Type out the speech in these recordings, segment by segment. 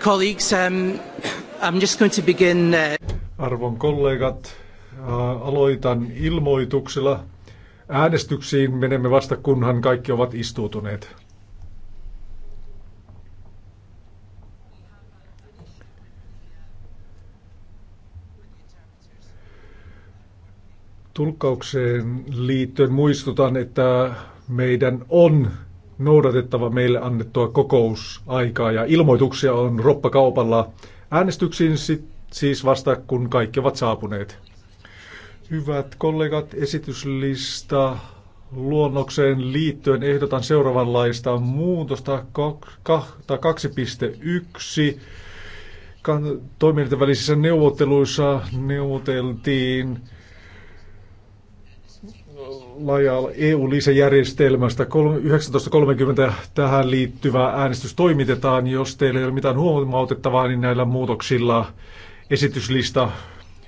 Colleagues, um, I'm just going to begin. Uh, Arvon kollegat, uh, aloitan ilmoituksilla. Äänestyksiin menemme vasta, kunhan kaikki ovat istuutuneet. Tulkkaukseen liittyen muistutan, että meidän on noudatettava meille annettua kokousaikaa ja ilmoituksia on roppakaupalla äänestyksiin sit, siis vasta kun kaikki ovat saapuneet. Hyvät kollegat, esityslista luonnokseen liittyen ehdotan seuraavanlaista muutosta 2.1. Toimijoiden välisissä neuvotteluissa neuvoteltiin laajaa EU-lisäjärjestelmästä. 19.30 tähän liittyvä äänestys toimitetaan. Jos teillä ei ole mitään huomautettavaa, niin näillä muutoksilla esityslista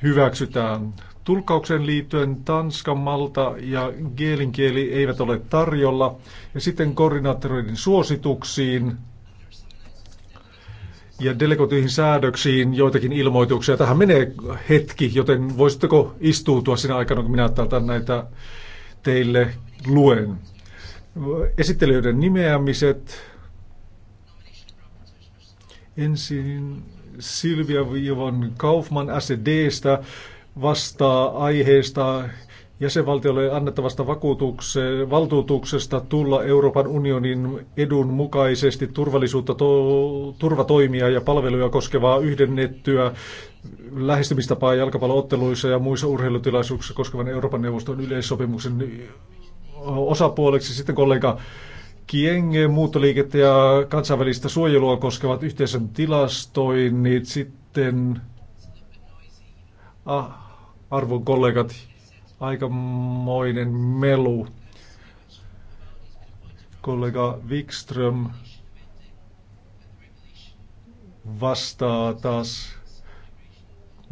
hyväksytään. Tulkkaukseen liittyen Tanska, Malta ja Geelinkieli eivät ole tarjolla. Ja sitten koordinaattoreiden suosituksiin ja delegoituihin säädöksiin joitakin ilmoituksia. Tähän menee hetki, joten voisitteko istuutua sinä aikana, kun minä täältä näitä teille luen. Esittelijöiden nimeämiset. Ensin Silvia Vivon Kaufman SEDstä vastaa aiheesta jäsenvaltiolle annettavasta valtuutuksesta tulla Euroopan unionin edun mukaisesti turvallisuutta, to, turvatoimia ja palveluja koskevaa yhdennettyä lähestymistapaa jalkapallootteluissa ja muissa urheilutilaisuuksissa koskevan Euroopan neuvoston yleissopimuksen osapuoleksi. Sitten kollega Kienge, muuttoliikettä ja kansainvälistä suojelua koskevat yhteisön tilastoinnit. Sitten ah, arvon kollegat, aikamoinen melu. Kollega Wikström vastaa taas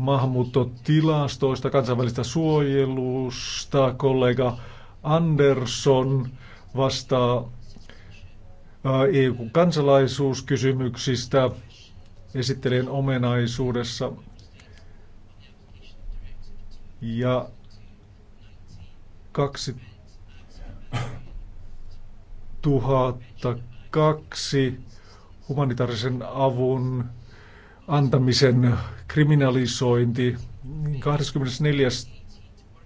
maahanmuuttotilastoista, kansainvälistä suojelusta. Kollega Andersson vastaa äh, EU-kansalaisuuskysymyksistä esittelijän omenaisuudessa. Ja kaksi kaksi humanitaarisen avun antamisen kriminalisointi. 24. Niin.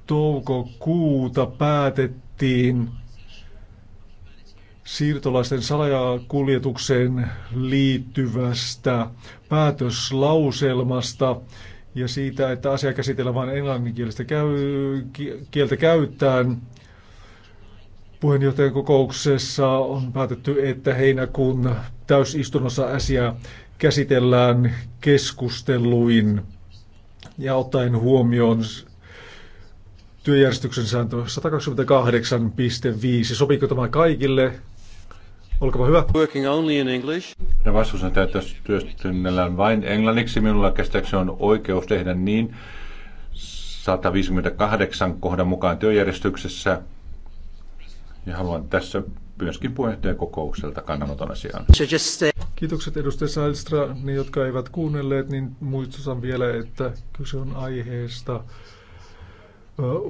toukokuuta päätettiin siirtolaisten salajakuljetukseen liittyvästä päätöslauselmasta ja siitä, että asia käsitellään vain englanninkielistä käy, kieltä käyttäen. Puheenjohtajan kokouksessa on päätetty, että heinäkuun täysistunnossa asia käsitellään keskusteluin ja ottaen huomioon työjärjestyksen sääntö 128.5. Sopiiko tämä kaikille? Olkaa hyvä. Working only in English. Ja vastuus on että työskennellään vain englanniksi. Minulla käsittääkseni on oikeus tehdä niin 158 kohdan mukaan työjärjestyksessä. Ja haluan tässä myöskin puheenjohtajakokoukselta kannanoton asiaan. So just, uh, Kiitokset edustaja Sälstra. Ne, jotka eivät kuunnelleet, niin muistutan vielä, että kyse on aiheesta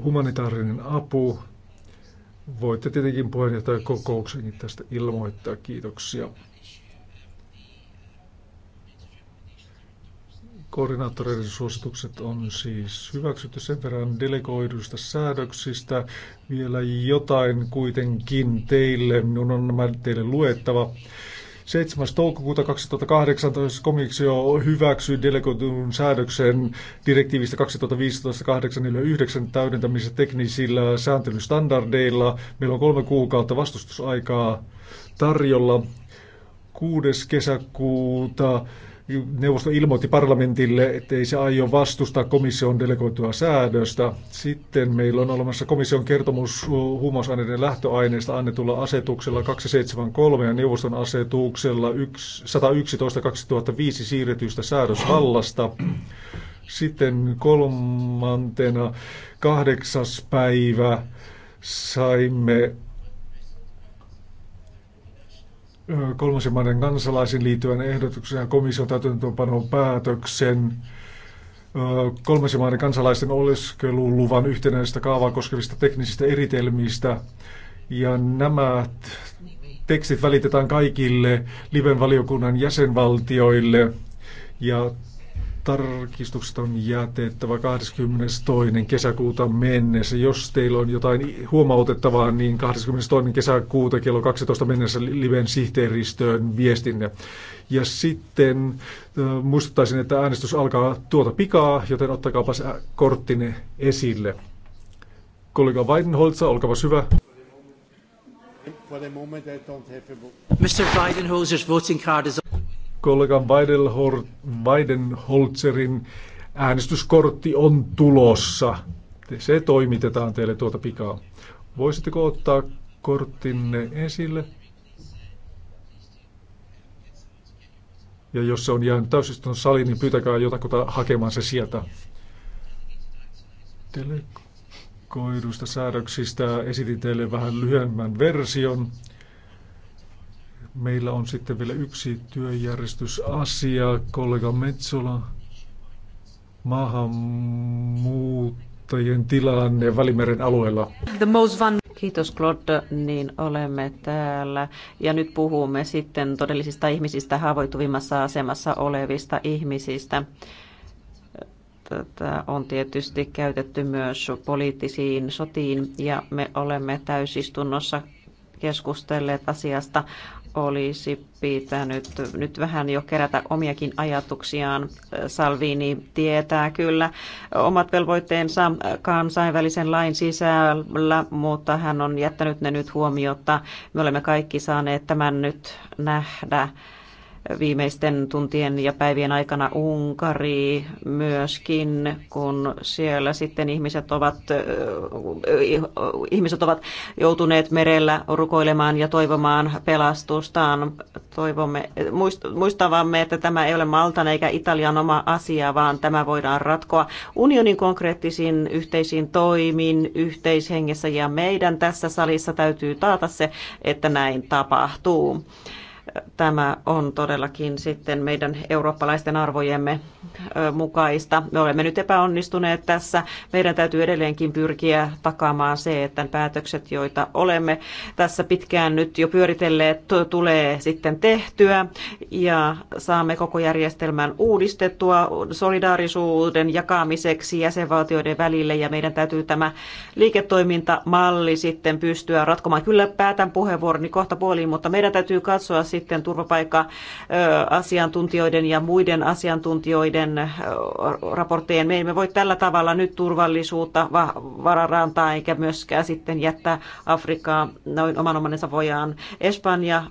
humanitaarinen apu. Voitte tietenkin kokouksen tästä ilmoittaa. Kiitoksia. Koordinaattoreiden suositukset on siis hyväksytty sen verran delegoiduista säädöksistä. Vielä jotain kuitenkin teille. Minun on nämä teille luettava. 7. toukokuuta 2018 komissio hyväksyi delegoitun säädöksen direktiivistä 2015-849 täydentämisessä teknisillä sääntelystandardeilla. Meillä on kolme kuukautta vastustusaikaa tarjolla. 6. kesäkuuta Neuvosto ilmoitti parlamentille, että ei se aio vastustaa komission delegoitua säädöstä. Sitten meillä on olemassa komission kertomus huumausaineiden lähtöaineista annetulla asetuksella 273 ja neuvoston asetuksella 111-2005 siirretystä säädöshallasta. Sitten kolmantena kahdeksas päivä saimme kolmansien maiden kansalaisiin liittyvän ehdotuksen ja komission täytäntöönpanon päätöksen kolmansien maiden kansalaisten oleskeluluvan yhtenäistä kaavaa koskevista teknisistä eritelmistä. Ja nämä tekstit välitetään kaikille Liven valiokunnan jäsenvaltioille ja tarkistukset on jätettävä 22. kesäkuuta mennessä. Jos teillä on jotain huomautettavaa, niin 22. kesäkuuta kello 12 mennessä liven sihteeristöön viestinne. Ja sitten muistuttaisin, että äänestys alkaa tuota pikaa, joten ottakaapas korttine esille. Kollega Weidenholzer, olkaa hyvä. Mr. Weidenholzer's voting card is kollega Weidenholzerin äänestyskortti on tulossa. Se toimitetaan teille tuota pikaa. Voisitteko ottaa korttinne esille? Ja jos se on jäänyt täysistunnon saliin, niin pyytäkää jotakuta hakemaan se sieltä. Telekoidusta säädöksistä esitin teille vähän lyhyemmän version. Meillä on sitten vielä yksi työjärjestysasia. Kollega Metsola, maahanmuuttajien tilanne Välimeren alueella. The most Kiitos Claude, niin olemme täällä. Ja nyt puhumme sitten todellisista ihmisistä, haavoittuvimmassa asemassa olevista ihmisistä. Tätä on tietysti käytetty myös poliittisiin sotiin ja me olemme täysistunnossa keskustelleet asiasta olisi pitänyt nyt vähän jo kerätä omiakin ajatuksiaan. Salvini tietää kyllä omat velvoitteensa kansainvälisen lain sisällä, mutta hän on jättänyt ne nyt huomiota. Me olemme kaikki saaneet tämän nyt nähdä viimeisten tuntien ja päivien aikana Unkari myöskin, kun siellä sitten ihmiset ovat, ihmiset ovat joutuneet merellä rukoilemaan ja toivomaan pelastustaan. Toivomme, muistavamme, että tämä ei ole Maltan eikä Italian oma asia, vaan tämä voidaan ratkoa unionin konkreettisiin yhteisiin toimiin yhteishengessä ja meidän tässä salissa täytyy taata se, että näin tapahtuu. Tämä on todellakin sitten meidän eurooppalaisten arvojemme mukaista. Me olemme nyt epäonnistuneet tässä. Meidän täytyy edelleenkin pyrkiä takaamaan se, että päätökset, joita olemme tässä pitkään nyt jo pyöritelleet, tulee sitten tehtyä ja saamme koko järjestelmän uudistettua solidaarisuuden jakamiseksi jäsenvaltioiden välille ja meidän täytyy tämä liiketoimintamalli sitten pystyä ratkomaan. Kyllä päätän puheenvuoroni kohta puoliin, mutta meidän täytyy katsoa sitten turvapaikka-asiantuntijoiden ja muiden asiantuntijoiden raporttien. Me emme voi tällä tavalla nyt turvallisuutta vararantaa eikä myöskään sitten jättää Afrikkaa noin oman omanensa vojaan. Espanja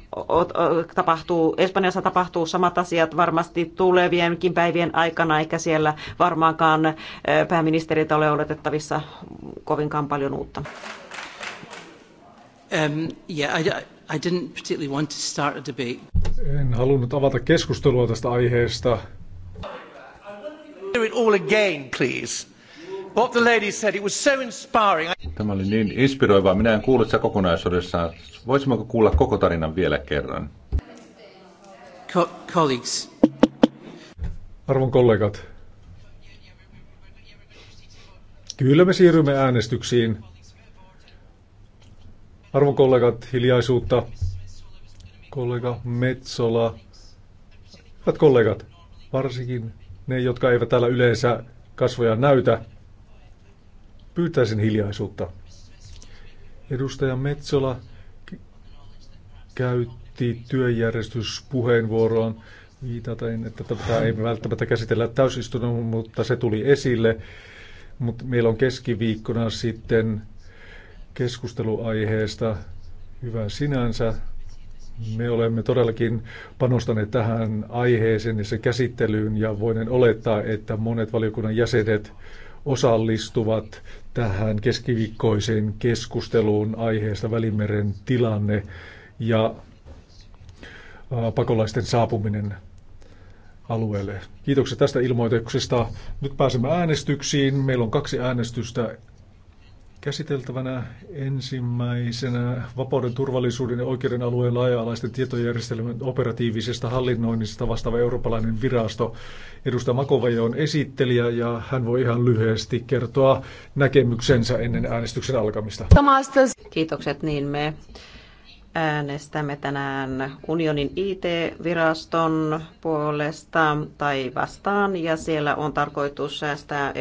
tapahtuu, Espanjassa tapahtuu samat asiat varmasti tulevienkin päivien aikana, eikä siellä varmaankaan pääministeriltä ole oletettavissa kovinkaan paljon uutta. Um, yeah, I, I didn't particularly want to start a debate. En halunnut avata keskustelua tästä aiheesta. Do it all again, please. What the lady said, it was so inspiring. Tämä oli niin inspiroivaa. Minä en kuullut sitä kokonaisuudessaan. Voisimmeko kuulla koko tarinan vielä kerran? Co- colleagues. Arvon kollegat. Kyllä me siirrymme äänestyksiin. Arvokollegat, hiljaisuutta. Kollega Metsola. Hyvät kollegat, varsinkin ne, jotka eivät täällä yleensä kasvoja näytä, pyytäisin hiljaisuutta. Edustaja Metsola käytti työjärjestyspuheenvuoroon viitaten, että tätä ei välttämättä käsitellä täysistunnon, mutta se tuli esille. Mutta meillä on keskiviikkona sitten keskusteluaiheesta. Hyvä sinänsä. Me olemme todellakin panostaneet tähän aiheeseen ja se käsittelyyn ja voinen olettaa, että monet valiokunnan jäsenet osallistuvat tähän keskiviikkoiseen keskusteluun aiheesta Välimeren tilanne ja pakolaisten saapuminen alueelle. Kiitokset tästä ilmoituksesta. Nyt pääsemme äänestyksiin. Meillä on kaksi äänestystä Käsiteltävänä ensimmäisenä vapauden, turvallisuuden ja oikeuden alueen laaja-alaisten tietojärjestelmän operatiivisesta hallinnoinnista vastaava eurooppalainen virasto. Edustaja Makovaja on esittelijä ja hän voi ihan lyhyesti kertoa näkemyksensä ennen äänestyksen alkamista. Kiitokset, niin me äänestämme tänään unionin IT-viraston puolesta tai vastaan, ja siellä on tarkoitus säästää,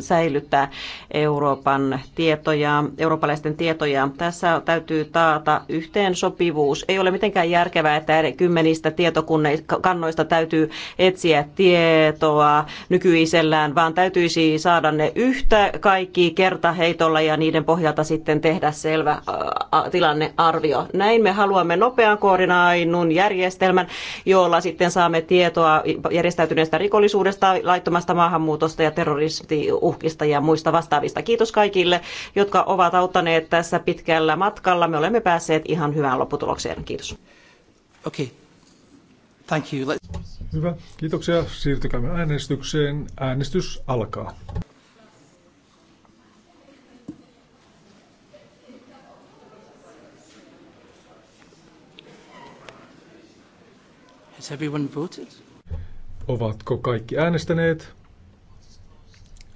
säilyttää Euroopan tietoja, eurooppalaisten tietoja. Tässä täytyy taata yhteensopivuus. Ei ole mitenkään järkevää, että kymmenistä tietokannoista täytyy etsiä tietoa nykyisellään, vaan täytyisi saada ne yhtä kaikki kertaheitolla ja niiden pohjalta sitten tehdä selvä tilannearvio radio. Näin me haluamme nopean koordinainun järjestelmän, jolla sitten saamme tietoa järjestäytyneestä rikollisuudesta, laittomasta maahanmuutosta ja terroristiuhkista ja muista vastaavista. Kiitos kaikille, jotka ovat auttaneet tässä pitkällä matkalla. Me olemme päässeet ihan hyvään lopputulokseen. Kiitos. Okay. Thank you. Hyvä. Kiitoksia. Siirtykäämme äänestykseen. Äänestys alkaa. Has everyone voted? Ovatko kaikki äänestäneet?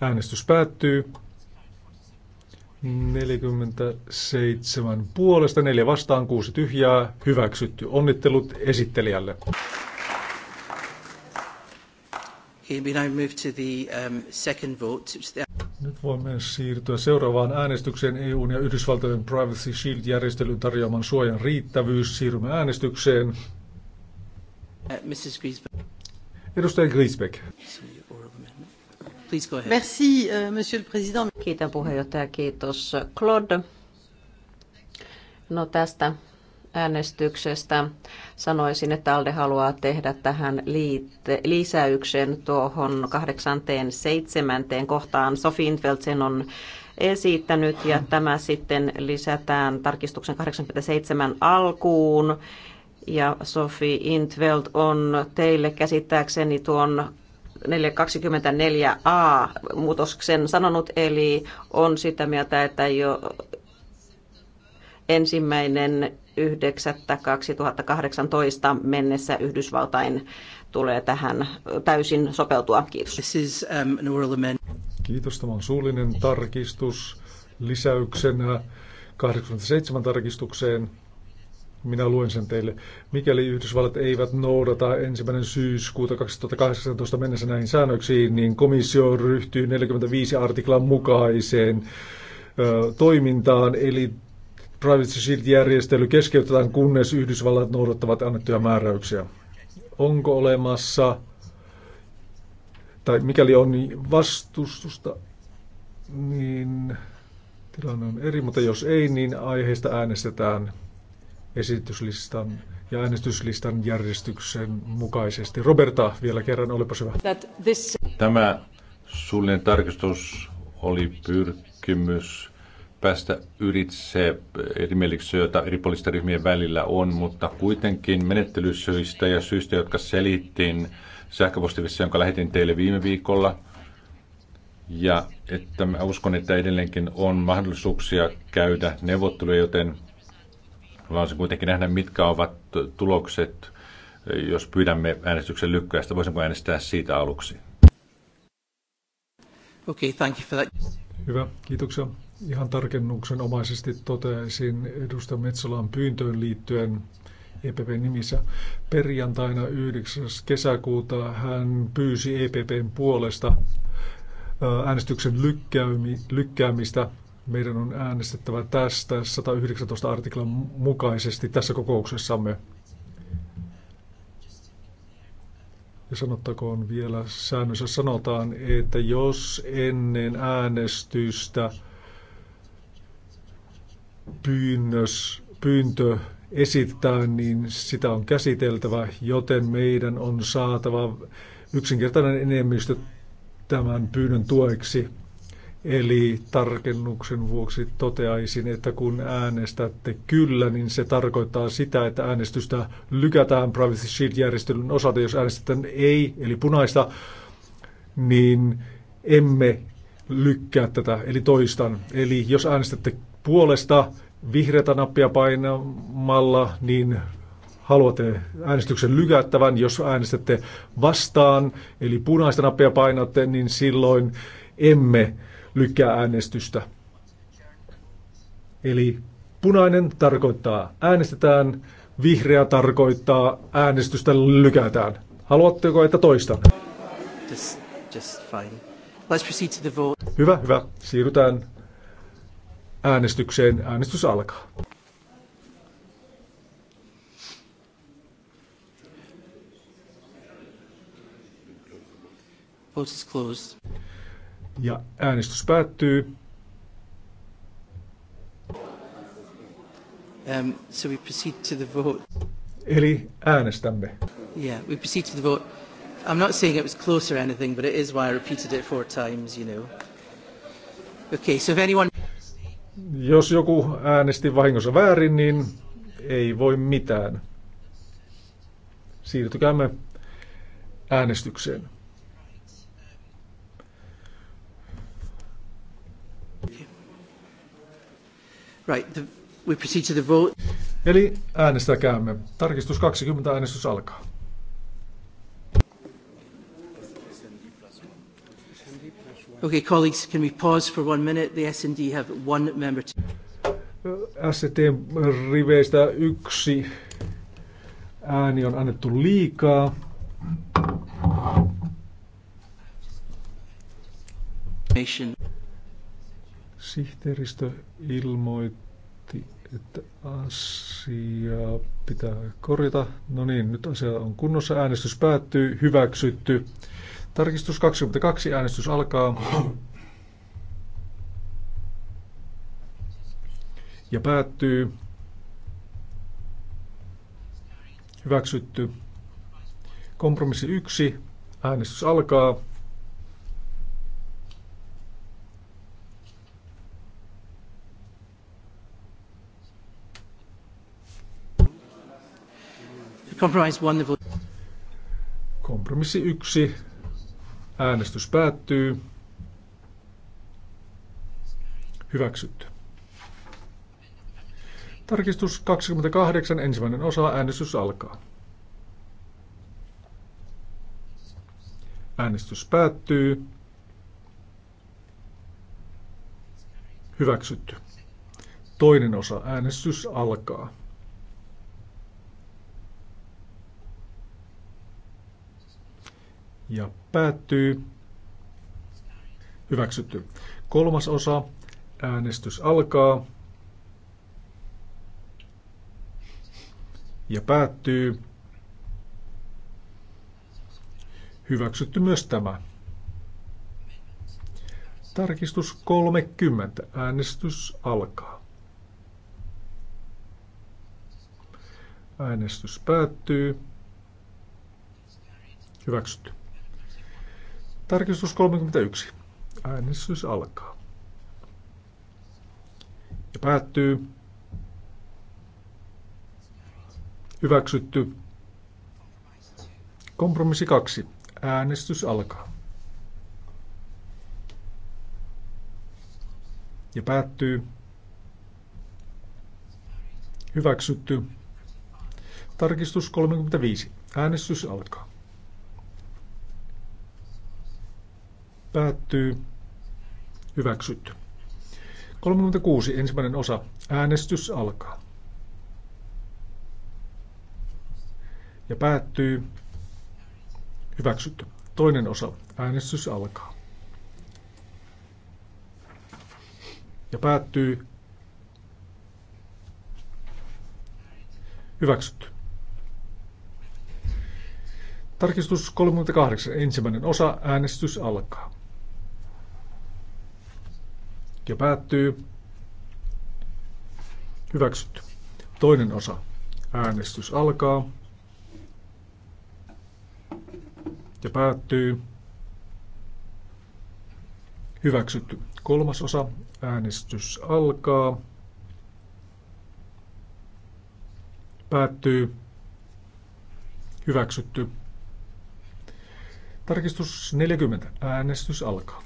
Äänestys päättyy. 47 puolesta, 4 vastaan, 6 tyhjää, hyväksytty. Onnittelut esittelijälle. Um, Nyt voimme siirtyä seuraavaan äänestykseen EUn ja Yhdysvaltojen Privacy Shield-järjestelyn tarjoaman suojan riittävyys. Siirrymme äänestykseen. Uh, Griesbeck. Edustaja Griesbeck. Please go ahead. Merci, uh, monsieur le président. Kiitän puheenjohtaja, kiitos uh, Claude. No tästä äänestyksestä sanoisin, että ALDE haluaa tehdä tähän liite, lisäyksen tuohon kahdeksanteen seitsemänteen kohtaan. Sofi Intveld sen on esittänyt ja tämä sitten lisätään tarkistuksen 87 alkuun ja Sofi Intveld on teille käsittääkseni tuon 424 a muutoksen sanonut, eli on sitä mieltä, että jo ensimmäinen 9.2018 mennessä Yhdysvaltain tulee tähän täysin sopeutua. Kiitos. Um, Kiitos. Tämä on suullinen tarkistus lisäyksenä 87 tarkistukseen minä luen sen teille. Mikäli Yhdysvallat eivät noudata ensimmäinen syyskuuta 2018 mennessä näihin säännöksiin, niin komissio ryhtyy 45 artiklan mukaiseen ö, toimintaan, eli Privacy Shield-järjestely keskeytetään, kunnes Yhdysvallat noudattavat annettuja määräyksiä. Onko olemassa, tai mikäli on niin vastustusta, niin tilanne on eri, mutta jos ei, niin aiheesta äänestetään esityslistan ja äänestyslistan järjestyksen mukaisesti. Roberta, vielä kerran, olipa hyvä. Tämä suullinen tarkistus oli pyrkimys päästä ylitse erimielisyys, joita eri poliisiryhmien välillä on, mutta kuitenkin menettelysyistä ja syistä, jotka selittiin sähköpostivissa, jonka lähetin teille viime viikolla. Ja että mä uskon, että edelleenkin on mahdollisuuksia käydä neuvotteluja, joten haluaisin kuitenkin nähdä, mitkä ovat tulokset, jos pyydämme äänestyksen lykkäystä. Voisinko äänestää siitä aluksi? Okay, thank you for that. Hyvä, kiitoksia. Ihan tarkennuksen omaisesti toteaisin edustaja Metsolan pyyntöön liittyen EPPn nimissä. Perjantaina 9. kesäkuuta hän pyysi EPPn puolesta äänestyksen lykkäämistä meidän on äänestettävä tästä 119 artiklan mukaisesti tässä kokouksessamme. Ja sanottakoon vielä, säännössä sanotaan, että jos ennen äänestystä pyynnös, pyyntö esittää, niin sitä on käsiteltävä, joten meidän on saatava yksinkertainen enemmistö tämän pyynnön tueksi. Eli tarkennuksen vuoksi toteaisin, että kun äänestätte kyllä, niin se tarkoittaa sitä, että äänestystä lykätään Privacy Shield-järjestelyn osalta. Jos äänestätte ei, eli punaista, niin emme lykkää tätä, eli toistan. Eli jos äänestätte puolesta vihreätä nappia painamalla, niin haluatte äänestyksen lykättävän. Jos äänestätte vastaan, eli punaista nappia painatte, niin silloin emme lykkää äänestystä. Eli punainen tarkoittaa äänestetään, vihreä tarkoittaa äänestystä lykätään. Haluatteko, että toistan? Just, just fine. Let's proceed to the vote. Hyvä, hyvä. Siirrytään äänestykseen. Äänestys alkaa. Vote is closed. Ja äänestys päättyy. Um, so we proceed to the vote. Eli äänestämme. Yeah, we proceed to the vote. I'm not saying it was close or anything, but it is why I repeated it four times, you know. Okay, so if anyone... Jos joku äänesti vahingossa väärin, niin ei voi mitään. Siirtykäämme äänestykseen. Right, the, we proceed to the vote. Eli äänestäkäämme. Tarkistus 20, äänestys alkaa. Okay, colleagues, can we pause for one minute? The S&D have one member. To... ST-riveistä yksi ääni on annettu liikaa. Nation. Sihteeristö ilmoitti, että asia pitää korjata. No niin, nyt asia on kunnossa. Äänestys päättyy. Hyväksytty. Tarkistus 22. Äänestys alkaa. Ja päättyy. Hyväksytty. Kompromissi 1. Äänestys alkaa. Compromise Kompromissi yksi. Äänestys päättyy. Hyväksytty. Tarkistus 28, ensimmäinen osa, äänestys alkaa. Äänestys päättyy. Hyväksytty. Toinen osa, äänestys alkaa. ja päättyy. Hyväksytty. Kolmas osa. Äänestys alkaa. Ja päättyy. Hyväksytty myös tämä. Tarkistus 30. Äänestys alkaa. Äänestys päättyy. Hyväksytty. Tarkistus 31. Äänestys alkaa. Ja päättyy. Hyväksytty. Kompromissi 2. Äänestys alkaa. Ja päättyy. Hyväksytty. Tarkistus 35. Äänestys alkaa. päättyy, hyväksytty. 36. Ensimmäinen osa. Äänestys alkaa. Ja päättyy. Hyväksytty. Toinen osa. Äänestys alkaa. Ja päättyy. Hyväksytty. Tarkistus 38. Ensimmäinen osa. Äänestys alkaa ja päättyy. Hyväksytty. Toinen osa. Äänestys alkaa ja päättyy. Hyväksytty. Kolmas osa. Äänestys alkaa. Päättyy. Hyväksytty. Tarkistus 40. Äänestys alkaa.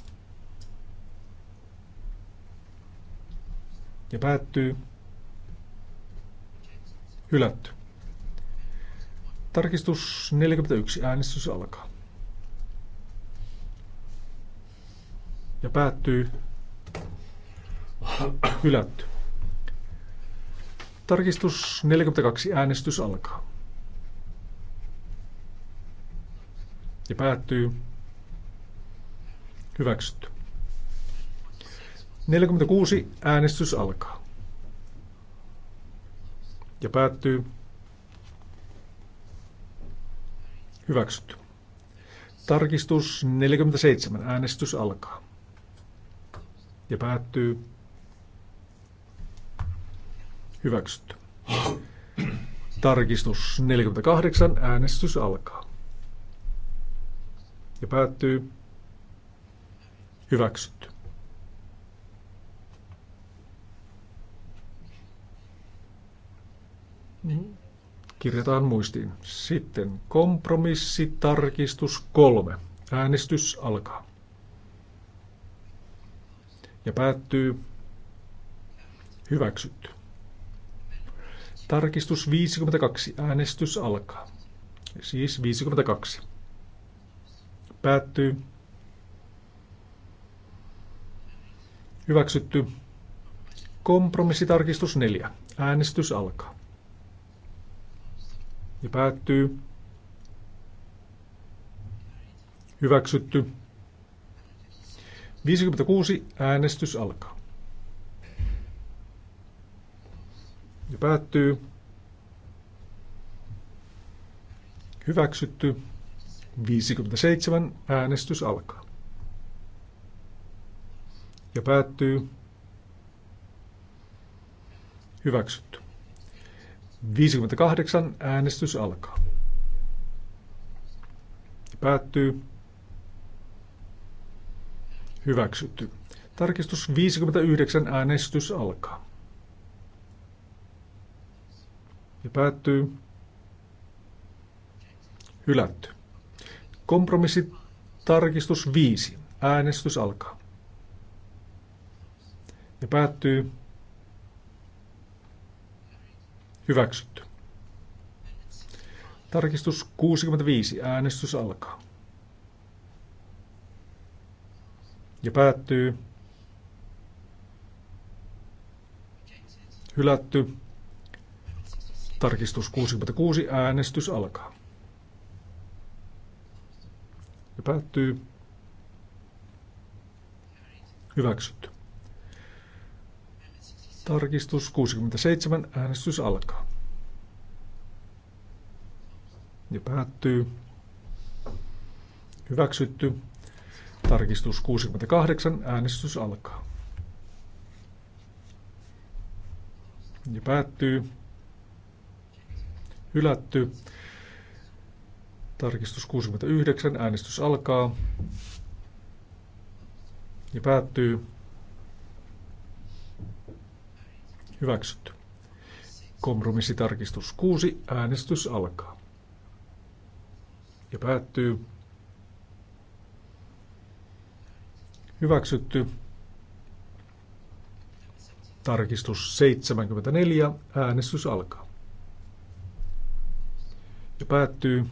ja päättyy. Hylätty. Tarkistus 41. Äänestys alkaa. Ja päättyy. Hylätty. Tarkistus 42. Äänestys alkaa. Ja päättyy. Hyväksytty. 46 äänestys alkaa. Ja päättyy. Hyväksytty. Tarkistus 47. Äänestys alkaa. Ja päättyy. Hyväksytty. Tarkistus 48. Äänestys alkaa. Ja päättyy. Hyväksytty. Kirjataan muistiin. Sitten kompromissitarkistus kolme. Äänestys alkaa. Ja päättyy. Hyväksytty. Tarkistus 52. Äänestys alkaa. Siis 52. Päättyy. Hyväksytty. Kompromissitarkistus 4. Äänestys alkaa ja päättyy. Hyväksytty. 56 äänestys alkaa. Ja päättyy. Hyväksytty. 57 äänestys alkaa. Ja päättyy. Hyväksytty. 58 äänestys alkaa. Päättyy. Hyväksytty. Tarkistus 59 äänestys alkaa. Ja päättyy. Hylätty. Kompromissi tarkistus 5. Äänestys alkaa. Ja päättyy. Hyväksytty. Tarkistus 65. Äänestys alkaa. Ja päättyy. Hylätty. Tarkistus 66. Äänestys alkaa. Ja päättyy. Hyväksytty. Tarkistus 67. Äänestys alkaa. Ja päättyy. Hyväksytty. Tarkistus 68. Äänestys alkaa. Ja päättyy. Hylätty. Tarkistus 69. Äänestys alkaa. Ja päättyy. Hyväksytty. Kompromissitarkistus 6. Äänestys alkaa. Ja päättyy. Hyväksytty. Tarkistus 74. Äänestys alkaa. Ja päättyy.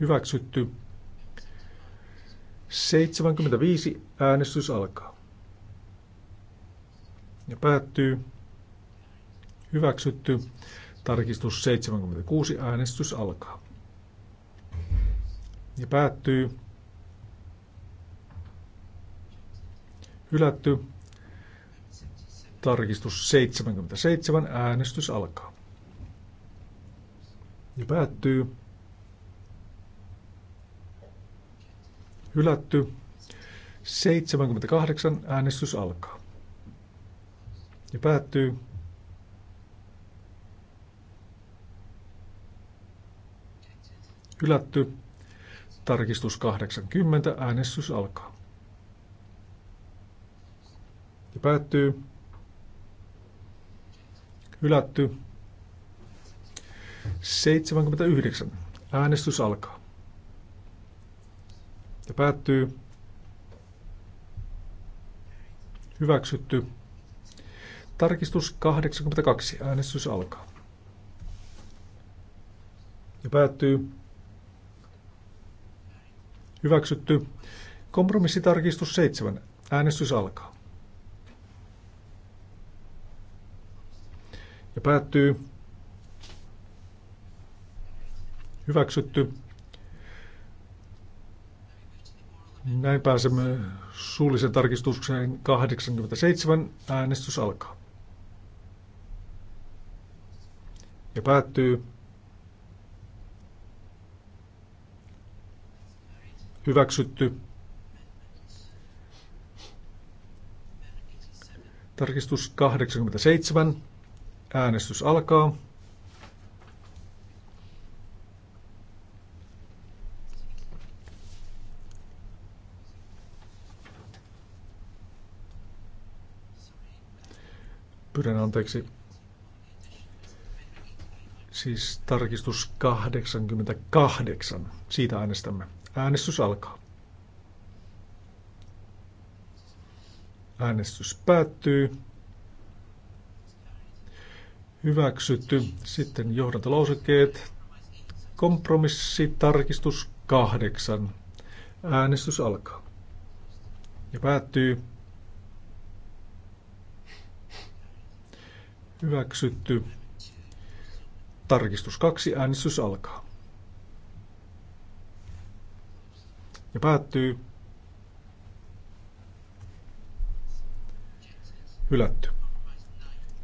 Hyväksytty. 75. Äänestys alkaa ja päättyy. Hyväksytty. Tarkistus 76. Äänestys alkaa. Ja päättyy. Hylätty. Tarkistus 77. Äänestys alkaa. Ja päättyy. Hylätty. 78. Äänestys alkaa ja päättyy. Ylätty. Tarkistus 80. Äänestys alkaa. Ja päättyy. Ylätty. 79. Äänestys alkaa. Ja päättyy. Hyväksytty. Tarkistus 82. Äänestys alkaa. Ja päättyy. Hyväksytty. Kompromissitarkistus 7. Äänestys alkaa. Ja päättyy. Hyväksytty. Näin pääsemme suullisen tarkistukseen 87. Äänestys alkaa. ja päättyy. Hyväksytty. Tarkistus 87. Äänestys alkaa. Pyydän anteeksi Siis tarkistus 88. Siitä äänestämme. Äänestys alkaa. Äänestys päättyy. Hyväksytty. Sitten johdantolausekkeet. Kompromissi, tarkistus 8. Äänestys alkaa. Ja päättyy. Hyväksytty. Tarkistus kaksi, äänestys alkaa. Ja päättyy. Hylätty.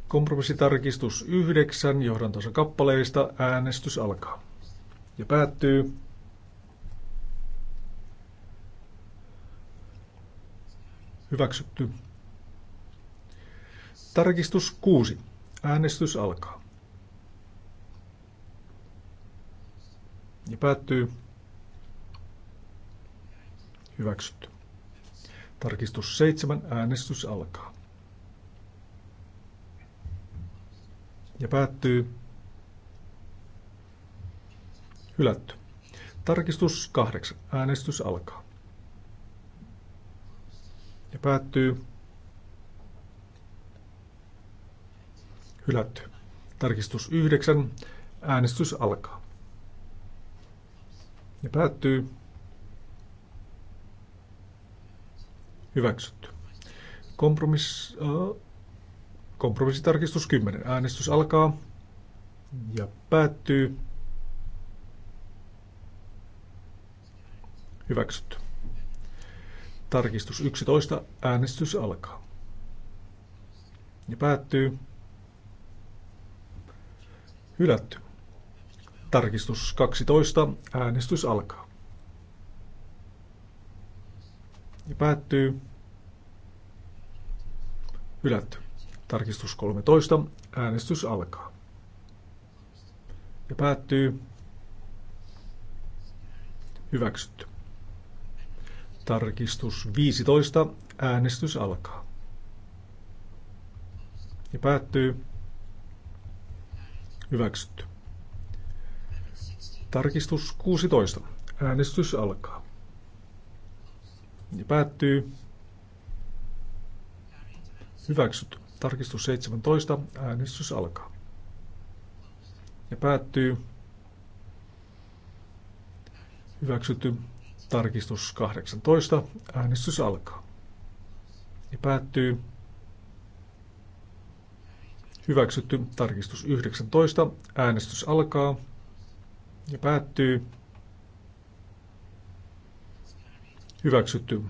Kompromissitarkistus 9 johdantonsa kappaleista äänestys alkaa. Ja päättyy. Hyväksytty. Tarkistus 6. Äänestys alkaa. ja päättyy. Hyväksytty. Tarkistus 7. Äänestys alkaa. Ja päättyy. Hylätty. Tarkistus 8. Äänestys alkaa. Ja päättyy. Hylätty. Tarkistus 9. Äänestys alkaa. Ja päättyy. Hyväksytty. Kompromiss, äh, kompromissitarkistus 10. Äänestys alkaa ja päättyy. Hyväksytty. Tarkistus 11. Äänestys alkaa. Ja päättyy. Hylätty. Tarkistus 12. Äänestys alkaa. Ja päättyy. Hylätty. Tarkistus 13. Äänestys alkaa. Ja päättyy. Hyväksytty. Tarkistus 15. Äänestys alkaa. Ja päättyy. Hyväksytty. Tarkistus 16. Äänestys alkaa. Ja päättyy. Hyväksytty. Tarkistus 17. Äänestys alkaa. Ja päättyy. Hyväksytty. Tarkistus 18. Äänestys alkaa. Ja päättyy. Hyväksytty. Tarkistus 19. Äänestys alkaa ja päättyy. Hyväksytty.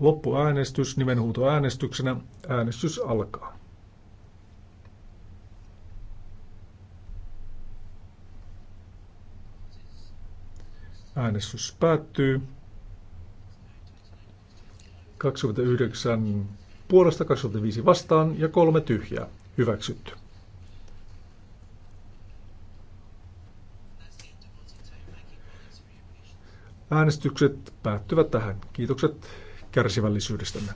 Loppuäänestys nimenhuutoäänestyksenä. Äänestys alkaa. Äänestys päättyy. 29 puolesta, 25 vastaan ja kolme tyhjää. Hyväksytty. Äänestykset päättyvät tähän. Kiitokset kärsivällisyydestämme.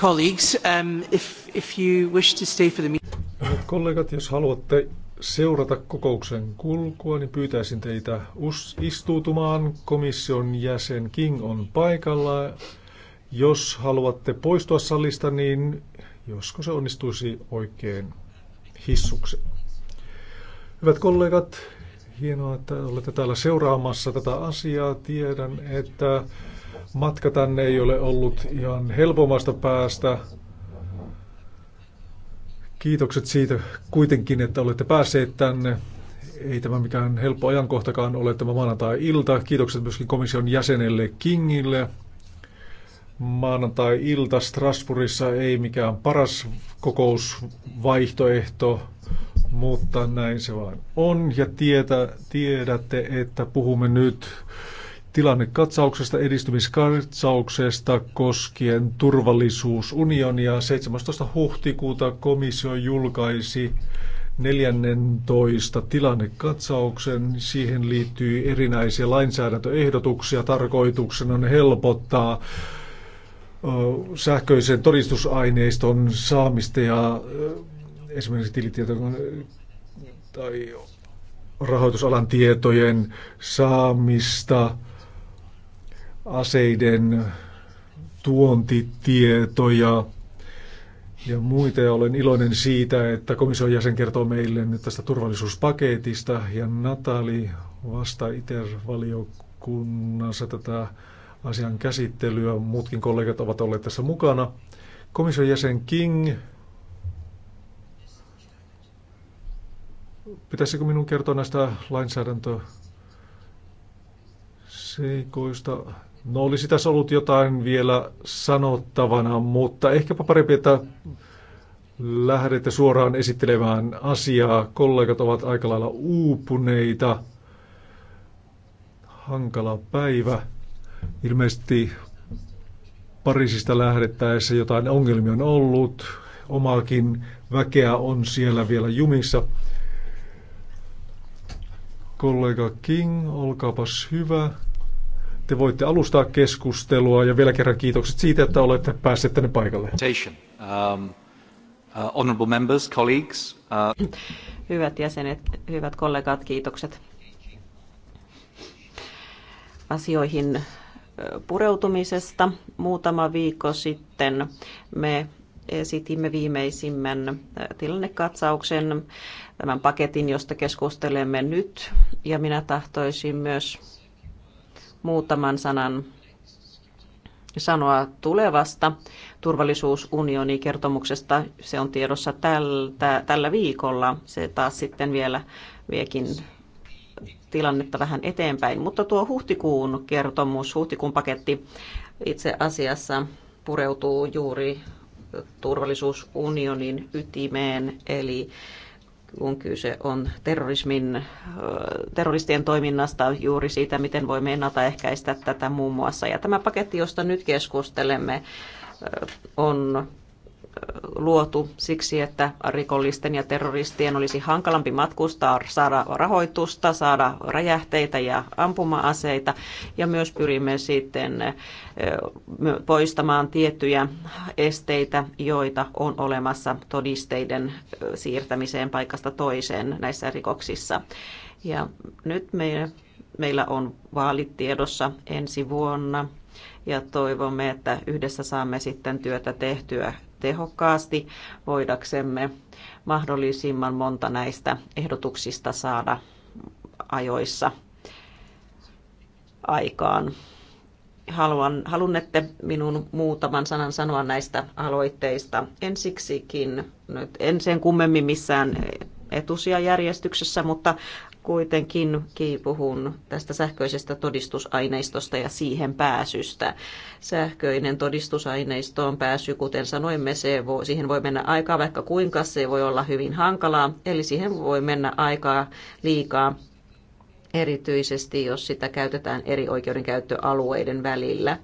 Colleagues, um, if, if you wish to stay for the meeting. Hyvät kollegat, jos haluatte seurata kokouksen kulkua, niin pyytäisin teitä istuutumaan. Komission jäsen King on paikalla. Jos haluatte poistua salista, niin josko se onnistuisi oikein hissuksi. Hyvät kollegat, hienoa, että olette täällä seuraamassa tätä asiaa. Tiedän, että Matka tänne ei ole ollut ihan helpomasta päästä. Kiitokset siitä kuitenkin, että olette päässeet tänne. Ei tämä mikään helppo ajankohtakaan ole tämä maanantai-ilta. Kiitokset myöskin komission jäsenelle Kingille. Maanantai-ilta Strasbourgissa ei mikään paras kokousvaihtoehto, mutta näin se vain on. Ja tietä, tiedätte, että puhumme nyt tilannekatsauksesta, edistymiskatsauksesta koskien turvallisuusunionia. 17. huhtikuuta komissio julkaisi 14 tilannekatsauksen. Siihen liittyy erinäisiä lainsäädäntöehdotuksia. Tarkoituksena on helpottaa sähköisen todistusaineiston saamista ja esimerkiksi tilitietojen tai rahoitusalan tietojen saamista aseiden tuontitietoja ja muita. Ja olen iloinen siitä, että komission jäsen kertoo meille nyt tästä turvallisuuspaketista. Ja Natali vastaa ITER-valiokunnassa tätä asian käsittelyä. Muutkin kollegat ovat olleet tässä mukana. Komission jäsen King. Pitäisikö minun kertoa näistä lainsäädäntöä? seikoista. No olisi tässä ollut jotain vielä sanottavana, mutta ehkäpä parempi, että lähdette suoraan esittelemään asiaa. Kollegat ovat aika lailla uupuneita. Hankala päivä. Ilmeisesti Pariisista lähdettäessä jotain ongelmia on ollut. Omaakin väkeä on siellä vielä jumissa. Kollega King, olkaapas hyvä. Te voitte alustaa keskustelua ja vielä kerran kiitokset siitä, että olette päässeet tänne paikalle. Um, uh, uh, hyvät jäsenet, hyvät kollegat, kiitokset asioihin uh, pureutumisesta. Muutama viikko sitten me esitimme viimeisimmän tilannekatsauksen, tämän paketin, josta keskustelemme nyt, ja minä tahtoisin myös muutaman sanan sanoa tulevasta turvallisuusunionikertomuksesta. Se on tiedossa tältä, tällä viikolla. Se taas sitten vielä viekin tilannetta vähän eteenpäin. Mutta tuo huhtikuun kertomus, huhtikuun paketti itse asiassa pureutuu juuri turvallisuusunionin ytimeen, eli kun kyse on terrorismin, terroristien toiminnasta, juuri siitä, miten voimme ennaltaehkäistä tätä muun muassa. Ja tämä paketti, josta nyt keskustelemme, on luotu siksi, että rikollisten ja terroristien olisi hankalampi matkustaa, saada rahoitusta, saada räjähteitä ja ampuma-aseita. Ja myös pyrimme sitten poistamaan tiettyjä esteitä, joita on olemassa todisteiden siirtämiseen paikasta toiseen näissä rikoksissa. Ja nyt me, meillä on vaalit tiedossa ensi vuonna ja toivomme, että yhdessä saamme sitten työtä tehtyä tehokkaasti voidaksemme mahdollisimman monta näistä ehdotuksista saada ajoissa aikaan. Haluan, halunnette minun muutaman sanan sanoa näistä aloitteista. Ensiksikin, nyt en sen kummemmin missään etusijajärjestyksessä, mutta kuitenkin puhun tästä sähköisestä todistusaineistosta ja siihen pääsystä. Sähköinen todistusaineisto on pääsy, kuten sanoimme, se voi, siihen voi mennä aikaa, vaikka kuinka se voi olla hyvin hankalaa, eli siihen voi mennä aikaa liikaa erityisesti jos sitä käytetään eri oikeudenkäyttöalueiden välillä.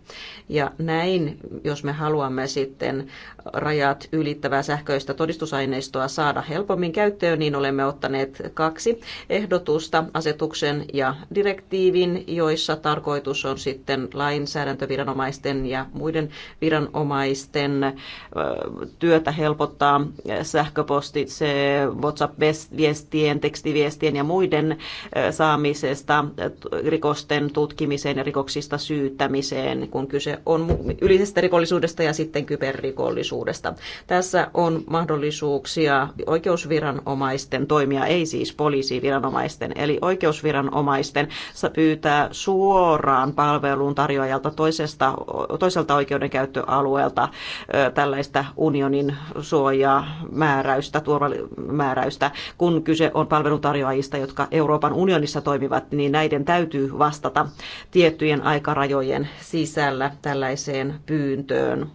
Ja näin, jos me haluamme sitten rajat ylittävää sähköistä todistusaineistoa saada helpommin käyttöön, niin olemme ottaneet kaksi ehdotusta, asetuksen ja direktiivin, joissa tarkoitus on sitten lainsäädäntöviranomaisten ja muiden viranomaisten työtä helpottaa sähköpostitse, WhatsApp-viestien, tekstiviestien ja muiden saamista tutkimisesta, rikosten tutkimiseen ja rikoksista syyttämiseen, kun kyse on yleisestä rikollisuudesta ja sitten kyberrikollisuudesta. Tässä on mahdollisuuksia oikeusviranomaisten toimia, ei siis poliisiviranomaisten, eli oikeusviranomaisten pyytää suoraan palvelun tarjoajalta toisesta, toiselta oikeudenkäyttöalueelta tällaista unionin suojaa määräystä, turval- määräystä, kun kyse on palveluntarjoajista, jotka Euroopan unionissa toimivat toimivat, niin näiden täytyy vastata tiettyjen aikarajojen sisällä tällaiseen pyyntöön.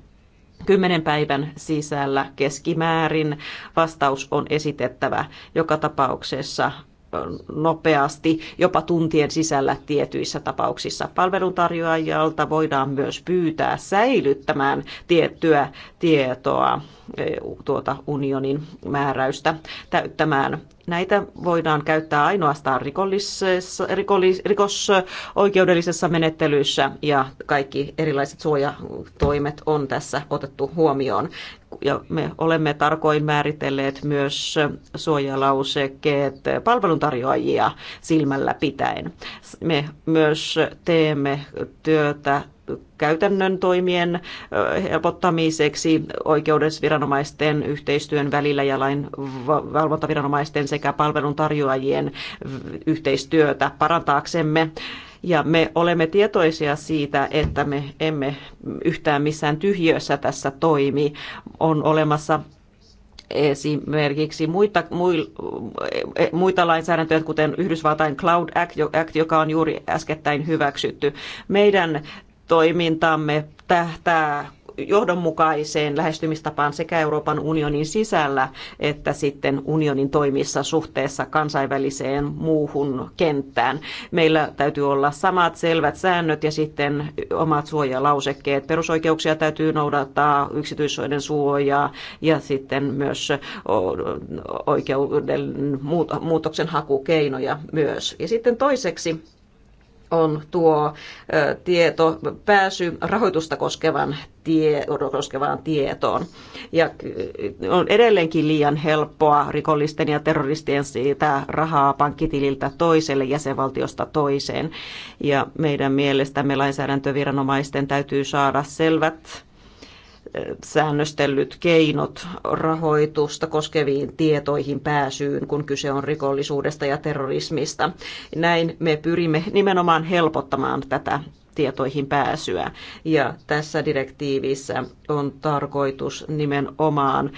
Kymmenen päivän sisällä keskimäärin vastaus on esitettävä joka tapauksessa nopeasti, jopa tuntien sisällä tietyissä tapauksissa. Palveluntarjoajalta voidaan myös pyytää säilyttämään tiettyä tietoa Eh, tuota unionin määräystä täyttämään. Näitä voidaan käyttää ainoastaan rikollisessa, rikollis, rikosoikeudellisessa menettelyssä ja kaikki erilaiset suojatoimet on tässä otettu huomioon. Ja me olemme tarkoin määritelleet myös suojalausekkeet palveluntarjoajia silmällä pitäen. Me myös teemme työtä käytännön toimien helpottamiseksi oikeudesviranomaisten yhteistyön välillä ja lain valvontaviranomaisten sekä palveluntarjoajien yhteistyötä parantaaksemme. Ja me olemme tietoisia siitä, että me emme yhtään missään tyhjössä tässä toimi. On olemassa esimerkiksi muita, e, muita lainsäädäntöjä, kuten Yhdysvaltain Cloud Act, joka on juuri äskettäin hyväksytty. Meidän toimintamme tähtää johdonmukaiseen lähestymistapaan sekä Euroopan unionin sisällä että sitten unionin toimissa suhteessa kansainväliseen muuhun kenttään. Meillä täytyy olla samat selvät säännöt ja sitten omat suojalausekkeet. Perusoikeuksia täytyy noudattaa, yksityisyyden suojaa ja sitten myös oikeuden hakukeinoja myös. Ja sitten toiseksi on tuo tieto, pääsy rahoitusta koskevan tie, koskevaan tietoon. Ja on edelleenkin liian helppoa rikollisten ja terroristien siitä rahaa pankkitililtä toiselle jäsenvaltiosta toiseen. Ja meidän mielestämme lainsäädäntöviranomaisten täytyy saada selvät säännöstellyt keinot rahoitusta koskeviin tietoihin pääsyyn, kun kyse on rikollisuudesta ja terrorismista. Näin me pyrimme nimenomaan helpottamaan tätä tietoihin pääsyä. Ja tässä direktiivissä on tarkoitus nimenomaan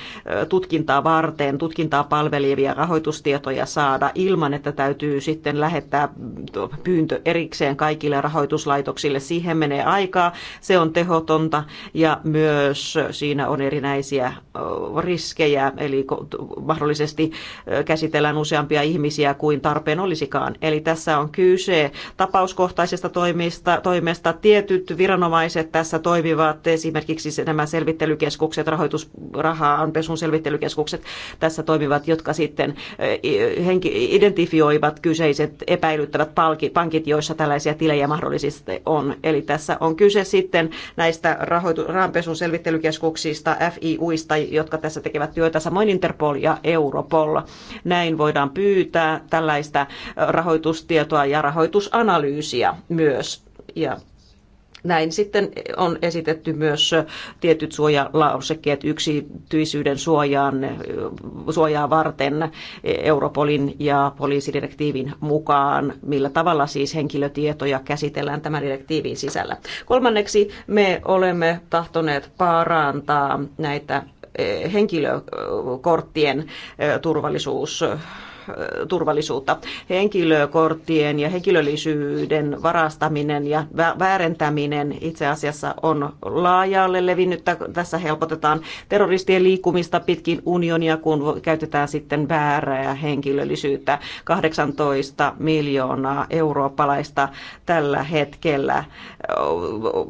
tutkintaa varten, tutkintaa palvelevia rahoitustietoja saada ilman, että täytyy sitten lähettää pyyntö erikseen kaikille rahoituslaitoksille. Siihen menee aikaa, se on tehotonta ja myös siinä on erinäisiä riskejä, eli mahdollisesti käsitellään useampia ihmisiä kuin tarpeen olisikaan. Eli tässä on kyse tapauskohtaisesta toimista, toimista toimesta tietyt viranomaiset tässä toimivat, esimerkiksi nämä selvittelykeskukset, rahoitusrahaanpesun selvittelykeskukset tässä toimivat, jotka sitten henki, identifioivat kyseiset epäilyttävät pankit, joissa tällaisia tilejä mahdollisesti on. Eli tässä on kyse sitten näistä rahoitu, rahanpesun selvittelykeskuksista, FIUista, jotka tässä tekevät työtä, samoin Interpol ja Europol. Näin voidaan pyytää tällaista rahoitustietoa ja rahoitusanalyysiä myös. Ja näin sitten on esitetty myös tietyt suojalausekkeet yksityisyyden suojaan, suojaa varten Europolin ja poliisidirektiivin mukaan, millä tavalla siis henkilötietoja käsitellään tämän direktiivin sisällä. Kolmanneksi me olemme tahtoneet parantaa näitä henkilökorttien turvallisuus turvallisuutta. Henkilökorttien ja henkilöllisyyden varastaminen ja väärentäminen itse asiassa on laajalle levinnyt, Tässä helpotetaan terroristien liikkumista pitkin unionia, kun käytetään sitten väärää henkilöllisyyttä. 18 miljoonaa eurooppalaista tällä hetkellä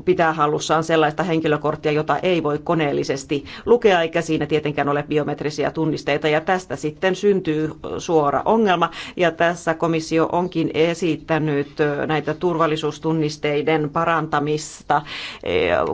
pitää hallussaan sellaista henkilökorttia, jota ei voi koneellisesti lukea, eikä siinä tietenkään ole biometrisiä tunnisteita, ja tästä sitten syntyy suora suora ongelma. Ja tässä komissio onkin esittänyt näitä turvallisuustunnisteiden parantamista,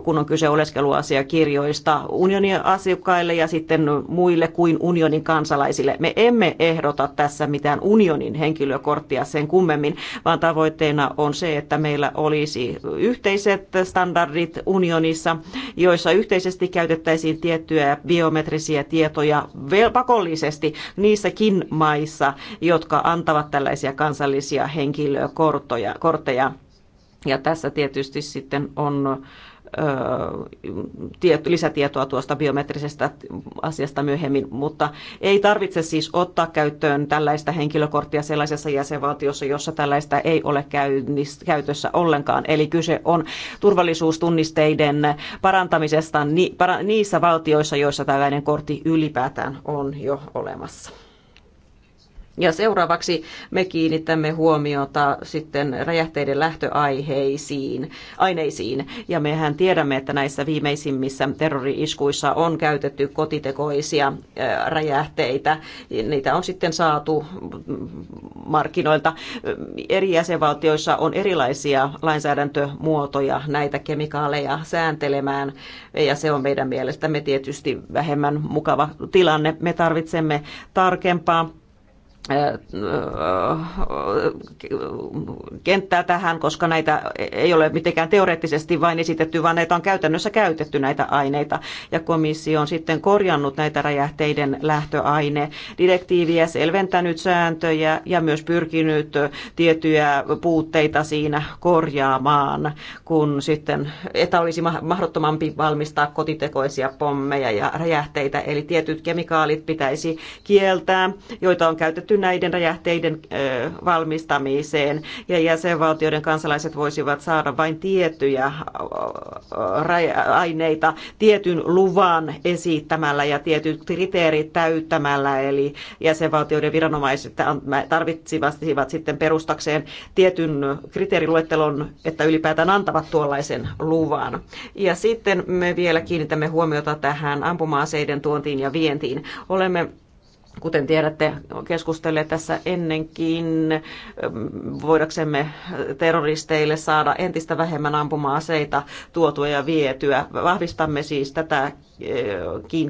kun on kyse oleskeluasiakirjoista unionin asiakkaille ja sitten muille kuin unionin kansalaisille. Me emme ehdota tässä mitään unionin henkilökorttia sen kummemmin, vaan tavoitteena on se, että meillä olisi yhteiset standardit unionissa, joissa yhteisesti käytettäisiin tiettyjä biometrisiä tietoja pakollisesti niissäkin maissa, kanssa, jotka antavat tällaisia kansallisia henkilökortteja. Ja tässä tietysti sitten on lisätietoa tuosta biometrisestä asiasta myöhemmin, mutta ei tarvitse siis ottaa käyttöön tällaista henkilökorttia sellaisessa jäsenvaltiossa, jossa tällaista ei ole käytössä ollenkaan. Eli kyse on turvallisuustunnisteiden parantamisesta niissä valtioissa, joissa tällainen kortti ylipäätään on jo olemassa. Ja seuraavaksi me kiinnitämme huomiota sitten räjähteiden lähtöaiheisiin, aineisiin. Ja mehän tiedämme, että näissä viimeisimmissä terrori-iskuissa on käytetty kotitekoisia räjähteitä. Niitä on sitten saatu markkinoilta. Eri jäsenvaltioissa on erilaisia lainsäädäntömuotoja näitä kemikaaleja sääntelemään, ja se on meidän mielestämme tietysti vähemmän mukava tilanne. Me tarvitsemme tarkempaa kenttää tähän, koska näitä ei ole mitenkään teoreettisesti vain esitetty, vaan näitä on käytännössä käytetty näitä aineita. Ja komissio on sitten korjannut näitä räjähteiden lähtöaine direktiiviä, selventänyt sääntöjä ja myös pyrkinyt tiettyjä puutteita siinä korjaamaan, kun sitten, että olisi mahdottomampi valmistaa kotitekoisia pommeja ja räjähteitä, eli tietyt kemikaalit pitäisi kieltää, joita on käytetty käytetty näiden räjähteiden valmistamiseen ja jäsenvaltioiden kansalaiset voisivat saada vain tiettyjä aineita tietyn luvan esittämällä ja tietyt kriteerit täyttämällä, eli jäsenvaltioiden viranomaiset tarvitsivat sitten perustakseen tietyn kriteeriluettelon, että ylipäätään antavat tuollaisen luvan. Ja sitten me vielä kiinnitämme huomiota tähän ampuma-aseiden tuontiin ja vientiin. Olemme kuten tiedätte, keskustelleet tässä ennenkin, ähm, voidaksemme terroristeille saada entistä vähemmän ampuma-aseita tuotua ja vietyä. Vahvistamme siis tätä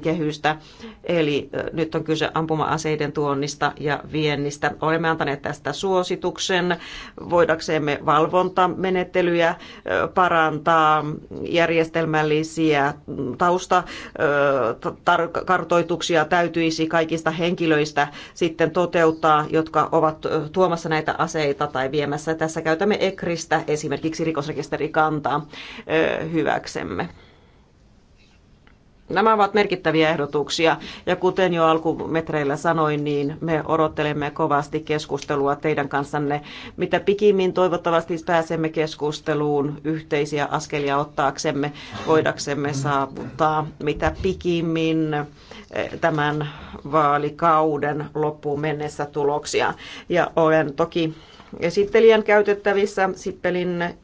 kehystä. Eli nyt on kyse ampuma-aseiden tuonnista ja viennistä. Olemme antaneet tästä suosituksen. Voidaksemme valvontamenettelyjä parantaa, järjestelmällisiä taustakartoituksia täytyisi kaikista henkilöistä sitten toteuttaa, jotka ovat tuomassa näitä aseita tai viemässä. Tässä käytämme ekristä esimerkiksi rikosrekisterikantaa hyväksemme. Nämä ovat merkittäviä ehdotuksia ja kuten jo alkumetreillä sanoin, niin me odottelemme kovasti keskustelua teidän kanssanne. Mitä pikimmin toivottavasti pääsemme keskusteluun yhteisiä askelia ottaaksemme, voidaksemme saavuttaa mitä pikimmin eh, tämän vaalikauden loppuun mennessä tuloksia. Ja olen toki esittelijän käytettävissä Sippelin eh,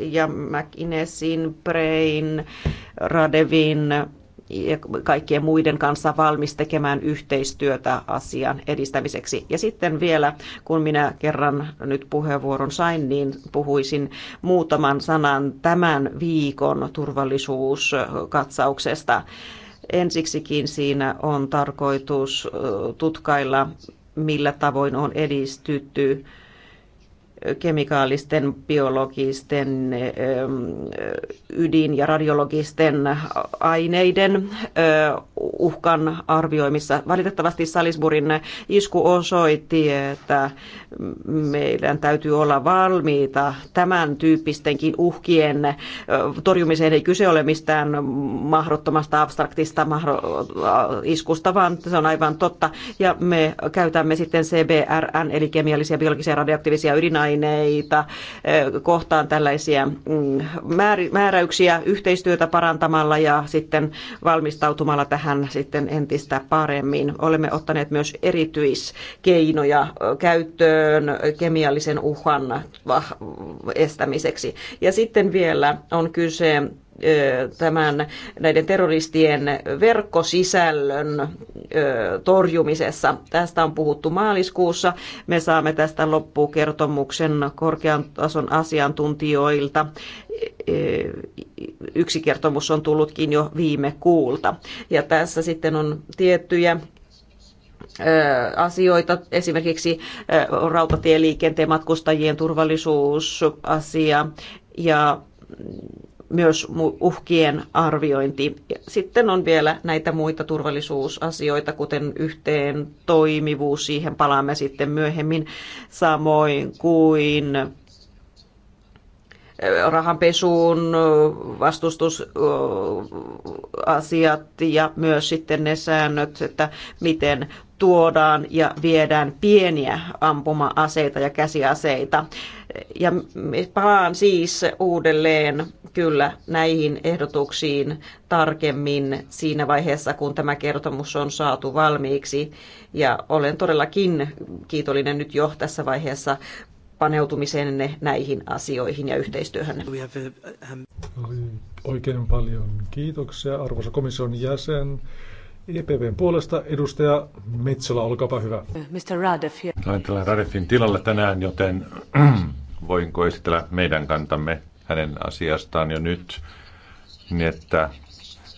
ja McInnesin, Prein, Radevin ja kaikkien muiden kanssa valmis tekemään yhteistyötä asian edistämiseksi. Ja sitten vielä, kun minä kerran nyt puheenvuoron sain, niin puhuisin muutaman sanan tämän viikon turvallisuuskatsauksesta. Ensiksikin siinä on tarkoitus tutkailla, millä tavoin on edistytty kemikaalisten, biologisten, ydin- ja radiologisten aineiden uhkan arvioimissa. Valitettavasti Salisburin isku osoitti, että meidän täytyy olla valmiita tämän tyyppistenkin uhkien torjumiseen. Ei kyse ole mistään mahdottomasta abstraktista iskusta, vaan se on aivan totta. Ja me käytämme sitten CBRN, eli kemiallisia, biologisia, radioaktiivisia ydinaineita raaka-aineita kohtaan tällaisia mm, määräyksiä yhteistyötä parantamalla ja sitten valmistautumalla tähän sitten entistä paremmin. Olemme ottaneet myös erityiskeinoja käyttöön kemiallisen uhan estämiseksi. Ja sitten vielä on kyse tämän näiden terroristien verkkosisällön torjumisessa. Tästä on puhuttu maaliskuussa. Me saamme tästä loppukertomuksen korkean tason asiantuntijoilta. Yksi kertomus on tullutkin jo viime kuulta. Ja tässä sitten on tiettyjä asioita, esimerkiksi rautatieliikenteen matkustajien turvallisuusasia ja myös uhkien arviointi. Sitten on vielä näitä muita turvallisuusasioita, kuten yhteen toimivuus, siihen palaamme sitten myöhemmin, samoin kuin rahanpesuun vastustusasiat ja myös sitten ne säännöt, että miten tuodaan ja viedään pieniä ampuma-aseita ja käsiaseita ja palaan siis uudelleen kyllä näihin ehdotuksiin tarkemmin siinä vaiheessa, kun tämä kertomus on saatu valmiiksi. Ja olen todellakin kiitollinen nyt jo tässä vaiheessa paneutumiseen näihin asioihin ja yhteistyöhön. Uh, um, oikein paljon kiitoksia arvoisa komission jäsen. EPVn puolesta edustaja Metsola, olkaapa hyvä. Mr. Radef, Olen tällä Radefin tilalla tänään, joten voinko esitellä meidän kantamme hänen asiastaan jo nyt, niin että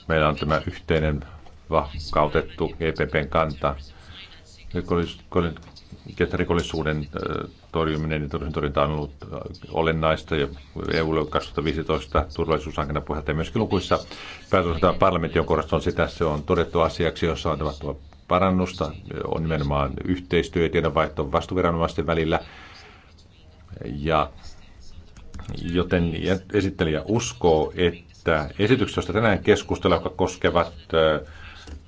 meillä on tämä yhteinen vahkautettu EPPn kanta. Rikollisuuden torjuminen ja torjunta on ollut olennaista jo EU 2015 turvallisuushankinnan pohjalta ja myöskin lukuissa päätösosata parlamentti on korostanut sitä, se on todettu asiaksi, jossa on tapahtunut parannusta, on nimenomaan yhteistyö ja tiedonvaihto vastuviranomaisten välillä – ja joten esittelijä uskoo, että esitykset, joista tänään keskustellaan, jotka koskevat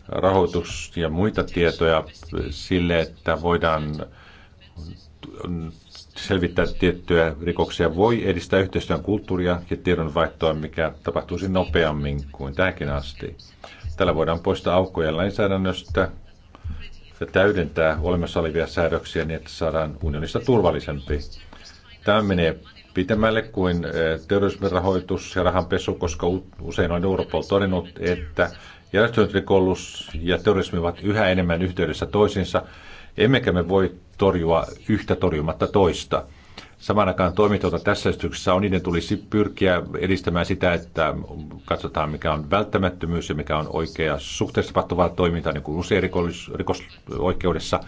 rahoitus- ja muita tietoja sille, että voidaan selvittää tiettyjä rikoksia, voi edistää yhteistyön kulttuuria ja tiedonvaihtoa, mikä tapahtuisi nopeammin kuin tähänkin asti. Tällä voidaan poistaa aukkoja lainsäädännöstä ja täydentää olemassa olevia säädöksiä niin, että saadaan unionista turvallisempi. Tämä menee pitemmälle kuin eh, terrorismin rahoitus ja rahanpesu, koska usein on Europol todennut, että järjestöjen rikollus ja terrorismi ovat yhä enemmän yhteydessä toisiinsa, emmekä me voi torjua yhtä torjumatta toista. Samaan aikaan toimintoita tässä esityksessä on, niiden tulisi pyrkiä edistämään sitä, että katsotaan mikä on välttämättömyys ja mikä on oikea suhteessa tapahtuvaa toimintaa, niin kuin usein rikos, rikosoikeudessa.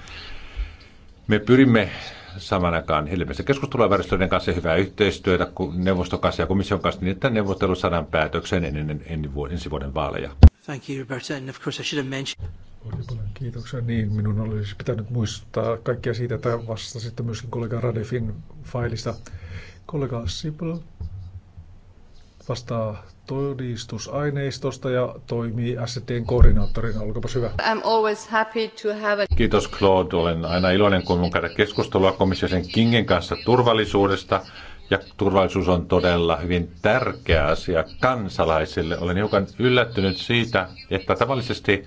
Me pyrimme saman aikaan hiljaisen keskustelua väristöiden kanssa ja hyvää yhteistyötä kun neuvoston kanssa ja komission kanssa, niin että neuvottelu saadaan päätökseen ennen ensi vuoden vaaleja. Thank you, Roberta. And of course I should have mentioned... kiitoksia. Niin, minun olisi siis pitänyt muistaa kaikkia siitä, että sitten myöskin kollega Radefin failista. Kollega Sipilä vastaa todistusaineistosta ja toimii STn koordinaattorina. Olkapas hyvä. I'm always happy to have a... Kiitos Claude. Olen aina iloinen, kun mun käydä keskustelua komissiosen Kingin kanssa turvallisuudesta. Ja turvallisuus on todella hyvin tärkeä asia kansalaisille. Olen hiukan yllättynyt siitä, että tavallisesti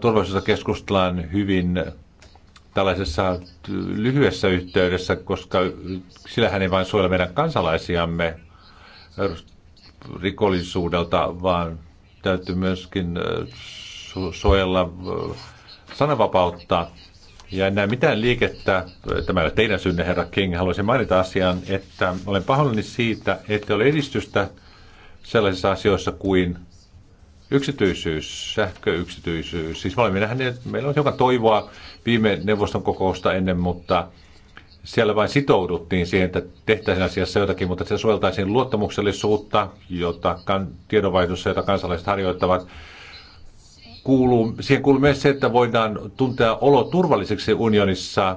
turvallisuudesta keskustellaan hyvin tällaisessa lyhyessä yhteydessä, koska sillähän ei vain suojella meidän kansalaisiamme rikollisuudelta, vaan täytyy myöskin suojella sananvapautta. Ja en näe mitään liikettä, tämä ei ole teidän synne, herra King, haluaisin mainita asian, että olen pahoillani siitä, että ole edistystä sellaisissa asioissa kuin yksityisyys, sähköyksityisyys. Siis me olemme nähneet, meillä on hiukan toivoa viime neuvoston kokousta ennen, mutta siellä vain sitouduttiin siihen, että tehtäisiin asiassa jotakin, mutta se suojeltaisiin luottamuksellisuutta, jota kan, tiedonvaihdossa, jota kansalaiset harjoittavat. Kuuluu, siihen kuuluu myös se, että voidaan tuntea olo turvalliseksi unionissa,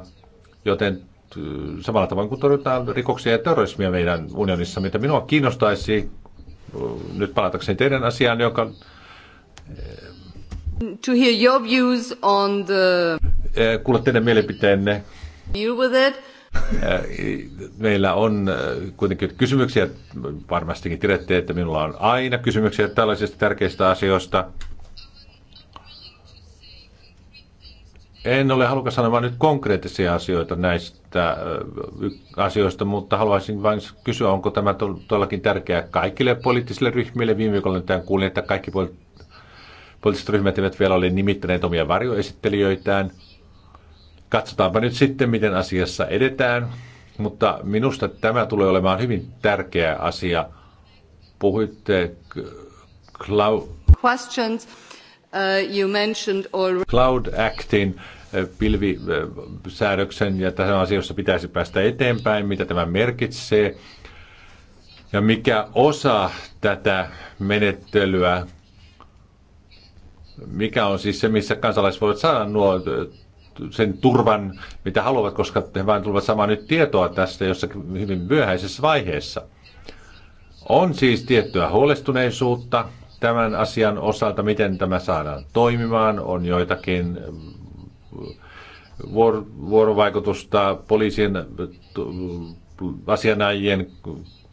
joten äh, samalla tavalla kuin torjutaan rikoksia ja terrorismia meidän unionissa, mitä minua kiinnostaisi, äh, nyt palatakseni teidän asiaan, joka... Äh, to hear your views on the... Kuulla teidän mielipiteenne. Deal with it. Meillä on kuitenkin kysymyksiä, varmastikin tiedätte, että minulla on aina kysymyksiä tällaisista tärkeistä asioista. En ole halukas sanomaan nyt konkreettisia asioita näistä asioista, mutta haluaisin vain kysyä, onko tämä todellakin tärkeää kaikille poliittisille ryhmille. Viime viikolla tämän kuulin, että kaikki poliittiset ryhmät eivät vielä ole nimittäneet omia varjoesittelijöitään – Katsotaanpa nyt sitten, miten asiassa edetään, mutta minusta tämä tulee olemaan hyvin tärkeä asia. Puhuitte Cloud, Questions. Uh, you mentioned already. Cloud Actin uh, pilvisäädöksen uh, ja tässä asiassa pitäisi päästä eteenpäin, mitä tämä merkitsee ja mikä osa tätä menettelyä, mikä on siis se, missä kansalaiset voivat saada nuo sen turvan, mitä haluavat, koska he vain tulevat saamaan nyt tietoa tästä jossakin hyvin myöhäisessä vaiheessa. On siis tiettyä huolestuneisuutta tämän asian osalta, miten tämä saadaan toimimaan. On joitakin mm, vuor- vuorovaikutusta poliisin asianajien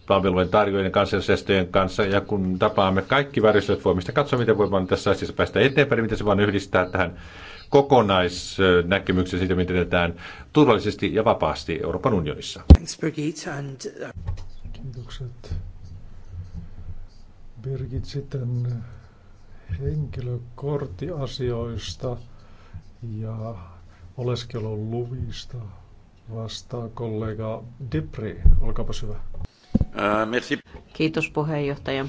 palvelujen tarjoajien kansallisjärjestöjen kanssa, ja kun tapaamme kaikki väristöt voimista, katsoa, miten voimme tässä asiassa päästä eteenpäin, miten se voidaan yhdistää tähän kokonaisnäkemyksen siitä, miten edetään turvallisesti ja vapaasti Euroopan unionissa. Uh, Kiitokset. Birgit sitten henkilökorttiasioista ja oleskeluluvista vastaa kollega Dipri. Olkaapa hyvä. Uh, merci. Kiitos puheenjohtaja.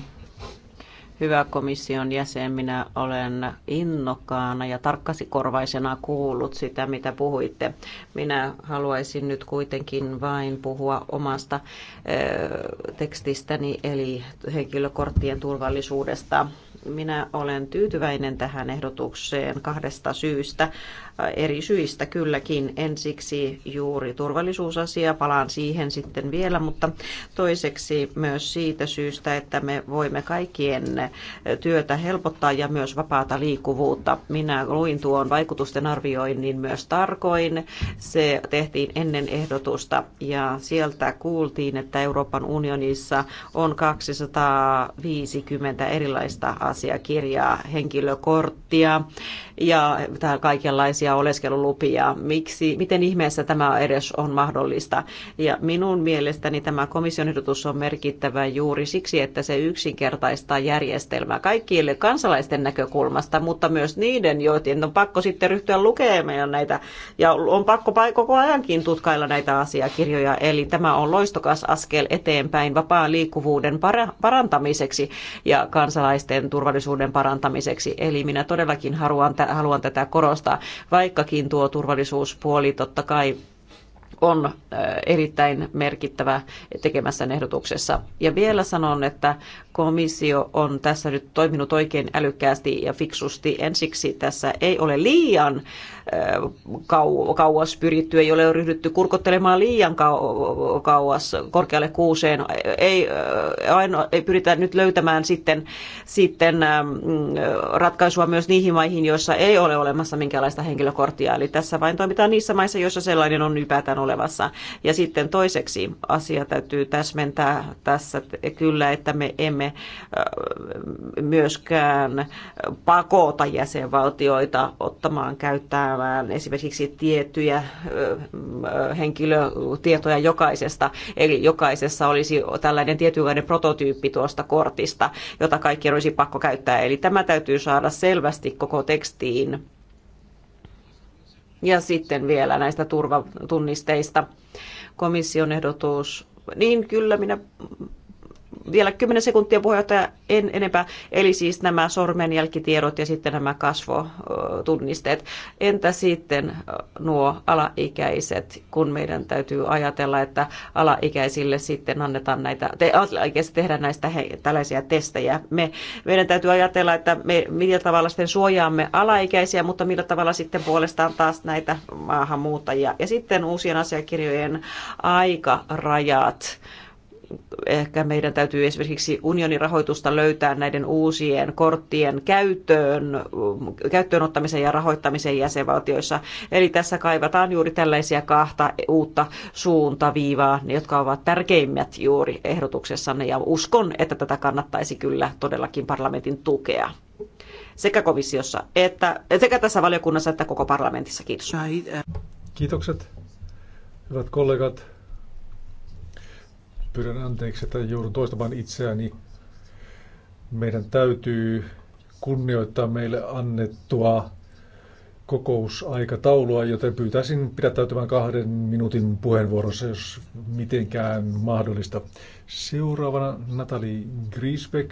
Hyvä komission jäsen, minä olen innokkaana ja tarkkasikorvaisena kuullut sitä, mitä puhuitte. Minä haluaisin nyt kuitenkin vain puhua omasta eh, tekstistäni, eli henkilökorttien turvallisuudesta. Minä olen tyytyväinen tähän ehdotukseen kahdesta syystä eri syistä kylläkin. Ensiksi juuri turvallisuusasia, palaan siihen sitten vielä, mutta toiseksi myös siitä syystä, että me voimme kaikkien työtä helpottaa ja myös vapaata liikkuvuutta. Minä luin tuon vaikutusten arvioinnin myös tarkoin. Se tehtiin ennen ehdotusta ja sieltä kuultiin, että Euroopan unionissa on 250 erilaista asiakirjaa, henkilökorttia, ja tähän kaikenlaisia oleskelulupia. Miksi, miten ihmeessä tämä edes on mahdollista? Ja minun mielestäni tämä komission ehdotus on merkittävä juuri siksi, että se yksinkertaistaa järjestelmää kaikille kansalaisten näkökulmasta, mutta myös niiden, joiden on pakko sitten ryhtyä lukemaan näitä ja on pakko koko ajankin tutkailla näitä asiakirjoja. Eli tämä on loistokas askel eteenpäin vapaan liikkuvuuden parantamiseksi ja kansalaisten turvallisuuden parantamiseksi. Eli minä todellakin haluan tätä, haluan tätä korostaa, vaikkakin tuo turvallisuuspuoli totta kai on erittäin merkittävä tekemässä ehdotuksessa. Ja vielä sanon, että komissio on tässä nyt toiminut oikein älykkäästi ja fiksusti. Ensiksi tässä ei ole liian kau- kauas pyritty, ei ole ryhdytty kurkottelemaan liian kau- kauas korkealle kuuseen. Ei, aino, ei pyritä nyt löytämään sitten, sitten ratkaisua myös niihin maihin, joissa ei ole olemassa minkäänlaista henkilökorttia. Eli tässä vain toimitaan niissä maissa, joissa sellainen on ypäätään olemassa. Ja sitten toiseksi asia täytyy täsmentää tässä kyllä, että me emme emme myöskään pakota jäsenvaltioita ottamaan käyttämään esimerkiksi tiettyjä henkilötietoja jokaisesta. Eli jokaisessa olisi tällainen tietynlainen prototyyppi tuosta kortista, jota kaikki olisi pakko käyttää. Eli tämä täytyy saada selvästi koko tekstiin. Ja sitten vielä näistä turvatunnisteista. Komission ehdotus. Niin kyllä minä vielä 10 sekuntia puheenjohtaja, en enempää. Eli siis nämä sormenjälkitiedot ja sitten nämä kasvotunnisteet. Entä sitten nuo alaikäiset, kun meidän täytyy ajatella, että alaikäisille sitten annetaan näitä, te, alaikäiset tehdään näistä he, tällaisia testejä. Me, meidän täytyy ajatella, että me, millä tavalla sitten suojaamme alaikäisiä, mutta millä tavalla sitten puolestaan taas näitä maahanmuuttajia. Ja sitten uusien asiakirjojen aikarajat ehkä meidän täytyy esimerkiksi unionin rahoitusta löytää näiden uusien korttien käyttöön, käyttöön ottamisen ja rahoittamisen jäsenvaltioissa. Eli tässä kaivataan juuri tällaisia kahta uutta suuntaviivaa, jotka ovat tärkeimmät juuri ehdotuksessanne ja uskon, että tätä kannattaisi kyllä todellakin parlamentin tukea sekä komissiossa, että, sekä tässä valiokunnassa että koko parlamentissa. Kiitos. Äh. Kiitokset, hyvät kollegat. Pyydän anteeksi, että joudun toistamaan itseäni. Meidän täytyy kunnioittaa meille annettua kokousaikataulua, joten pyytäisin pidättäytymään kahden minuutin puheenvuorossa, jos mitenkään mahdollista. Seuraavana Natali Griesbeck.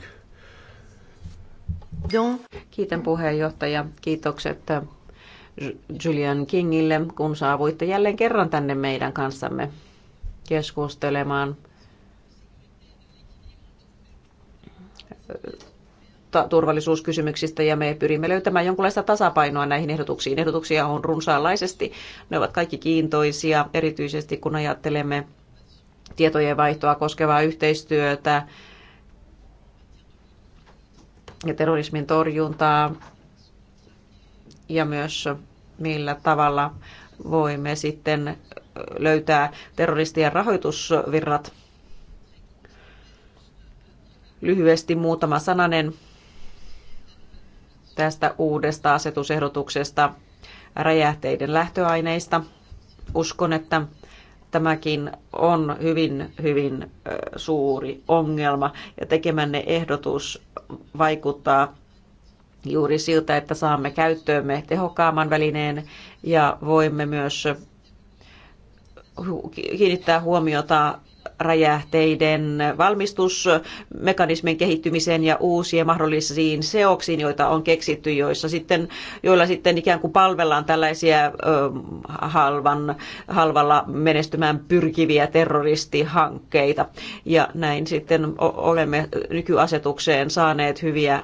Joo, kiitän puheenjohtaja. Kiitokset äh, Julian Kingille, kun saavuitte jälleen kerran tänne meidän kanssamme keskustelemaan turvallisuuskysymyksistä ja me pyrimme löytämään jonkinlaista tasapainoa näihin ehdotuksiin. Ehdotuksia on runsaanlaisesti. Ne ovat kaikki kiintoisia, erityisesti kun ajattelemme tietojen vaihtoa koskevaa yhteistyötä ja terrorismin torjuntaa ja myös millä tavalla voimme sitten löytää terroristien rahoitusvirrat Lyhyesti muutama sananen tästä uudesta asetusehdotuksesta räjähteiden lähtöaineista. Uskon, että tämäkin on hyvin, hyvin suuri ongelma ja tekemänne ehdotus vaikuttaa juuri siltä, että saamme käyttöömme tehokkaamman välineen ja voimme myös kiinnittää huomiota räjähteiden valmistusmekanismin kehittymiseen ja uusien mahdollisiin seoksiin, joita on keksitty, joissa sitten, joilla sitten ikään kuin palvellaan tällaisia ö, halvan, halvalla menestymään pyrkiviä terroristihankkeita. Ja näin sitten olemme nykyasetukseen saaneet hyviä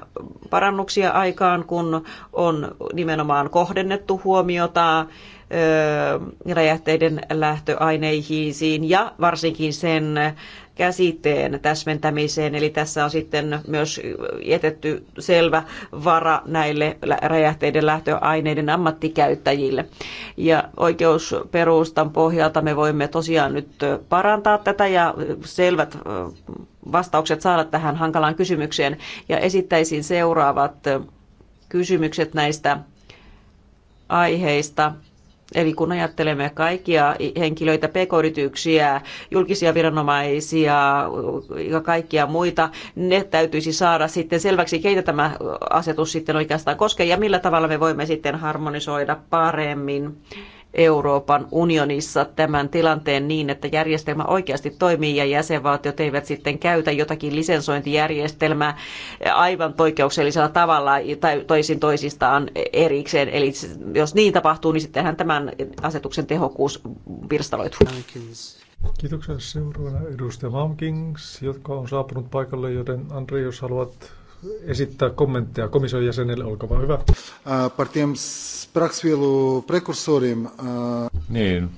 parannuksia aikaan, kun on nimenomaan kohdennettu huomiota räjähteiden lähtöaineisiin ja varsinkin sen käsitteen täsmentämiseen. Eli tässä on sitten myös jätetty selvä vara näille räjähteiden lähtöaineiden ammattikäyttäjille. Ja oikeusperustan pohjalta me voimme tosiaan nyt parantaa tätä ja selvät vastaukset saada tähän hankalaan kysymykseen. Ja esittäisin seuraavat kysymykset näistä aiheista Eli kun ajattelemme kaikkia henkilöitä, pk-yrityksiä, julkisia viranomaisia ja kaikkia muita, ne täytyisi saada sitten selväksi, keitä tämä asetus sitten oikeastaan koskee ja millä tavalla me voimme sitten harmonisoida paremmin Euroopan unionissa tämän tilanteen niin, että järjestelmä oikeasti toimii ja jäsenvaltiot eivät sitten käytä jotakin lisensointijärjestelmää aivan poikkeuksellisella tavalla tai toisin toisistaan erikseen. Eli jos niin tapahtuu, niin sittenhän tämän asetuksen tehokkuus pirstaloituu. Kiitoksia seuraavana edustaja Mamkings, jotka on saapunut paikalle, joten Andre, jos haluat esittää kommentteja komission jäsenelle, olkaa hyvä. Äh, Partiem spraksvielu prekursorim. Äh. Niin,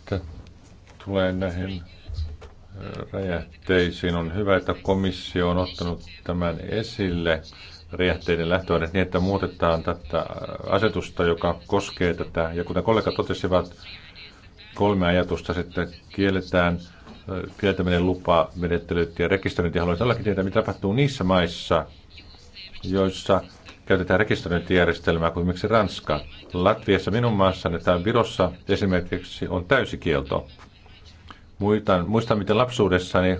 mitä tulee näihin äh, räjähteisiin, on hyvä, että komissio on ottanut tämän esille räjähteiden lähtöaineet niin, että muutetaan tätä asetusta, joka koskee tätä. Ja kuten kollegat totesivat, kolme ajatusta sitten kielletään kieltäminen, lupa, menettelyt ja rekisteröinti. Haluaisin tälläkin tietää, mitä tapahtuu niissä maissa, joissa käytetään rekisteröintijärjestelmää kuin esimerkiksi Ranska. Latviassa minun maassani tai Virossa esimerkiksi on täysikielto. Muistan, muistan miten lapsuudessani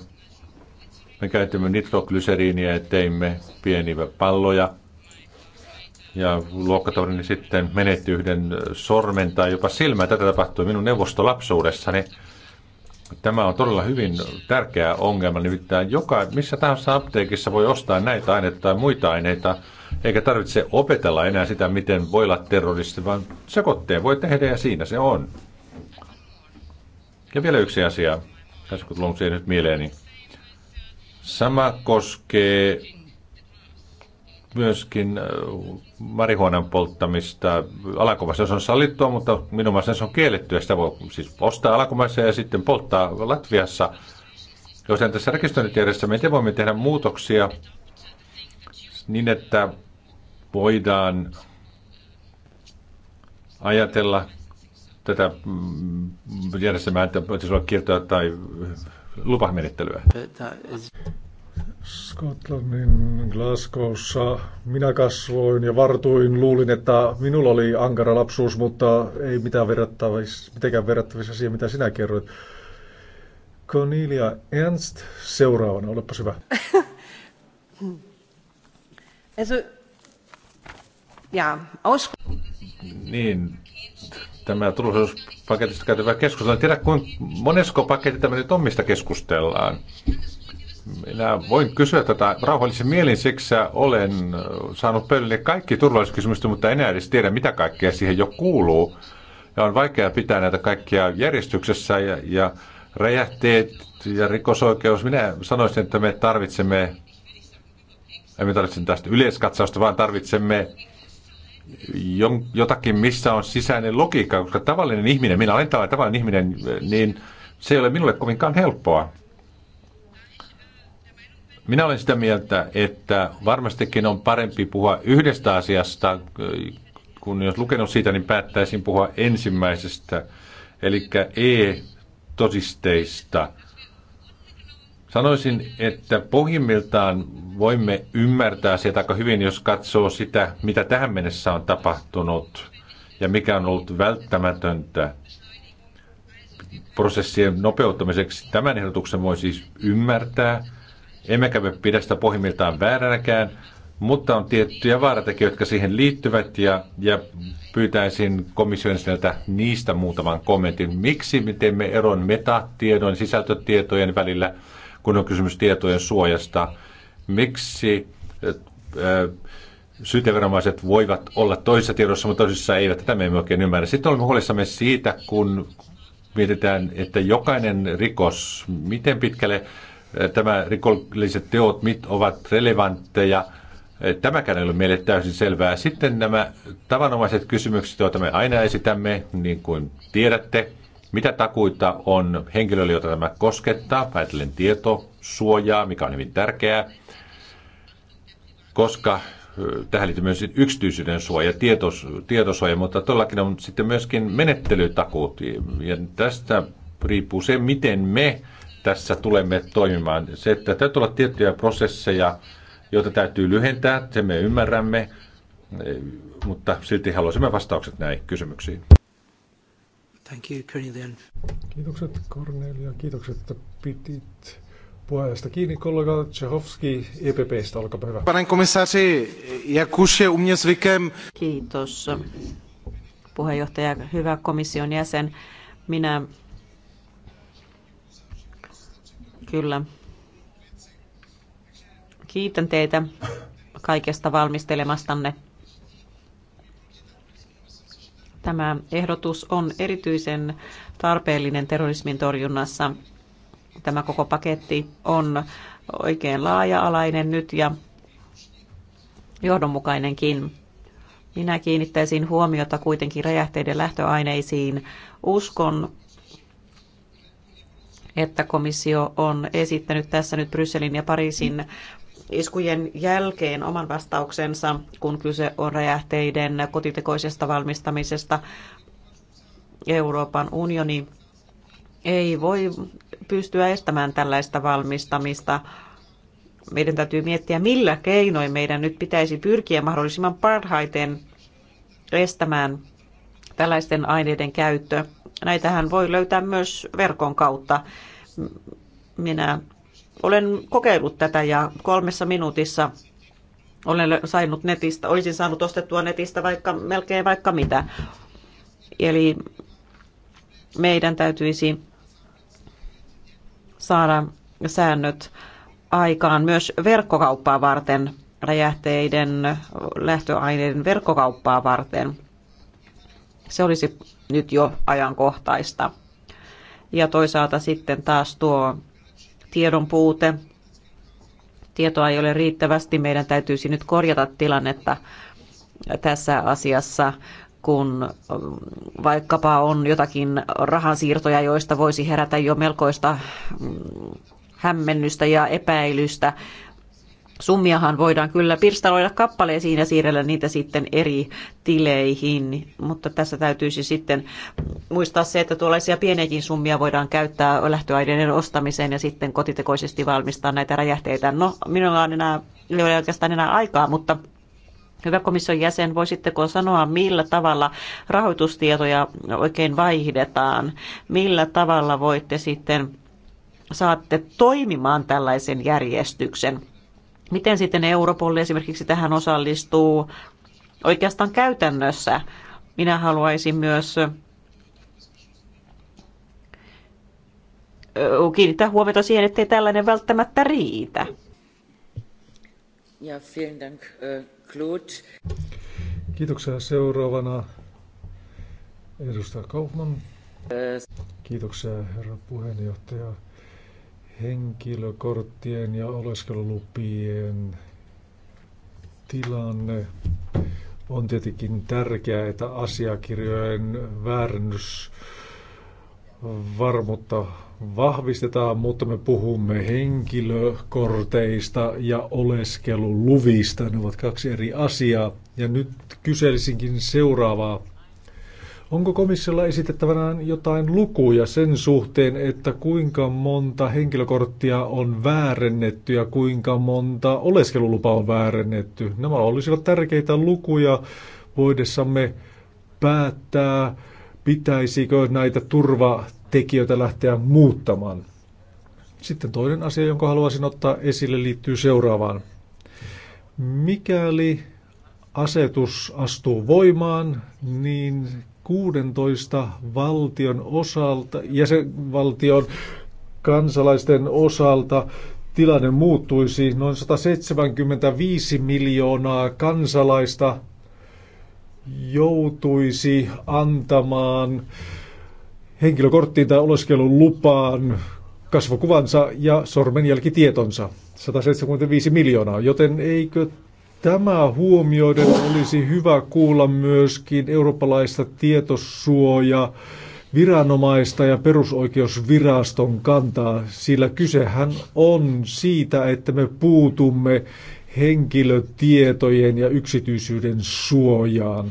me käytimme nitroglyseriiniä ja teimme pieniä palloja. Ja luokkatorini sitten menetti yhden sormen tai jopa silmän. Tätä tapahtui minun neuvostolapsuudessani. lapsuudessani Tämä on todella hyvin tärkeä ongelma, nimittäin joka, missä tahansa apteekissa voi ostaa näitä aineita tai muita aineita, eikä tarvitse opetella enää sitä, miten voi olla terroristi, vaan sekoitteen voi tehdä ja siinä se on. Ja vielä yksi asia, tässä kun tulee nyt mieleeni. Sama koskee myöskin äh, marihuonan polttamista alankomaissa. Se on sallittua, mutta minun mielestäni se on kiellettyä. Sitä voi siis ostaa alankomaissa ja sitten polttaa Latviassa. Jos en tässä me te voimme tehdä muutoksia niin, että voidaan ajatella tätä mm, järjestelmää, että voitaisiin olla kieltoa tai lupamenettelyä. Skotlannin Glasgowssa minä kasvoin ja vartuin. Luulin, että minulla oli ankara lapsuus, mutta ei mitään verrattavissa, mitenkään verrattavissa siihen, mitä sinä kerroit. Cornelia Ernst, seuraavana, olepa hyvä. also, ja, aus... Niin, tämä turvallisuuspaketista käytävä keskustelu. En tiedä, kuinka monesko paketti tämä nyt on, mistä keskustellaan. Minä voin kysyä tätä rauhallisen mielin, siksi olen saanut pöydälle kaikki turvallisuuskysymykset, mutta en edes tiedä, mitä kaikkea siihen jo kuuluu. Ja on vaikea pitää näitä kaikkia järjestyksessä ja, ja räjähteet ja rikosoikeus. Minä sanoisin, että me tarvitsemme, emme tarvitse tästä yleiskatsausta, vaan tarvitsemme jotakin, missä on sisäinen logiikka, koska tavallinen ihminen, minä olen tavallinen ihminen, niin se ei ole minulle kovinkaan helppoa. Minä olen sitä mieltä, että varmastikin on parempi puhua yhdestä asiasta, kun jos lukenut siitä, niin päättäisin puhua ensimmäisestä, eli e-todisteista. Sanoisin, että pohjimmiltaan voimme ymmärtää sieltä aika hyvin, jos katsoo sitä, mitä tähän mennessä on tapahtunut ja mikä on ollut välttämätöntä prosessien nopeuttamiseksi. Tämän ehdotuksen voi siis ymmärtää – Emmekä me pidä sitä pohjimmiltaan vääränäkään, mutta on tiettyjä vaaratekijöitä, jotka siihen liittyvät ja, ja pyytäisin komission niistä muutaman kommentin. Miksi me teemme eron metatiedon, sisältötietojen välillä, kun on kysymys tietojen suojasta? Miksi äh, äh syyteviranomaiset voivat olla toisissa tiedossa, mutta toisissa eivät? Tätä me emme oikein ymmärrä. Sitten olemme huolissamme siitä, kun mietitään, että jokainen rikos, miten pitkälle tämä rikolliset teot mit ovat relevantteja. Tämäkään ei ole meille täysin selvää. Sitten nämä tavanomaiset kysymykset, joita me aina esitämme, niin kuin tiedätte, mitä takuita on henkilölle, jota tämä koskettaa, tieto tietosuojaa, mikä on hyvin tärkeää, koska tähän liittyy myös yksityisyyden suoja, tietos, tietosuoja, mutta todellakin on sitten myöskin menettelytakuut. Ja tästä riippuu se, miten me tässä tulemme toimimaan. Se, että täytyy olla tiettyjä prosesseja, joita täytyy lyhentää, se me ymmärrämme, mutta silti haluaisimme vastaukset näihin kysymyksiin. Thank you, Cornelian. Kiitokset Cornelia, kiitokset, että pitit puheesta kiinni kollega Tsehovski EPPstä, olkaa hyvä. Pane komissaari, jak Kiitos puheenjohtaja, hyvä komission jäsen. Minä Kyllä. Kiitän teitä kaikesta valmistelemastanne. Tämä ehdotus on erityisen tarpeellinen terrorismin torjunnassa. Tämä koko paketti on oikein laaja-alainen nyt ja johdonmukainenkin. Minä kiinnittäisin huomiota kuitenkin räjähteiden lähtöaineisiin. Uskon, että komissio on esittänyt tässä nyt Brysselin ja Pariisin iskujen jälkeen oman vastauksensa, kun kyse on räjähteiden kotitekoisesta valmistamisesta Euroopan unioni ei voi pystyä estämään tällaista valmistamista. Meidän täytyy miettiä, millä keinoin meidän nyt pitäisi pyrkiä mahdollisimman parhaiten estämään tällaisten aineiden käyttö. Näitähän voi löytää myös verkon kautta. Minä olen kokeillut tätä ja kolmessa minuutissa olen saanut netistä, olisin saanut ostettua netistä vaikka melkein vaikka mitä. Eli meidän täytyisi saada säännöt aikaan myös verkkokauppaa varten, räjähteiden lähtöaineiden verkkokauppaa varten. Se olisi nyt jo ajankohtaista. Ja toisaalta sitten taas tuo tiedon puute. Tietoa ei ole riittävästi. Meidän täytyisi nyt korjata tilannetta tässä asiassa kun mm, vaikkapa on jotakin rahansiirtoja, joista voisi herätä jo melkoista mm, hämmennystä ja epäilystä Summiahan voidaan kyllä pirstaloida kappaleisiin ja siirrellä niitä sitten eri tileihin, mutta tässä täytyisi sitten muistaa se, että tuollaisia pieniäkin summia voidaan käyttää lähtöaineiden ostamiseen ja sitten kotitekoisesti valmistaa näitä räjähteitä. No, minulla on enää, ei ole oikeastaan enää aikaa, mutta Hyvä komission jäsen, voisitteko sanoa, millä tavalla rahoitustietoja oikein vaihdetaan? Millä tavalla voitte sitten saatte toimimaan tällaisen järjestyksen? Miten sitten Europol esimerkiksi tähän osallistuu oikeastaan käytännössä? Minä haluaisin myös kiinnittää huomiota siihen, ettei tällainen välttämättä riitä. Ja, dank, äh, Claude. Kiitoksia. Seuraavana edustaja Kaufman. Äh, Kiitoksia, herra puheenjohtaja henkilökorttien ja oleskelulupien tilanne. On tietenkin tärkeää, että asiakirjojen väärännys varmuutta vahvistetaan, mutta me puhumme henkilökorteista ja oleskeluluvista. Ne ovat kaksi eri asiaa. Ja nyt kyselisinkin seuraavaa. Onko komissiolla esitettävänä jotain lukuja sen suhteen, että kuinka monta henkilökorttia on väärennetty ja kuinka monta oleskelulupaa on väärennetty? Nämä olisivat tärkeitä lukuja voidessamme päättää, pitäisikö näitä turvatekijöitä lähteä muuttamaan. Sitten toinen asia, jonka haluaisin ottaa esille, liittyy seuraavaan. Mikäli asetus astuu voimaan, niin 16 valtion osalta, jäsenvaltion kansalaisten osalta tilanne muuttuisi noin 175 miljoonaa kansalaista joutuisi antamaan henkilökorttiin tai oleskelun lupaan kasvokuvansa ja sormenjälkitietonsa. 175 miljoonaa, joten eikö Tämä huomioiden olisi hyvä kuulla myöskin eurooppalaista tietosuojaa viranomaista ja perusoikeusviraston kantaa, sillä kysehän on siitä, että me puutumme henkilötietojen ja yksityisyyden suojaan.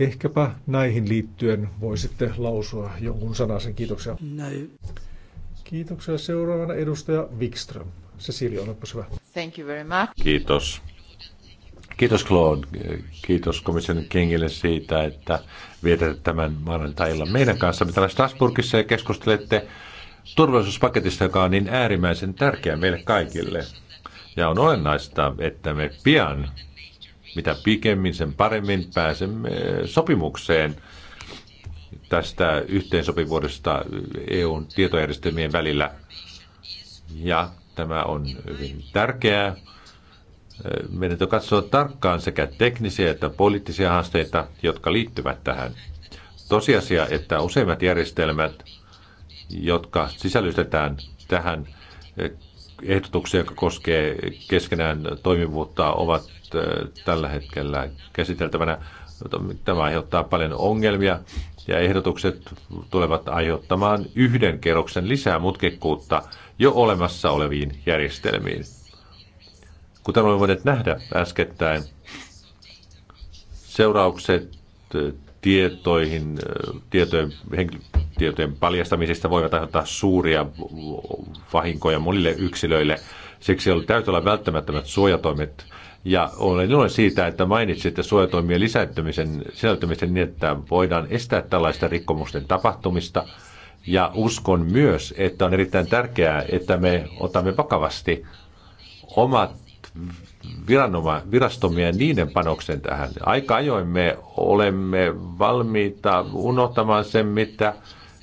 Ehkäpä näihin liittyen voisitte lausua jonkun sanasen. Kiitoksia. Näin. No. Kiitoksia. Seuraavana edustaja Wikström. Cecilia, olepas hyvä. Thank you very much. Kiitos. Kiitos Claude, kiitos komission Kingille siitä, että vietätte tämän maanantai-illan meidän kanssa täällä Strasbourgissa ja keskustelette turvallisuuspaketista, joka on niin äärimmäisen tärkeä meille kaikille. Ja on olennaista, että me pian, mitä pikemmin, sen paremmin pääsemme sopimukseen tästä yhteensopivuudesta EUn tietojärjestelmien välillä. Ja Tämä on hyvin tärkeää. Meidän on katsoa tarkkaan sekä teknisiä että poliittisia haasteita, jotka liittyvät tähän. Tosiasia, että useimmat järjestelmät, jotka sisällytetään tähän ehdotuksia, jotka koskee keskenään toimivuutta, ovat eh, tällä hetkellä käsiteltävänä. Tämä aiheuttaa paljon ongelmia ja ehdotukset tulevat aiheuttamaan yhden kerroksen lisää mutkikkuutta – jo olemassa oleviin järjestelmiin. Kuten olemme voineet nähdä äskettäin, seuraukset tietoihin, tietojen, henkilötietojen paljastamisesta voivat aiheuttaa suuria vahinkoja monille yksilöille. Siksi on täytyy olla välttämättömät suojatoimet. Ja olen iloinen siitä, että mainitsitte suojatoimien lisääntymisen sisältymisen niin, että voidaan estää tällaista rikkomusten tapahtumista – ja uskon myös, että on erittäin tärkeää, että me otamme vakavasti omat viranoma, virastomme ja niiden panoksen tähän. Aika ajoin me olemme valmiita unohtamaan sen, mitä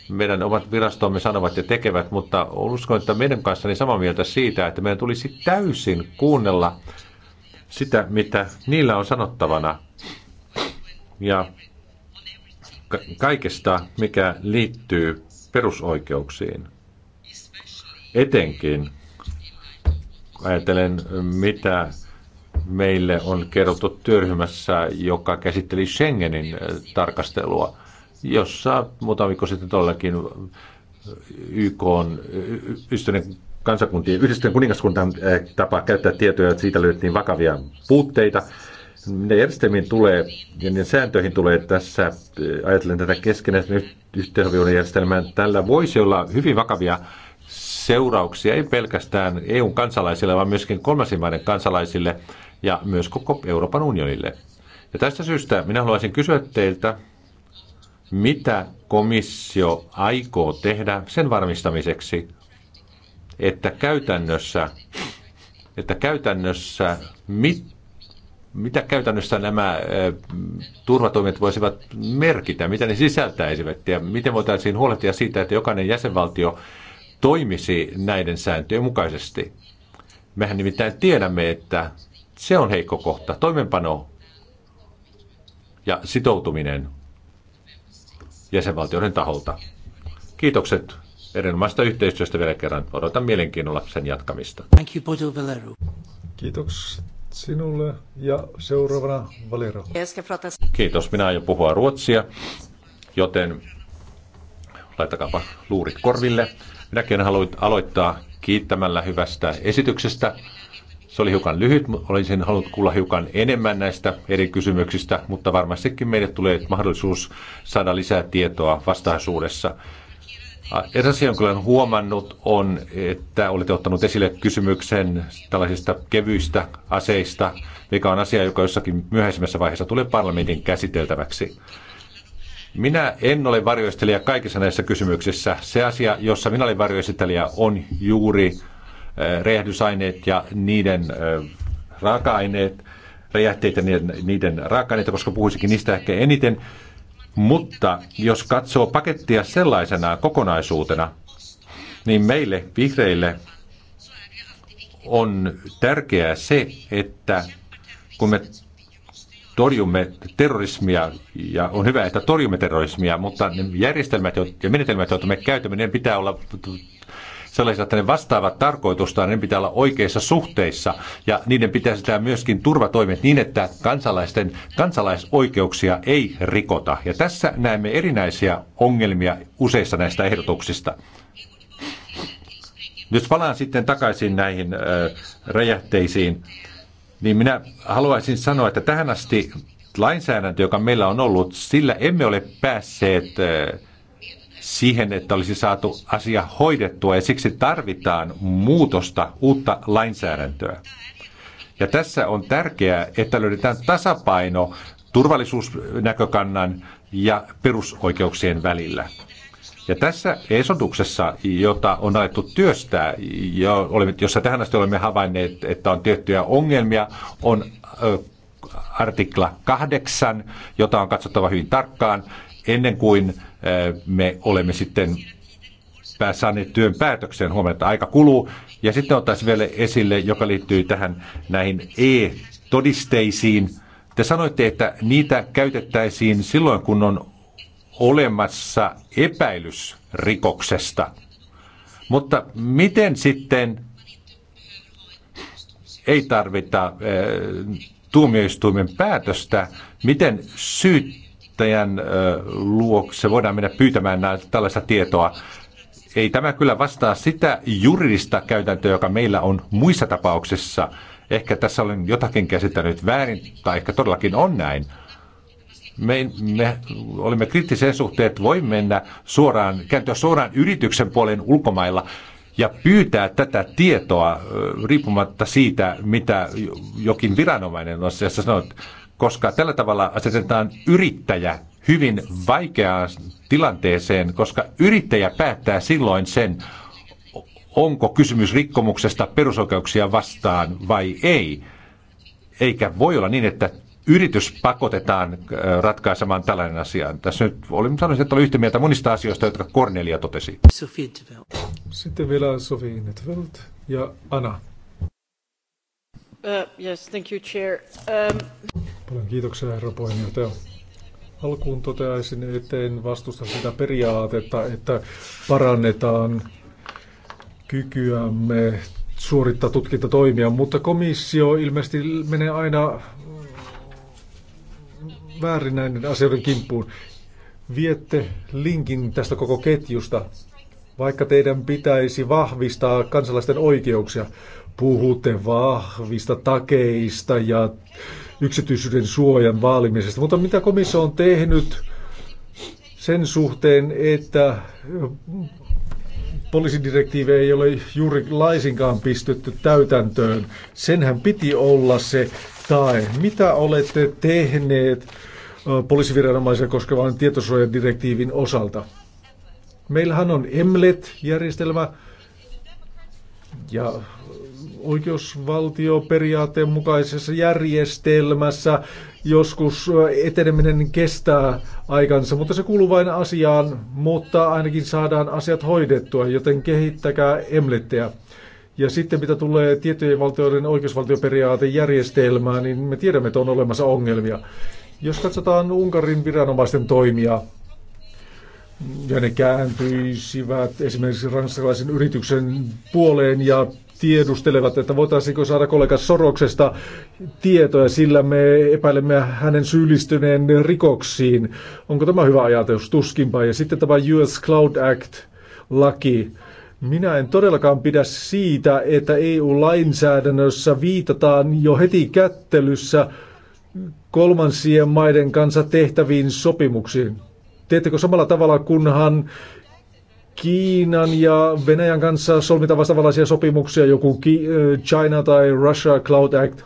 meidän omat virastomme sanovat ja tekevät, mutta uskon, että meidän kanssani samaa mieltä siitä, että meidän tulisi täysin kuunnella sitä, mitä niillä on sanottavana. Ja kaikesta, mikä liittyy perusoikeuksiin. Etenkin ajatellen, mitä meille on kerrottu työryhmässä, joka käsitteli Schengenin äh, tarkastelua, jossa muutama viikko sitten tuollakin äh, YK on kansakuntien, yhdistyneen kuningaskunnan äh, tapa käyttää tietoja, että siitä löydettiin vakavia puutteita ne järjestelmiin tulee ja niiden sääntöihin tulee tässä, äh, ajatellen tätä keskenäisen järjestelmään, tällä voisi olla hyvin vakavia seurauksia, ei pelkästään EUn kansalaisille, vaan myöskin kolmansien maiden kansalaisille ja myös koko Euroopan unionille. Ja tästä syystä minä haluaisin kysyä teiltä, mitä komissio aikoo tehdä sen varmistamiseksi, että käytännössä, että käytännössä mit, mitä käytännössä nämä turvatoimet voisivat merkitä, mitä ne sisältäisivät ja miten voitaisiin huolehtia siitä, että jokainen jäsenvaltio toimisi näiden sääntöjen mukaisesti? Mehän nimittäin tiedämme, että se on heikko kohta. Toimenpano ja sitoutuminen jäsenvaltioiden taholta. Kiitokset erinomaista yhteistyöstä vielä kerran. Odotan mielenkiinnolla sen jatkamista. Thank you, Kiitos sinulle ja seuraavana Valero. Kiitos, minä aion puhua ruotsia, joten laittakaapa luurit korville. Minäkin haluan aloittaa kiittämällä hyvästä esityksestä. Se oli hiukan lyhyt, olisin halunnut kuulla hiukan enemmän näistä eri kysymyksistä, mutta varmastikin meille tulee mahdollisuus saada lisää tietoa vastaisuudessa. Eräs asia, jonka olen huomannut, on, että olette ottanut esille kysymyksen tällaisista kevyistä aseista, mikä on asia, joka jossakin myöhäisemmässä vaiheessa tulee parlamentin käsiteltäväksi. Minä en ole varjoistelija kaikissa näissä kysymyksissä. Se asia, jossa minä olen varjoistelija, on juuri räjähdysaineet ja niiden raaka-aineet, räjähteitä ja niiden raaka-aineita, koska puhuisinkin niistä ehkä eniten. Mutta jos katsoo pakettia sellaisena kokonaisuutena, niin meille vihreille on tärkeää se, että kun me torjumme terrorismia, ja on hyvä, että torjumme terrorismia, mutta ne järjestelmät ja menetelmät, joita me käytämme, ne pitää olla sellaisia, että ne vastaavat tarkoitustaan, ne pitää olla oikeissa suhteissa ja niiden pitää sitä myöskin turvatoimet niin, että kansalaisten kansalaisoikeuksia ei rikota. Ja tässä näemme erinäisiä ongelmia useissa näistä ehdotuksista. Jos palaan sitten takaisin näihin räjähteisiin, niin minä haluaisin sanoa, että tähän asti lainsäädäntö, joka meillä on ollut, sillä emme ole päässeet äh, siihen, että olisi saatu asia hoidettua ja siksi tarvitaan muutosta, uutta lainsäädäntöä. Ja tässä on tärkeää, että löydetään tasapaino turvallisuusnäkökannan ja perusoikeuksien välillä. Ja tässä esotuksessa, jota on alettu työstää, jossa tähän asti olemme havainneet, että on tiettyjä ongelmia, on artikla 8, jota on katsottava hyvin tarkkaan, ennen kuin me olemme sitten saaneet työn päätökseen huomenna, että aika kuluu. Ja sitten ottaisin vielä esille, joka liittyy tähän näihin e-todisteisiin. Te sanoitte, että niitä käytettäisiin silloin, kun on olemassa epäilys rikoksesta. Mutta miten sitten ei tarvita tuomioistuimen päätöstä, miten syyt kuluttajan luokse voidaan mennä pyytämään tällaista tietoa. Ei tämä kyllä vastaa sitä juridista käytäntöä, joka meillä on muissa tapauksissa. Ehkä tässä olen jotakin käsittänyt väärin, tai ehkä todellakin on näin. Me, me olimme kriittisen suhteen, että voi mennä suoraan, kääntyä suoraan yrityksen puolen ulkomailla ja pyytää tätä tietoa riippumatta siitä, mitä jokin viranomainen on asiassa sanonut koska tällä tavalla asetetaan yrittäjä hyvin vaikeaan tilanteeseen, koska yrittäjä päättää silloin sen, onko kysymys rikkomuksesta perusoikeuksia vastaan vai ei. Eikä voi olla niin, että yritys pakotetaan äh, ratkaisemaan tällainen asia. Tässä nyt oli, sanoisin, että oli yhtä mieltä monista asioista, jotka Cornelia totesi. Sitten vielä Sofi Netveld ja Anna. Uh, yes, thank you, chair. Um... Paljon kiitoksia, herra puheenjohtaja. Alkuun toteaisin, eteen vastusta sitä periaatetta, että parannetaan kykyämme suorittaa tutkintatoimia, mutta komissio ilmeisesti menee aina väärin näiden asioiden kimppuun. Viette linkin tästä koko ketjusta vaikka teidän pitäisi vahvistaa kansalaisten oikeuksia, puhutte vahvista takeista ja yksityisyyden suojan vaalimisesta. Mutta mitä komissio on tehnyt sen suhteen, että poliisidirektiivi ei ole juuri laisinkaan pistetty täytäntöön. Senhän piti olla se tae. Mitä olette tehneet poliisiviranomaisia koskevan tietosuojadirektiivin osalta? Meillähän on EMLET-järjestelmä ja oikeusvaltioperiaatteen mukaisessa järjestelmässä joskus eteneminen kestää aikansa, mutta se kuuluu vain asiaan, mutta ainakin saadaan asiat hoidettua, joten kehittäkää emlettejä. Ja sitten mitä tulee tiettyjen valtioiden oikeusvaltioperiaatejärjestelmään, niin me tiedämme, että on olemassa ongelmia. Jos katsotaan Unkarin viranomaisten toimia, ja ne kääntyisivät esimerkiksi ranskalaisen yrityksen puoleen ja tiedustelevat, että voitaisiinko saada kollega Soroksesta tietoja, sillä me epäilemme hänen syyllistyneen rikoksiin. Onko tämä hyvä ajatus? Tuskinpa. Ja sitten tämä US Cloud Act-laki. Minä en todellakaan pidä siitä, että EU-lainsäädännössä viitataan jo heti kättelyssä kolmansien maiden kanssa tehtäviin sopimuksiin. Teettekö samalla tavalla, kunhan Kiinan ja Venäjän kanssa solmitaan vastaavanlaisia sopimuksia, joku China tai Russia Cloud Act?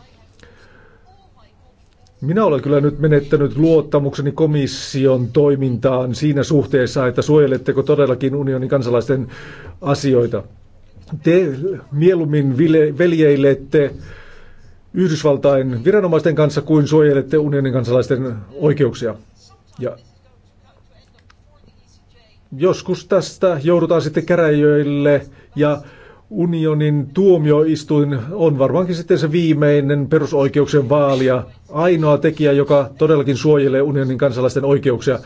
Minä olen kyllä nyt menettänyt luottamukseni komission toimintaan siinä suhteessa, että suojeletteko todellakin unionin kansalaisten asioita. Te mieluummin veljeilette Yhdysvaltain viranomaisten kanssa kuin suojelette unionin kansalaisten oikeuksia. Ja joskus tästä joudutaan sitten käräjöille ja unionin tuomioistuin on varmaankin sitten se viimeinen perusoikeuksien vaalia, ainoa tekijä, joka todellakin suojelee unionin kansalaisten oikeuksia.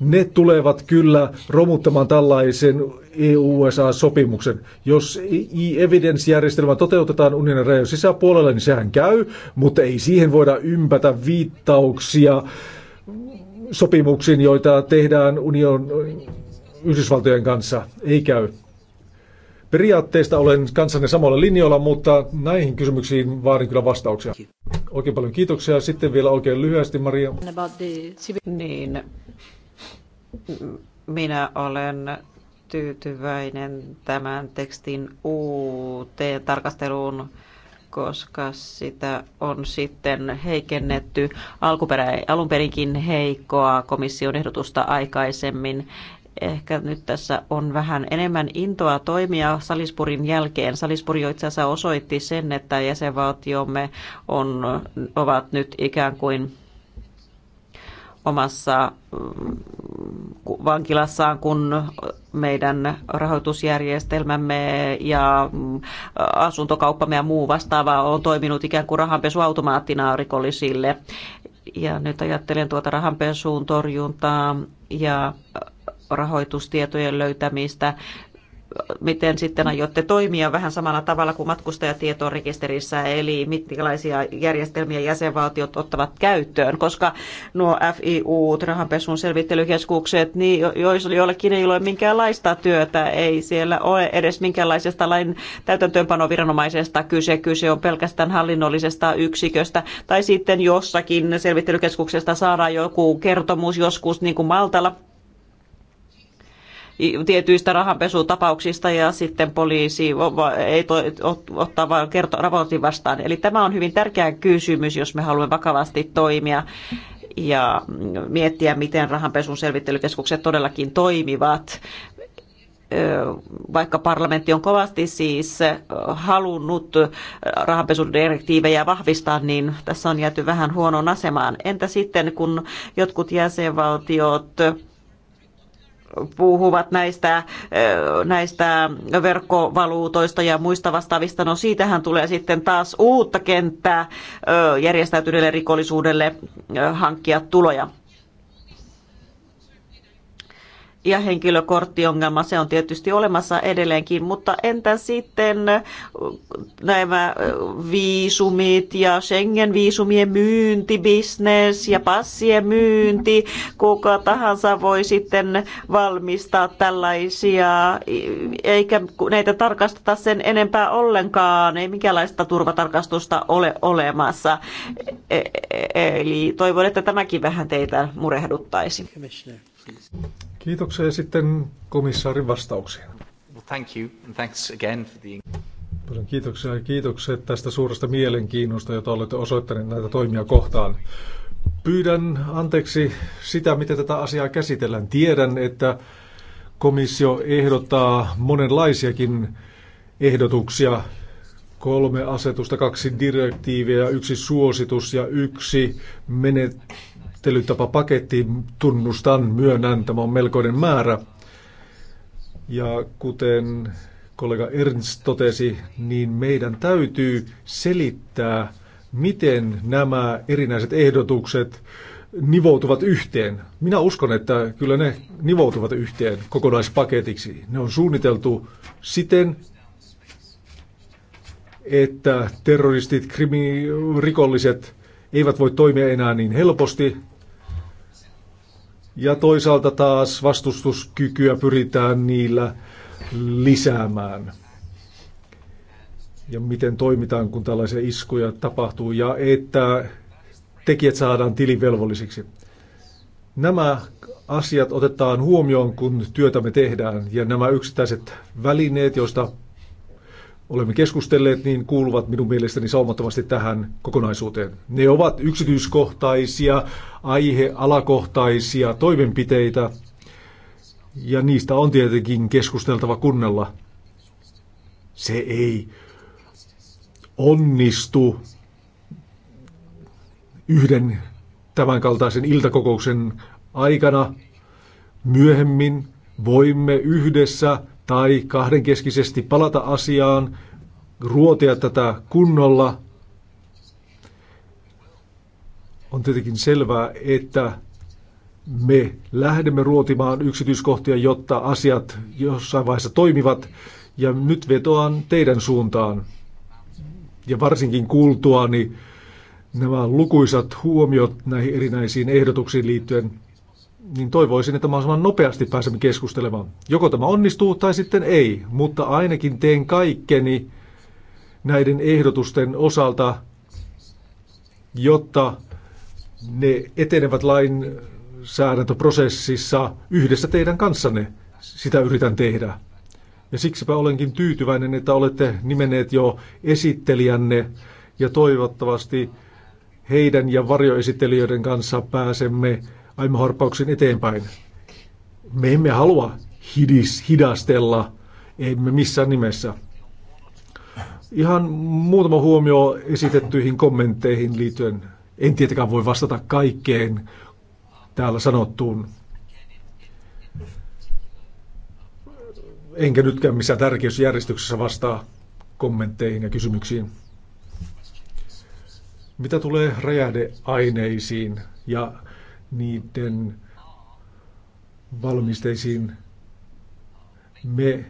Ne tulevat kyllä romuttamaan tällaisen EU-USA-sopimuksen. Jos e-evidence-järjestelmä toteutetaan unionin rajojen sisäpuolella, niin sehän käy, mutta ei siihen voida ympätä viittauksia sopimuksiin, joita tehdään unionin. Yhdysvaltojen kanssa. Ei käy. Periaatteista olen kanssanne samalla linjoilla, mutta näihin kysymyksiin vaadin kyllä vastauksia. Oikein paljon kiitoksia. Sitten vielä oikein lyhyesti, Maria. Niin. Minä olen tyytyväinen tämän tekstin uuteen tarkasteluun, koska sitä on sitten heikennetty alunperinkin heikkoa komission ehdotusta aikaisemmin Ehkä nyt tässä on vähän enemmän intoa toimia Salispurin jälkeen. Salispuri jo itse asiassa osoitti sen, että jäsenvaltiomme on, ovat nyt ikään kuin omassa mm, vankilassaan, kun meidän rahoitusjärjestelmämme ja mm, asuntokauppamme ja muu vastaava on toiminut ikään kuin rahanpesuautomaattina rikollisille. Ja nyt ajattelen tuota rahanpesuun torjuntaa ja rahoitustietojen löytämistä, miten sitten aiotte toimia vähän samalla tavalla kuin matkustajatietorekisterissä, eli mitkälaisia järjestelmiä jäsenvaltiot ottavat käyttöön, koska nuo FIU, rahanpesun selvittelykeskukset, niin jos jollekin ei ole minkäänlaista työtä, ei siellä ole edes minkäänlaisesta lain täytäntöönpanoviranomaisesta kyse, kyse on pelkästään hallinnollisesta yksiköstä, tai sitten jossakin selvittelykeskuksesta saadaan joku kertomus joskus, niin kuin Maltalla tietyistä rahanpesutapauksista ja sitten poliisi ei to, ottaa vain kerto, raportin vastaan. Eli tämä on hyvin tärkeä kysymys, jos me haluamme vakavasti toimia ja miettiä, miten rahanpesun selvittelykeskukset todellakin toimivat vaikka parlamentti on kovasti siis halunnut rahanpesudirektiivejä vahvistaa, niin tässä on jääty vähän huonoon asemaan. Entä sitten, kun jotkut jäsenvaltiot puhuvat näistä, eh, näistä verkkovaluutoista ja muista vastaavista. No siitähän tulee sitten taas uutta kenttää eh, järjestäytyneelle rikollisuudelle eh, hankkia tuloja ja henkilökorttiongelma, se on tietysti olemassa edelleenkin, mutta entä sitten nämä viisumit ja Schengen-viisumien myyntibisnes ja passien myynti, kuka tahansa voi sitten valmistaa tällaisia, eikä näitä tarkasteta sen enempää ollenkaan, ei minkäänlaista turvatarkastusta ole olemassa. E, e, e, eli toivon, että tämäkin vähän teitä murehduttaisi. Kiitoksia sitten komissaarin vastauksiin. Well, thank you and thanks again for the... Paljon kiitoksia ja kiitokset tästä suuresta mielenkiinnosta, jota olette osoittaneet näitä toimia kohtaan. Pyydän anteeksi sitä, miten tätä asiaa käsitellään. Tiedän, että komissio ehdottaa monenlaisiakin ehdotuksia. Kolme asetusta, kaksi direktiiviä, yksi suositus ja yksi menet- menettelytapapaketti, tunnustan, myönnän, tämä on melkoinen määrä. Ja kuten kollega Ernst totesi, niin meidän täytyy selittää, miten nämä erinäiset ehdotukset nivoutuvat yhteen. Minä uskon, että kyllä ne nivoutuvat yhteen kokonaispaketiksi. Ne on suunniteltu siten, että terroristit, krimi, rikolliset eivät voi toimia enää niin helposti. Ja toisaalta taas vastustuskykyä pyritään niillä lisäämään. Ja miten toimitaan, kun tällaisia iskuja tapahtuu ja että tekijät saadaan tilivelvollisiksi. Nämä asiat otetaan huomioon, kun työtämme tehdään ja nämä yksittäiset välineet, joista olemme keskustelleet, niin kuuluvat minun mielestäni saumattomasti tähän kokonaisuuteen. Ne ovat yksityiskohtaisia, aihealakohtaisia toimenpiteitä, ja niistä on tietenkin keskusteltava kunnella. Se ei onnistu yhden tämänkaltaisen iltakokouksen aikana. Myöhemmin voimme yhdessä tai kahdenkeskisesti palata asiaan, ruotia tätä kunnolla. On tietenkin selvää, että me lähdemme ruotimaan yksityiskohtia, jotta asiat jossain vaiheessa toimivat. Ja nyt vetoan teidän suuntaan. Ja varsinkin kuultuani nämä lukuisat huomiot näihin erinäisiin ehdotuksiin liittyen – niin toivoisin, että mahdollisimman nopeasti pääsemme keskustelemaan. Joko tämä onnistuu tai sitten ei, mutta ainakin teen kaikkeni näiden ehdotusten osalta, jotta ne etenevät lainsäädäntöprosessissa yhdessä teidän kanssanne. Sitä yritän tehdä. Ja siksipä olenkin tyytyväinen, että olette nimenneet jo esittelijänne ja toivottavasti heidän ja varjoesittelijöiden kanssa pääsemme aiemman harppauksen eteenpäin. Me emme halua hidis, hidastella, emme missään nimessä. Ihan muutama huomio esitettyihin kommentteihin liittyen. En tietenkään voi vastata kaikkeen täällä sanottuun. Enkä nytkään missään tärkeysjärjestyksessä vastaa kommentteihin ja kysymyksiin. Mitä tulee räjähdeaineisiin ja niiden valmisteisiin. Me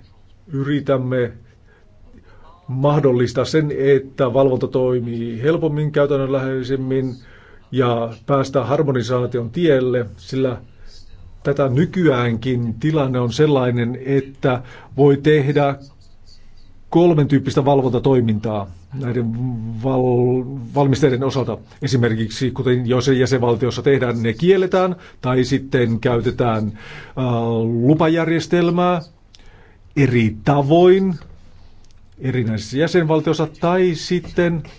yritämme mahdollistaa sen, että valvonta toimii helpommin, käytännönläheisemmin ja päästä harmonisaation tielle, sillä tätä nykyäänkin tilanne on sellainen, että voi tehdä kolmen tyyppistä valvontatoimintaa näiden val- valmisteiden osalta. Esimerkiksi, kuten jos jäsenvaltiossa tehdään, ne kielletään tai sitten käytetään äh, lupajärjestelmää eri tavoin erinäisissä jäsenvaltioissa tai sitten äh,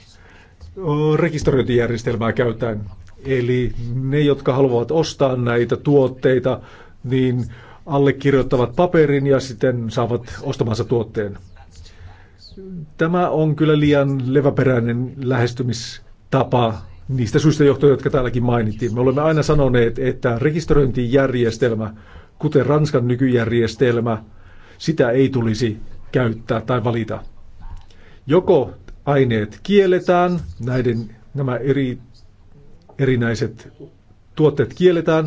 rekisteröintijärjestelmää käyttäen. Eli ne, jotka haluavat ostaa näitä tuotteita, niin allekirjoittavat paperin ja sitten saavat ostamansa tuotteen. Tämä on kyllä liian leväperäinen lähestymistapa niistä syistä johtoja, jotka täälläkin mainittiin. Me olemme aina sanoneet, että rekisteröintijärjestelmä, kuten Ranskan nykyjärjestelmä, sitä ei tulisi käyttää tai valita. Joko aineet kielletään, näiden, nämä eri, erinäiset tuotteet kielletään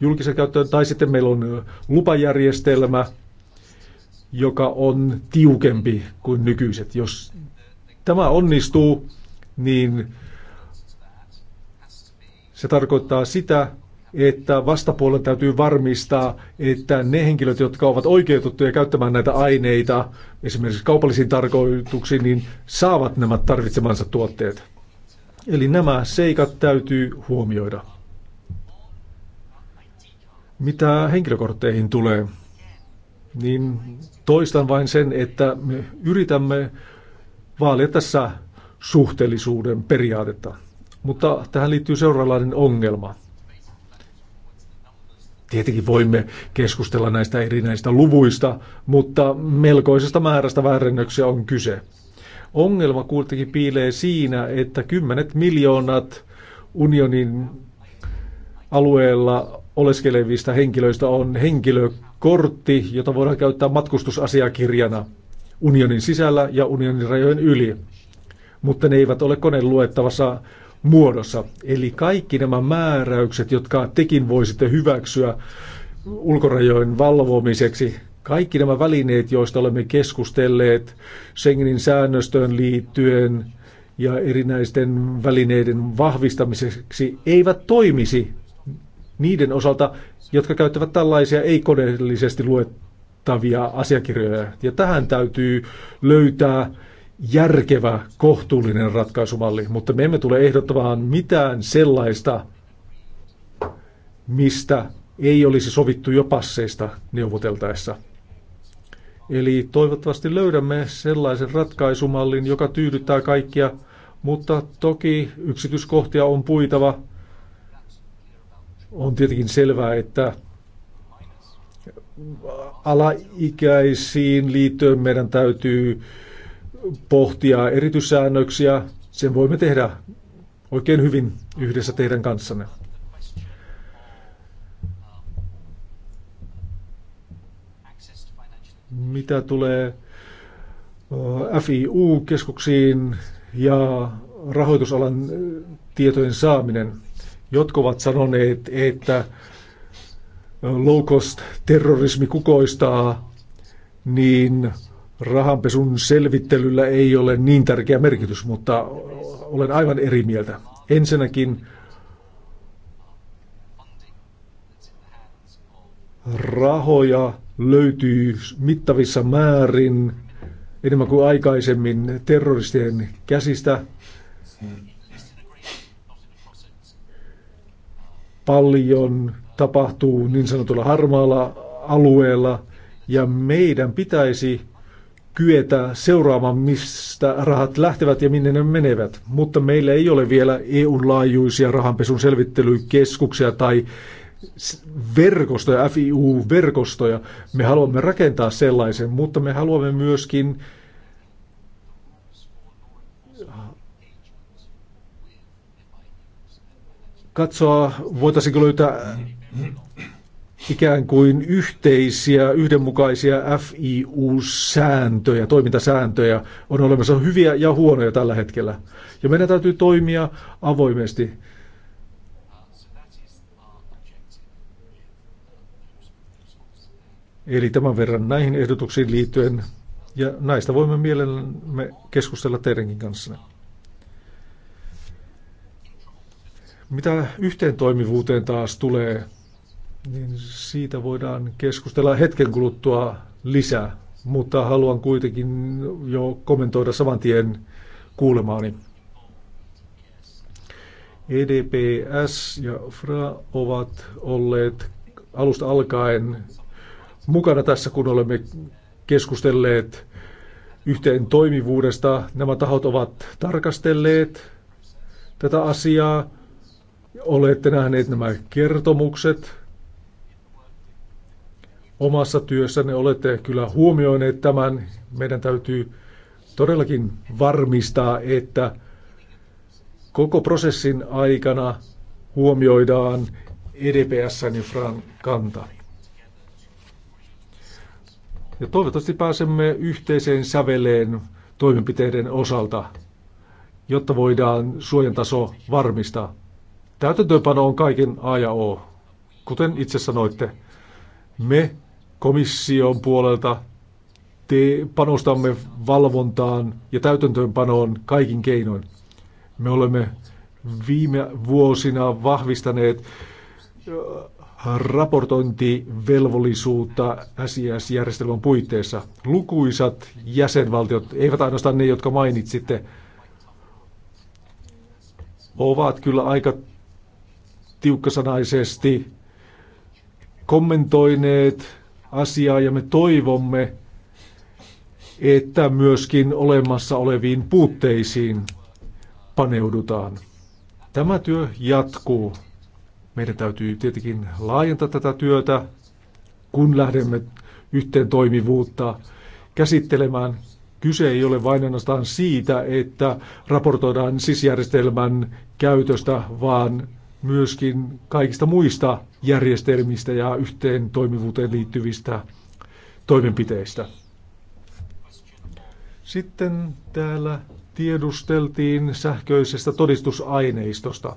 julkisen käyttöön, tai sitten meillä on lupajärjestelmä, joka on tiukempi kuin nykyiset. Jos tämä onnistuu, niin se tarkoittaa sitä, että vastapuolen täytyy varmistaa, että ne henkilöt, jotka ovat oikeutettuja käyttämään näitä aineita esimerkiksi kaupallisiin tarkoituksiin, niin saavat nämä tarvitsemansa tuotteet. Eli nämä seikat täytyy huomioida. Mitä henkilökortteihin tulee, niin Toistan vain sen, että me yritämme vaalia tässä suhteellisuuden periaatetta. Mutta tähän liittyy seuraavanlainen ongelma. Tietenkin voimme keskustella näistä erinäistä luvuista, mutta melkoisesta määrästä väärennöksiä on kyse. Ongelma kuitenkin piilee siinä, että kymmenet miljoonat unionin alueella oleskelevista henkilöistä on henkilö, kortti, jota voidaan käyttää matkustusasiakirjana unionin sisällä ja unionin rajojen yli, mutta ne eivät ole koneen luettavassa muodossa. Eli kaikki nämä määräykset, jotka tekin voisitte hyväksyä ulkorajojen valvomiseksi, kaikki nämä välineet, joista olemme keskustelleet Schengenin säännöstöön liittyen ja erinäisten välineiden vahvistamiseksi, eivät toimisi niiden osalta, jotka käyttävät tällaisia ei-kodellisesti luettavia asiakirjoja. Ja tähän täytyy löytää järkevä, kohtuullinen ratkaisumalli, mutta me emme tule ehdottamaan mitään sellaista, mistä ei olisi sovittu jo passeista neuvoteltaessa. Eli toivottavasti löydämme sellaisen ratkaisumallin, joka tyydyttää kaikkia, mutta toki yksityiskohtia on puitava – on tietenkin selvää, että alaikäisiin liittyen meidän täytyy pohtia erityissäännöksiä. Sen voimme tehdä oikein hyvin yhdessä teidän kanssanne. Mitä tulee äh, FIU-keskuksiin ja rahoitusalan tietojen saaminen – Jotkut ovat sanoneet, että low cost terrorismi kukoistaa, niin rahanpesun selvittelyllä ei ole niin tärkeä merkitys, mutta olen aivan eri mieltä. Ensinnäkin rahoja löytyy mittavissa määrin enemmän kuin aikaisemmin terroristien käsistä. paljon tapahtuu niin sanotulla harmaalla alueella ja meidän pitäisi kyetä seuraamaan, mistä rahat lähtevät ja minne ne menevät. Mutta meillä ei ole vielä EU-laajuisia rahanpesun selvittelykeskuksia tai verkostoja, FIU-verkostoja. Me haluamme rakentaa sellaisen, mutta me haluamme myöskin katsoa, voitaisiinko löytää ikään kuin yhteisiä, yhdenmukaisia FIU-sääntöjä, toimintasääntöjä. On olemassa hyviä ja huonoja tällä hetkellä. Ja meidän täytyy toimia avoimesti. Eli tämän verran näihin ehdotuksiin liittyen, ja näistä voimme mielellämme keskustella teidänkin kanssanne. Mitä yhteentoimivuuteen taas tulee, niin siitä voidaan keskustella hetken kuluttua lisää, mutta haluan kuitenkin jo kommentoida saman tien kuulemaani. EDPS ja FRA ovat olleet alusta alkaen mukana tässä, kun olemme keskustelleet yhteen toimivuudesta. Nämä tahot ovat tarkastelleet tätä asiaa Olette nähneet nämä kertomukset omassa työssänne, olette kyllä huomioineet tämän. Meidän täytyy todellakin varmistaa, että koko prosessin aikana huomioidaan EDPSn ja Fran kanta. Ja toivottavasti pääsemme yhteiseen säveleen toimenpiteiden osalta, jotta voidaan suojan taso varmistaa. Täytäntöönpano on kaiken A ja O. Kuten itse sanoitte, me komission puolelta te panostamme valvontaan ja täytäntöönpanoon kaikin keinoin. Me olemme viime vuosina vahvistaneet raportointivelvollisuutta SIS-järjestelmän puitteissa. Lukuisat jäsenvaltiot, eivät ainoastaan ne, jotka mainitsitte, ovat kyllä aika tiukkasanaisesti kommentoineet asiaa ja me toivomme, että myöskin olemassa oleviin puutteisiin paneudutaan. Tämä työ jatkuu. Meidän täytyy tietenkin laajentaa tätä työtä, kun lähdemme yhteen toimivuutta käsittelemään. Kyse ei ole vain ainoastaan siitä, että raportoidaan sisjärjestelmän käytöstä, vaan myöskin kaikista muista järjestelmistä ja yhteen toimivuuteen liittyvistä toimenpiteistä. Sitten täällä tiedusteltiin sähköisestä todistusaineistosta.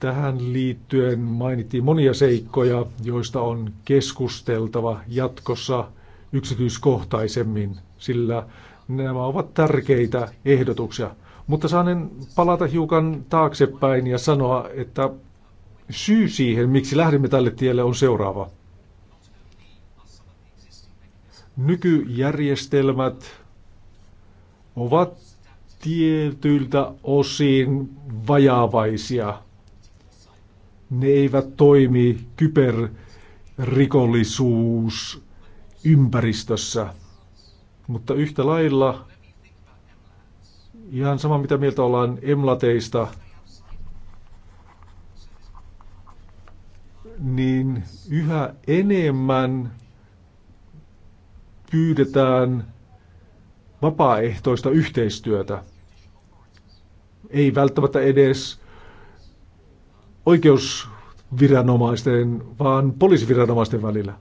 Tähän liittyen mainittiin monia seikkoja, joista on keskusteltava jatkossa yksityiskohtaisemmin, sillä nämä ovat tärkeitä ehdotuksia. Mutta saanen palata hiukan taaksepäin ja sanoa, että syy siihen, miksi lähdimme tälle tielle, on seuraava. Nykyjärjestelmät ovat tietyiltä osin vajaavaisia. Ne eivät toimi kyberrikollisuus ympäristössä, mutta yhtä lailla Ihan sama mitä mieltä ollaan emlateista, niin yhä enemmän pyydetään vapaaehtoista yhteistyötä. Ei välttämättä edes oikeusviranomaisten, vaan poliisiviranomaisten välillä.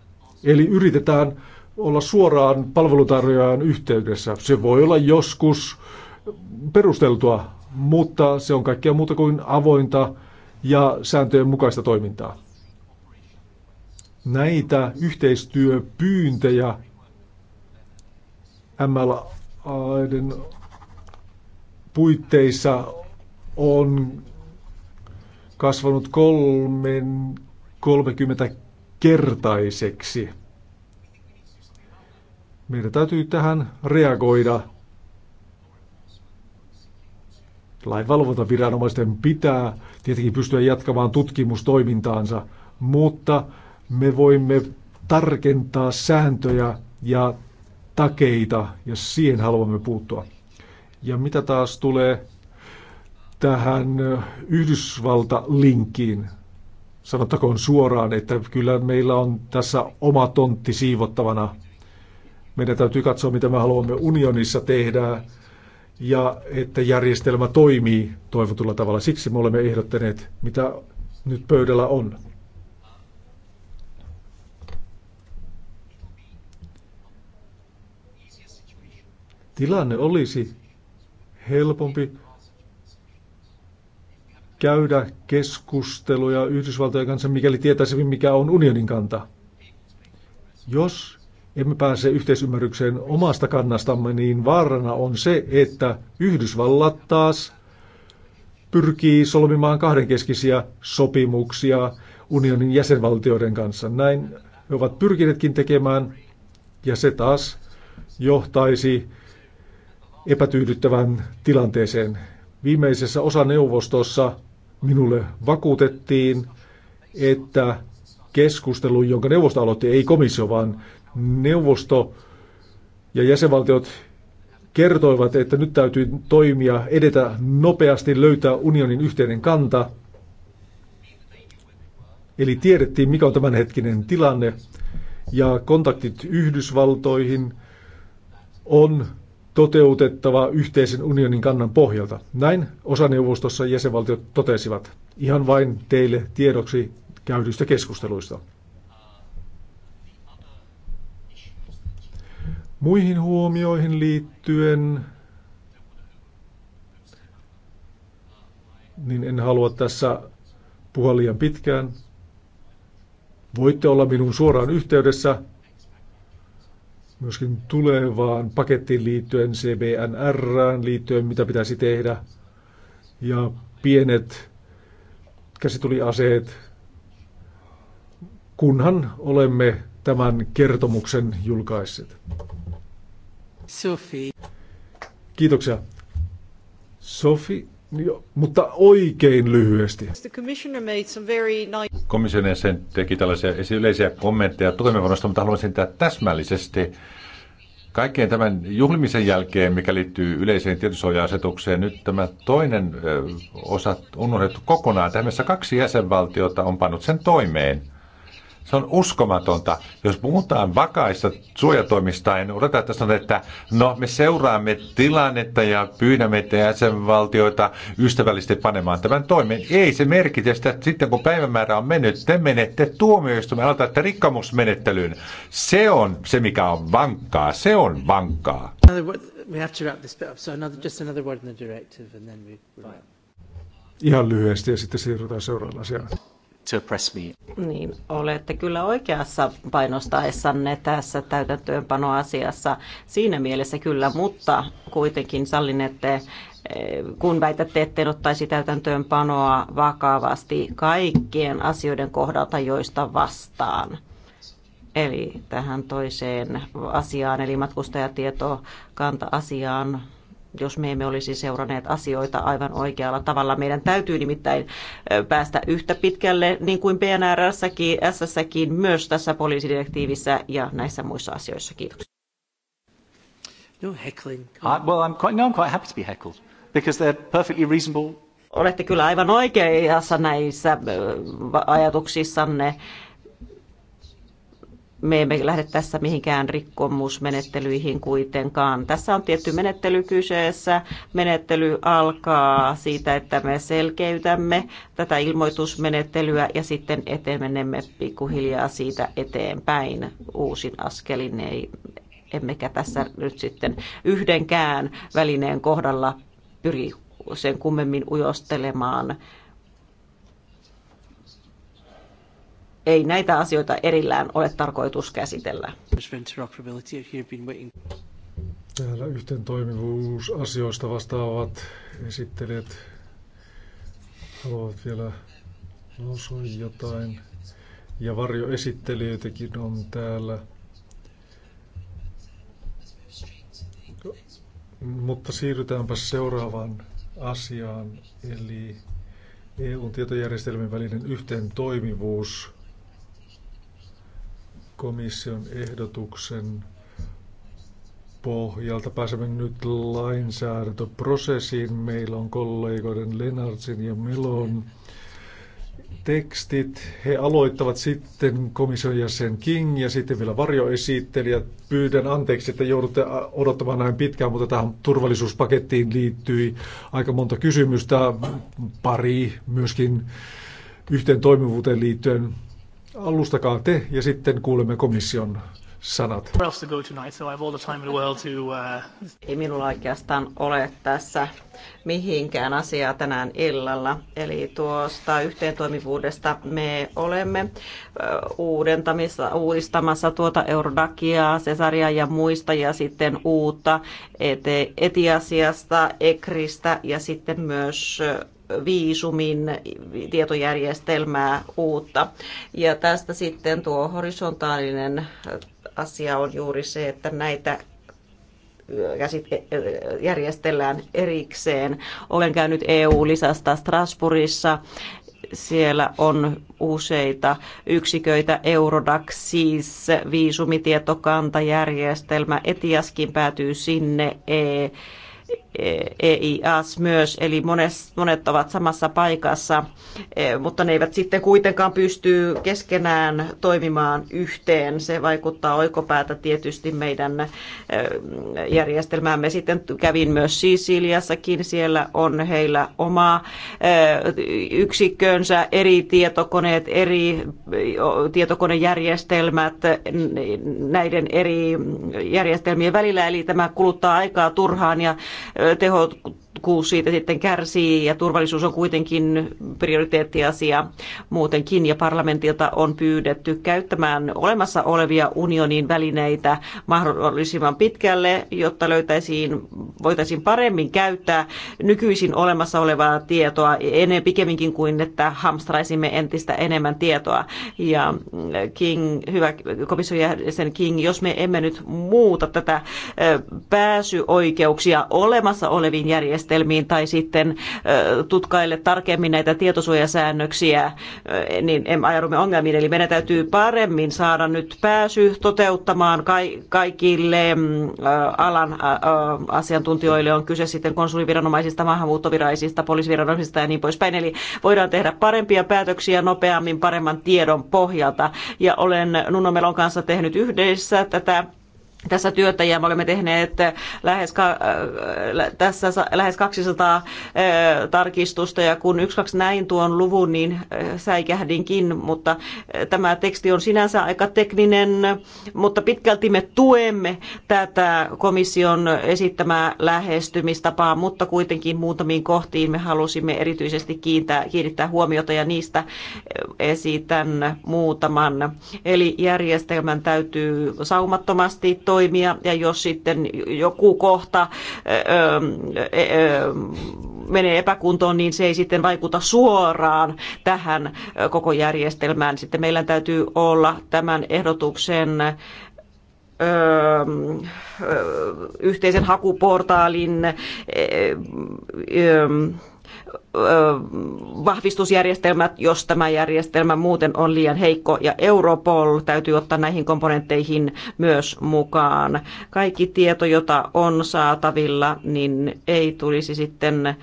Eli yritetään olla suoraan palvelutarjoajan yhteydessä. Se voi olla joskus perusteltua, mutta se on kaikkea muuta kuin avointa ja sääntöjen mukaista toimintaa. Näitä yhteistyöpyyntejä MLAiden puitteissa on kasvanut kolmen, 30 kertaiseksi. Meidän täytyy tähän reagoida Lainvalvontaviranomaisten pitää tietenkin pystyä jatkamaan tutkimustoimintaansa, mutta me voimme tarkentaa sääntöjä ja takeita, ja siihen haluamme puuttua. Ja mitä taas tulee tähän Yhdysvalta-linkkiin, sanottakoon suoraan, että kyllä meillä on tässä oma tontti siivottavana. Meidän täytyy katsoa, mitä me haluamme unionissa tehdä ja että järjestelmä toimii toivotulla tavalla. Siksi me olemme ehdottaneet, mitä nyt pöydällä on. Tilanne olisi helpompi käydä keskusteluja Yhdysvaltojen kanssa, mikäli tietäisimme, mikä on unionin kanta. Jos emme pääse yhteisymmärrykseen omasta kannastamme, niin vaarana on se, että Yhdysvallat taas pyrkii solmimaan kahdenkeskisiä sopimuksia unionin jäsenvaltioiden kanssa. Näin he ovat pyrkineetkin tekemään, ja se taas johtaisi epätyydyttävän tilanteeseen. Viimeisessä osaneuvostossa minulle vakuutettiin, että keskustelu, jonka neuvosto aloitti, ei komissio, vaan neuvosto ja jäsenvaltiot kertoivat, että nyt täytyy toimia, edetä nopeasti, löytää unionin yhteinen kanta. Eli tiedettiin, mikä on tämänhetkinen tilanne. Ja kontaktit Yhdysvaltoihin on toteutettava yhteisen unionin kannan pohjalta. Näin osaneuvostossa jäsenvaltiot totesivat. Ihan vain teille tiedoksi käydyistä keskusteluista. Muihin huomioihin liittyen, niin en halua tässä puhua liian pitkään. Voitte olla minun suoraan yhteydessä myöskin tulevaan pakettiin liittyen, CBNR liittyen, mitä pitäisi tehdä. Ja pienet käsituliaseet, kunhan olemme tämän kertomuksen julkaisseet. Sophie. Kiitoksia. Sophie, jo, mutta oikein lyhyesti. Komission jäsen teki tällaisia yleisiä kommentteja toimeenpanosta, mutta haluaisin tehdä täsmällisesti. Kaikkeen tämän juhlimisen jälkeen, mikä liittyy yleiseen tietosuoja-asetukseen, nyt tämä toinen osa unohdettu kokonaan. Tähän kaksi jäsenvaltiota on pannut sen toimeen – se on uskomatonta. Jos puhutaan vakaista suojatoimista, en odota, että sanon, että no, me seuraamme tilannetta ja pyydämme jäsenvaltioita ystävällisesti panemaan tämän toimen. Ei se merkitä sitä, että sitten kun päivämäärä on mennyt, te menette tuomioistuimen alta, että rikkomusmenettelyyn. Se on se, mikä on vankkaa. Se on vankkaa. Ihan lyhyesti ja sitten siirrytään seuraavaan asiaan to oppress me. Niin, olette kyllä oikeassa painostaessanne tässä täytäntöönpanoasiassa siinä mielessä kyllä, mutta kuitenkin sallinette eh, kun väitätte, että ottaisi täytäntöönpanoa vakavasti kaikkien asioiden kohdalta, joista vastaan. Eli tähän toiseen asiaan, eli matkustajatietokanta-asiaan jos me emme olisi seuranneet asioita aivan oikealla tavalla. Meidän täytyy nimittäin päästä yhtä pitkälle, niin kuin PNRssäkin, SS-säkin, myös tässä poliisidirektiivissä ja näissä muissa asioissa. Kiitoksia. No heckling. I, well, I'm quite, no, I'm quite happy to be heckled because they're perfectly reasonable olette kyllä aivan oikeassa näissä ajatuksissanne me emme lähde tässä mihinkään rikkomusmenettelyihin kuitenkaan. Tässä on tietty menettely kyseessä. Menettely alkaa siitä, että me selkeytämme tätä ilmoitusmenettelyä ja sitten etenemme pikkuhiljaa siitä eteenpäin uusin askelin. Ei, emmekä tässä nyt sitten yhdenkään välineen kohdalla pyri sen kummemmin ujostelemaan ei näitä asioita erillään ole tarkoitus käsitellä. Täällä yhteen toimivuusasioista vastaavat esittelijät haluavat vielä lausua jotain. Ja varjoesittelijöitäkin on täällä. Mutta siirrytäänpä seuraavaan asiaan, eli EUn tietojärjestelmien välinen yhteen toimivuus komission ehdotuksen pohjalta pääsemme nyt lainsäädäntöprosessiin. Meillä on kollegoiden Lenartsin ja Melon tekstit. He aloittavat sitten komission jäsen King ja sitten vielä varjoesittelijät. Pyydän anteeksi, että joudutte odottamaan näin pitkään, mutta tähän turvallisuuspakettiin liittyi aika monta kysymystä, pari myöskin yhteen toimivuuteen liittyen. Alustakaa te ja sitten kuulemme komission sanat. Uh, Ei minulla oikeastaan ole tässä mihinkään asiaa tänään illalla. Eli tuosta yhteentoimivuudesta me olemme uudentamissa, uudistamassa tuota Eurodakia, Cesaria ja muista ja sitten uutta et Etiasiasta, Ekristä ja sitten myös viisumin tietojärjestelmää uutta. Ja tästä sitten tuo horisontaalinen asia on juuri se, että näitä järjestellään erikseen. Olen käynyt EU-lisästä Strasbourgissa siellä on useita yksiköitä, Eurodax, siis viisumitietokantajärjestelmä, Etiaskin päätyy sinne, e- EIAS myös, eli monet ovat samassa paikassa, e, mutta ne eivät sitten kuitenkaan pysty keskenään toimimaan yhteen. Se vaikuttaa oikopäätä tietysti meidän e, järjestelmäämme. Sitten kävin myös Sisiliassakin, siellä on heillä oma e, yksikkönsä, eri tietokoneet, eri tietokonejärjestelmät näiden eri järjestelmien välillä, eli tämä kuluttaa aikaa turhaan ja teho, tehokkuus siitä sitten kärsii ja turvallisuus on kuitenkin prioriteettiasia muutenkin ja parlamentilta on pyydetty käyttämään olemassa olevia unionin välineitä mahdollisimman pitkälle, jotta löytäisiin, voitaisiin paremmin käyttää nykyisin olemassa olevaa tietoa ennen pikemminkin kuin että hamstraisimme entistä enemmän tietoa. Ja King, hyvä komission jäsen King, jos me emme nyt muuta tätä pääsyoikeuksia olemassa oleviin järjestelmiin, järjestelmiin tai sitten tutkaille tarkemmin näitä tietosuojasäännöksiä, niin ajaudumme ongelmiin. Eli meidän täytyy paremmin saada nyt pääsy toteuttamaan kaikille mm, alan asiantuntijoille. On kyse sitten konsuliviranomaisista, maahanmuuttoviraisista, poliisiviranomaisista ja niin poispäin. Eli voidaan tehdä parempia päätöksiä nopeammin paremman tiedon pohjalta. Ja olen Nuno Melon kanssa tehnyt yhdessä tätä tässä työtä ja me olemme tehneet lähes, äh, tässä lähes 200 äh, tarkistusta ja kun yksi kaksi näin tuon luvun, niin äh, säikähdinkin, mutta tämä teksti on sinänsä aika tekninen, mutta pitkälti me tuemme tätä komission esittämää lähestymistapaa, mutta kuitenkin muutamiin kohtiin me halusimme erityisesti kiintää, kiinnittää huomiota ja niistä esitän muutaman. Eli järjestelmän täytyy saumattomasti toimia ja jos sitten joku kohta menee epäkuntoon, niin se ei sitten vaikuta suoraan tähän koko järjestelmään. Sitten meillä täytyy olla tämän ehdotuksen Öö, öö, yhteisen hakuportaalin öö, vahvistusjärjestelmät, jos tämä järjestelmä muuten on liian heikko. Ja Europol täytyy ottaa näihin komponentteihin myös mukaan. Kaikki tieto, jota on saatavilla, niin ei tulisi sitten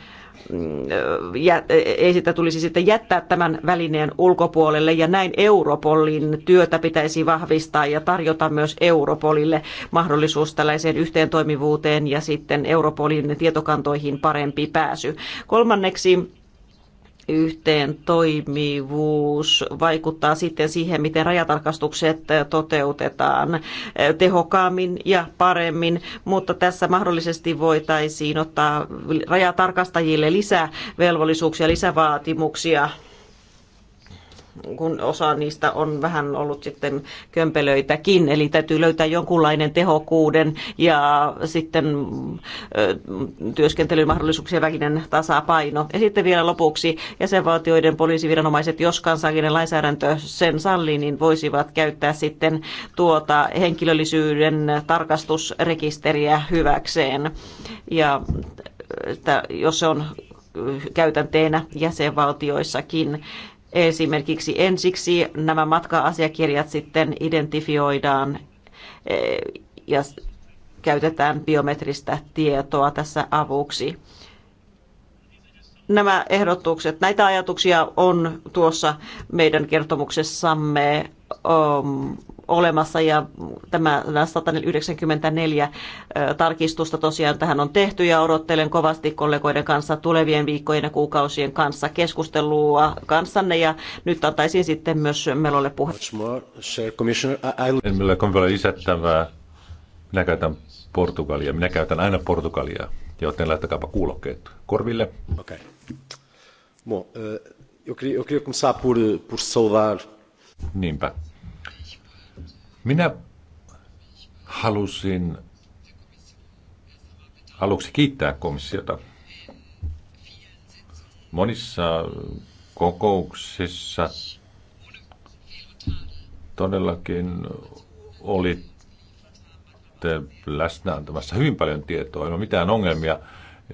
jä, ei sitä tulisi sitten jättää tämän välineen ulkopuolelle ja näin Europolin työtä pitäisi vahvistaa ja tarjota myös Europolille mahdollisuus tällaiseen yhteentoimivuuteen ja sitten Europolin tietokantoihin parempi pääsy. Kolmanneksi yhteen toimivuus vaikuttaa sitten siihen, miten rajatarkastukset toteutetaan tehokkaammin ja paremmin, mutta tässä mahdollisesti voitaisiin ottaa rajatarkastajille lisää velvollisuuksia lisävaatimuksia kun osa niistä on vähän ollut sitten kömpelöitäkin, eli täytyy löytää jonkunlainen tehokkuuden ja sitten työskentelymahdollisuuksien väkinen tasapaino. Ja sitten vielä lopuksi jäsenvaltioiden poliisiviranomaiset, jos kansallinen lainsäädäntö sen sallii, niin voisivat käyttää sitten tuota henkilöllisyyden tarkastusrekisteriä hyväkseen. Ja jos se on käytänteenä jäsenvaltioissakin. Esimerkiksi ensiksi nämä matka-asiakirjat sitten identifioidaan e, ja käytetään biometristä tietoa tässä avuksi. Nämä ehdotukset, näitä ajatuksia on tuossa meidän kertomuksessamme um, olemassa ja tämä 194 tarkistusta tosiaan tähän on tehty ja odottelen kovasti kollegoiden kanssa tulevien viikkojen ja kuukausien kanssa keskustelua kanssanne ja nyt antaisin sitten myös Melolle puheenvuoron. En meillä vielä lisättävää. Minä käytän Portugalia. Minä käytän aina Portugalia, joten laittakaapa kuulokkeet korville. Okei. Okay. Eh, eu queria, eu queria começar por, por saudar. Niinpä minä halusin aluksi kiittää komissiota. Monissa kokouksissa todellakin oli läsnä antamassa hyvin paljon tietoa, ei ole mitään ongelmia,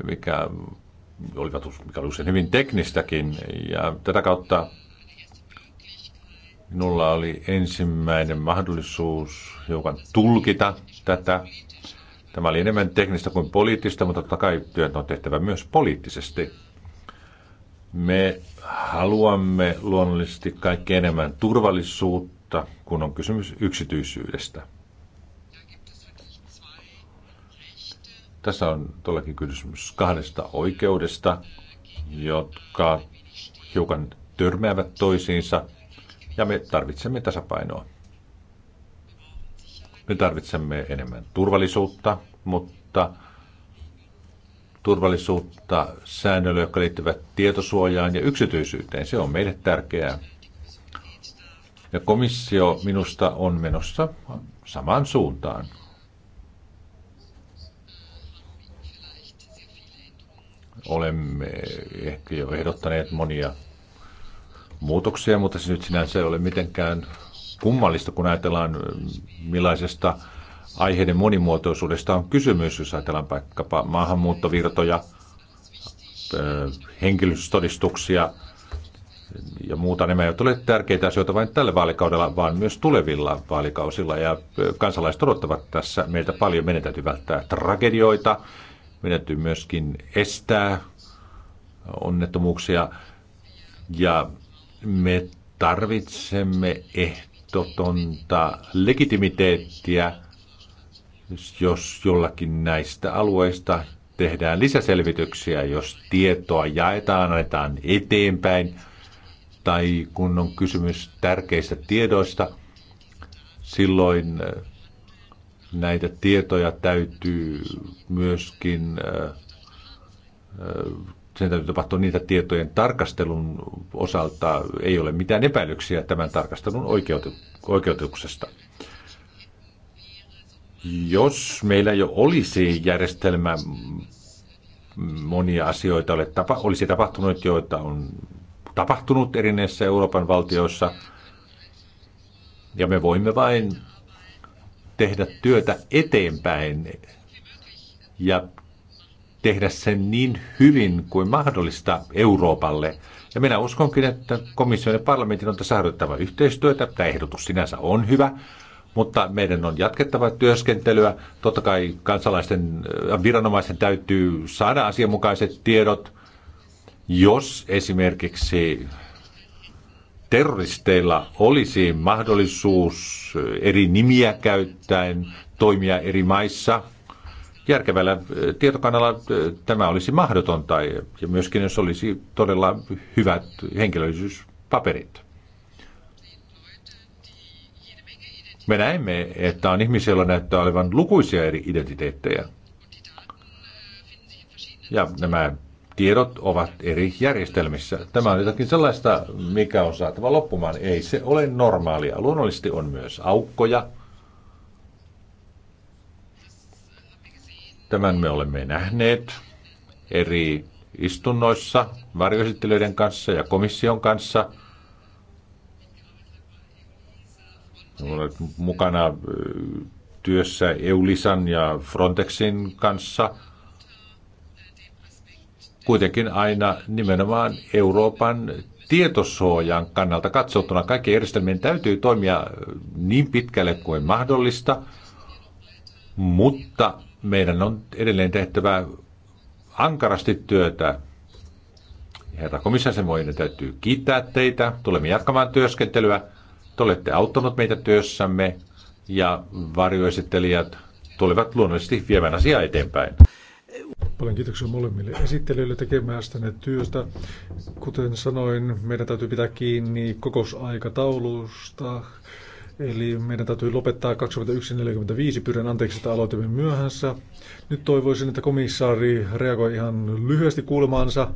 mikä, oli mikä oli usein hyvin teknistäkin. Ja tätä kautta Minulla oli ensimmäinen mahdollisuus hiukan tulkita tätä. Tämä oli enemmän teknistä kuin poliittista, mutta totta kai työt on tehtävä myös poliittisesti. Me haluamme luonnollisesti kaikki enemmän turvallisuutta, kun on kysymys yksityisyydestä. Tässä on tuollakin kysymys kahdesta oikeudesta, jotka hiukan törmäävät toisiinsa – ja me tarvitsemme tasapainoa. Me tarvitsemme enemmän turvallisuutta, mutta turvallisuutta säännöllä, jotka liittyvät tietosuojaan ja yksityisyyteen. Se on meille tärkeää. Ja komissio minusta on menossa samaan suuntaan. Olemme ehkä jo ehdottaneet monia muutoksia, mutta se nyt sinänsä ei ole mitenkään kummallista, kun ajatellaan millaisesta aiheiden monimuotoisuudesta on kysymys, jos ajatellaan vaikkapa maahanmuuttovirtoja, henkilöstodistuksia ja muuta. Nämä eivät ole tärkeitä asioita vain tällä vaalikaudella, vaan myös tulevilla vaalikausilla. Ja kansalaiset odottavat tässä meiltä paljon. Meidän täytyy välttää tragedioita, meidän täytyy myöskin estää onnettomuuksia. Ja me tarvitsemme ehtotonta legitimiteettiä, jos jollakin näistä alueista tehdään lisäselvityksiä, jos tietoa jaetaan, annetaan eteenpäin, tai kun on kysymys tärkeistä tiedoista, silloin äh, näitä tietoja täytyy myöskin äh, äh, sen täytyy tapahtua niitä tietojen tarkastelun osalta. Ei ole mitään epäilyksiä tämän tarkastelun oikeutu, oikeutuksesta. Jos meillä jo olisi järjestelmä, monia asioita ole, tapa, olisi tapahtunut, joita on tapahtunut erineissä Euroopan valtioissa, ja me voimme vain tehdä työtä eteenpäin ja tehdä sen niin hyvin kuin mahdollista Euroopalle. Ja minä uskonkin, että komission ja parlamentin on tässä harjoittava yhteistyötä. Tämä ehdotus sinänsä on hyvä, mutta meidän on jatkettava työskentelyä. Totta kai kansalaisten äh, viranomaisten täytyy saada asianmukaiset tiedot. Jos esimerkiksi terroristeilla olisi mahdollisuus eri nimiä käyttäen toimia eri maissa – järkevällä tietokannalla tämä olisi mahdotonta ja myöskin jos olisi todella hyvät henkilöllisyyspaperit. Me näemme, että on ihmisiä, joilla näyttää olevan lukuisia eri identiteettejä. Ja nämä tiedot ovat eri järjestelmissä. Tämä on jotakin sellaista, mikä on saatava loppumaan. Ei se ole normaalia. Luonnollisesti on myös aukkoja – Tämän me olemme nähneet eri istunnoissa varjoesittelyiden kanssa ja komission kanssa. Olet mukana työssä EULISAN ja Frontexin kanssa. Kuitenkin aina nimenomaan Euroopan tietosuojan kannalta katsottuna kaikkien järjestelmien täytyy toimia niin pitkälle kuin mahdollista, mutta meidän on edelleen tehtävä ankarasti työtä. Herra komissaari, meidän täytyy kiittää teitä. Tulemme jatkamaan työskentelyä. Te olette auttanut meitä työssämme ja varjoesittelijät tulevat luonnollisesti viemään asiaa eteenpäin. Paljon kiitoksia molemmille esittelijöille tekemästänne työstä. Kuten sanoin, meidän täytyy pitää kiinni kokousaikataulusta. Eli meidän täytyy lopettaa 21.45. Pyydän anteeksi, että aloitimme myöhässä. Nyt toivoisin, että komissaari reagoi ihan lyhyesti kuulemaansa.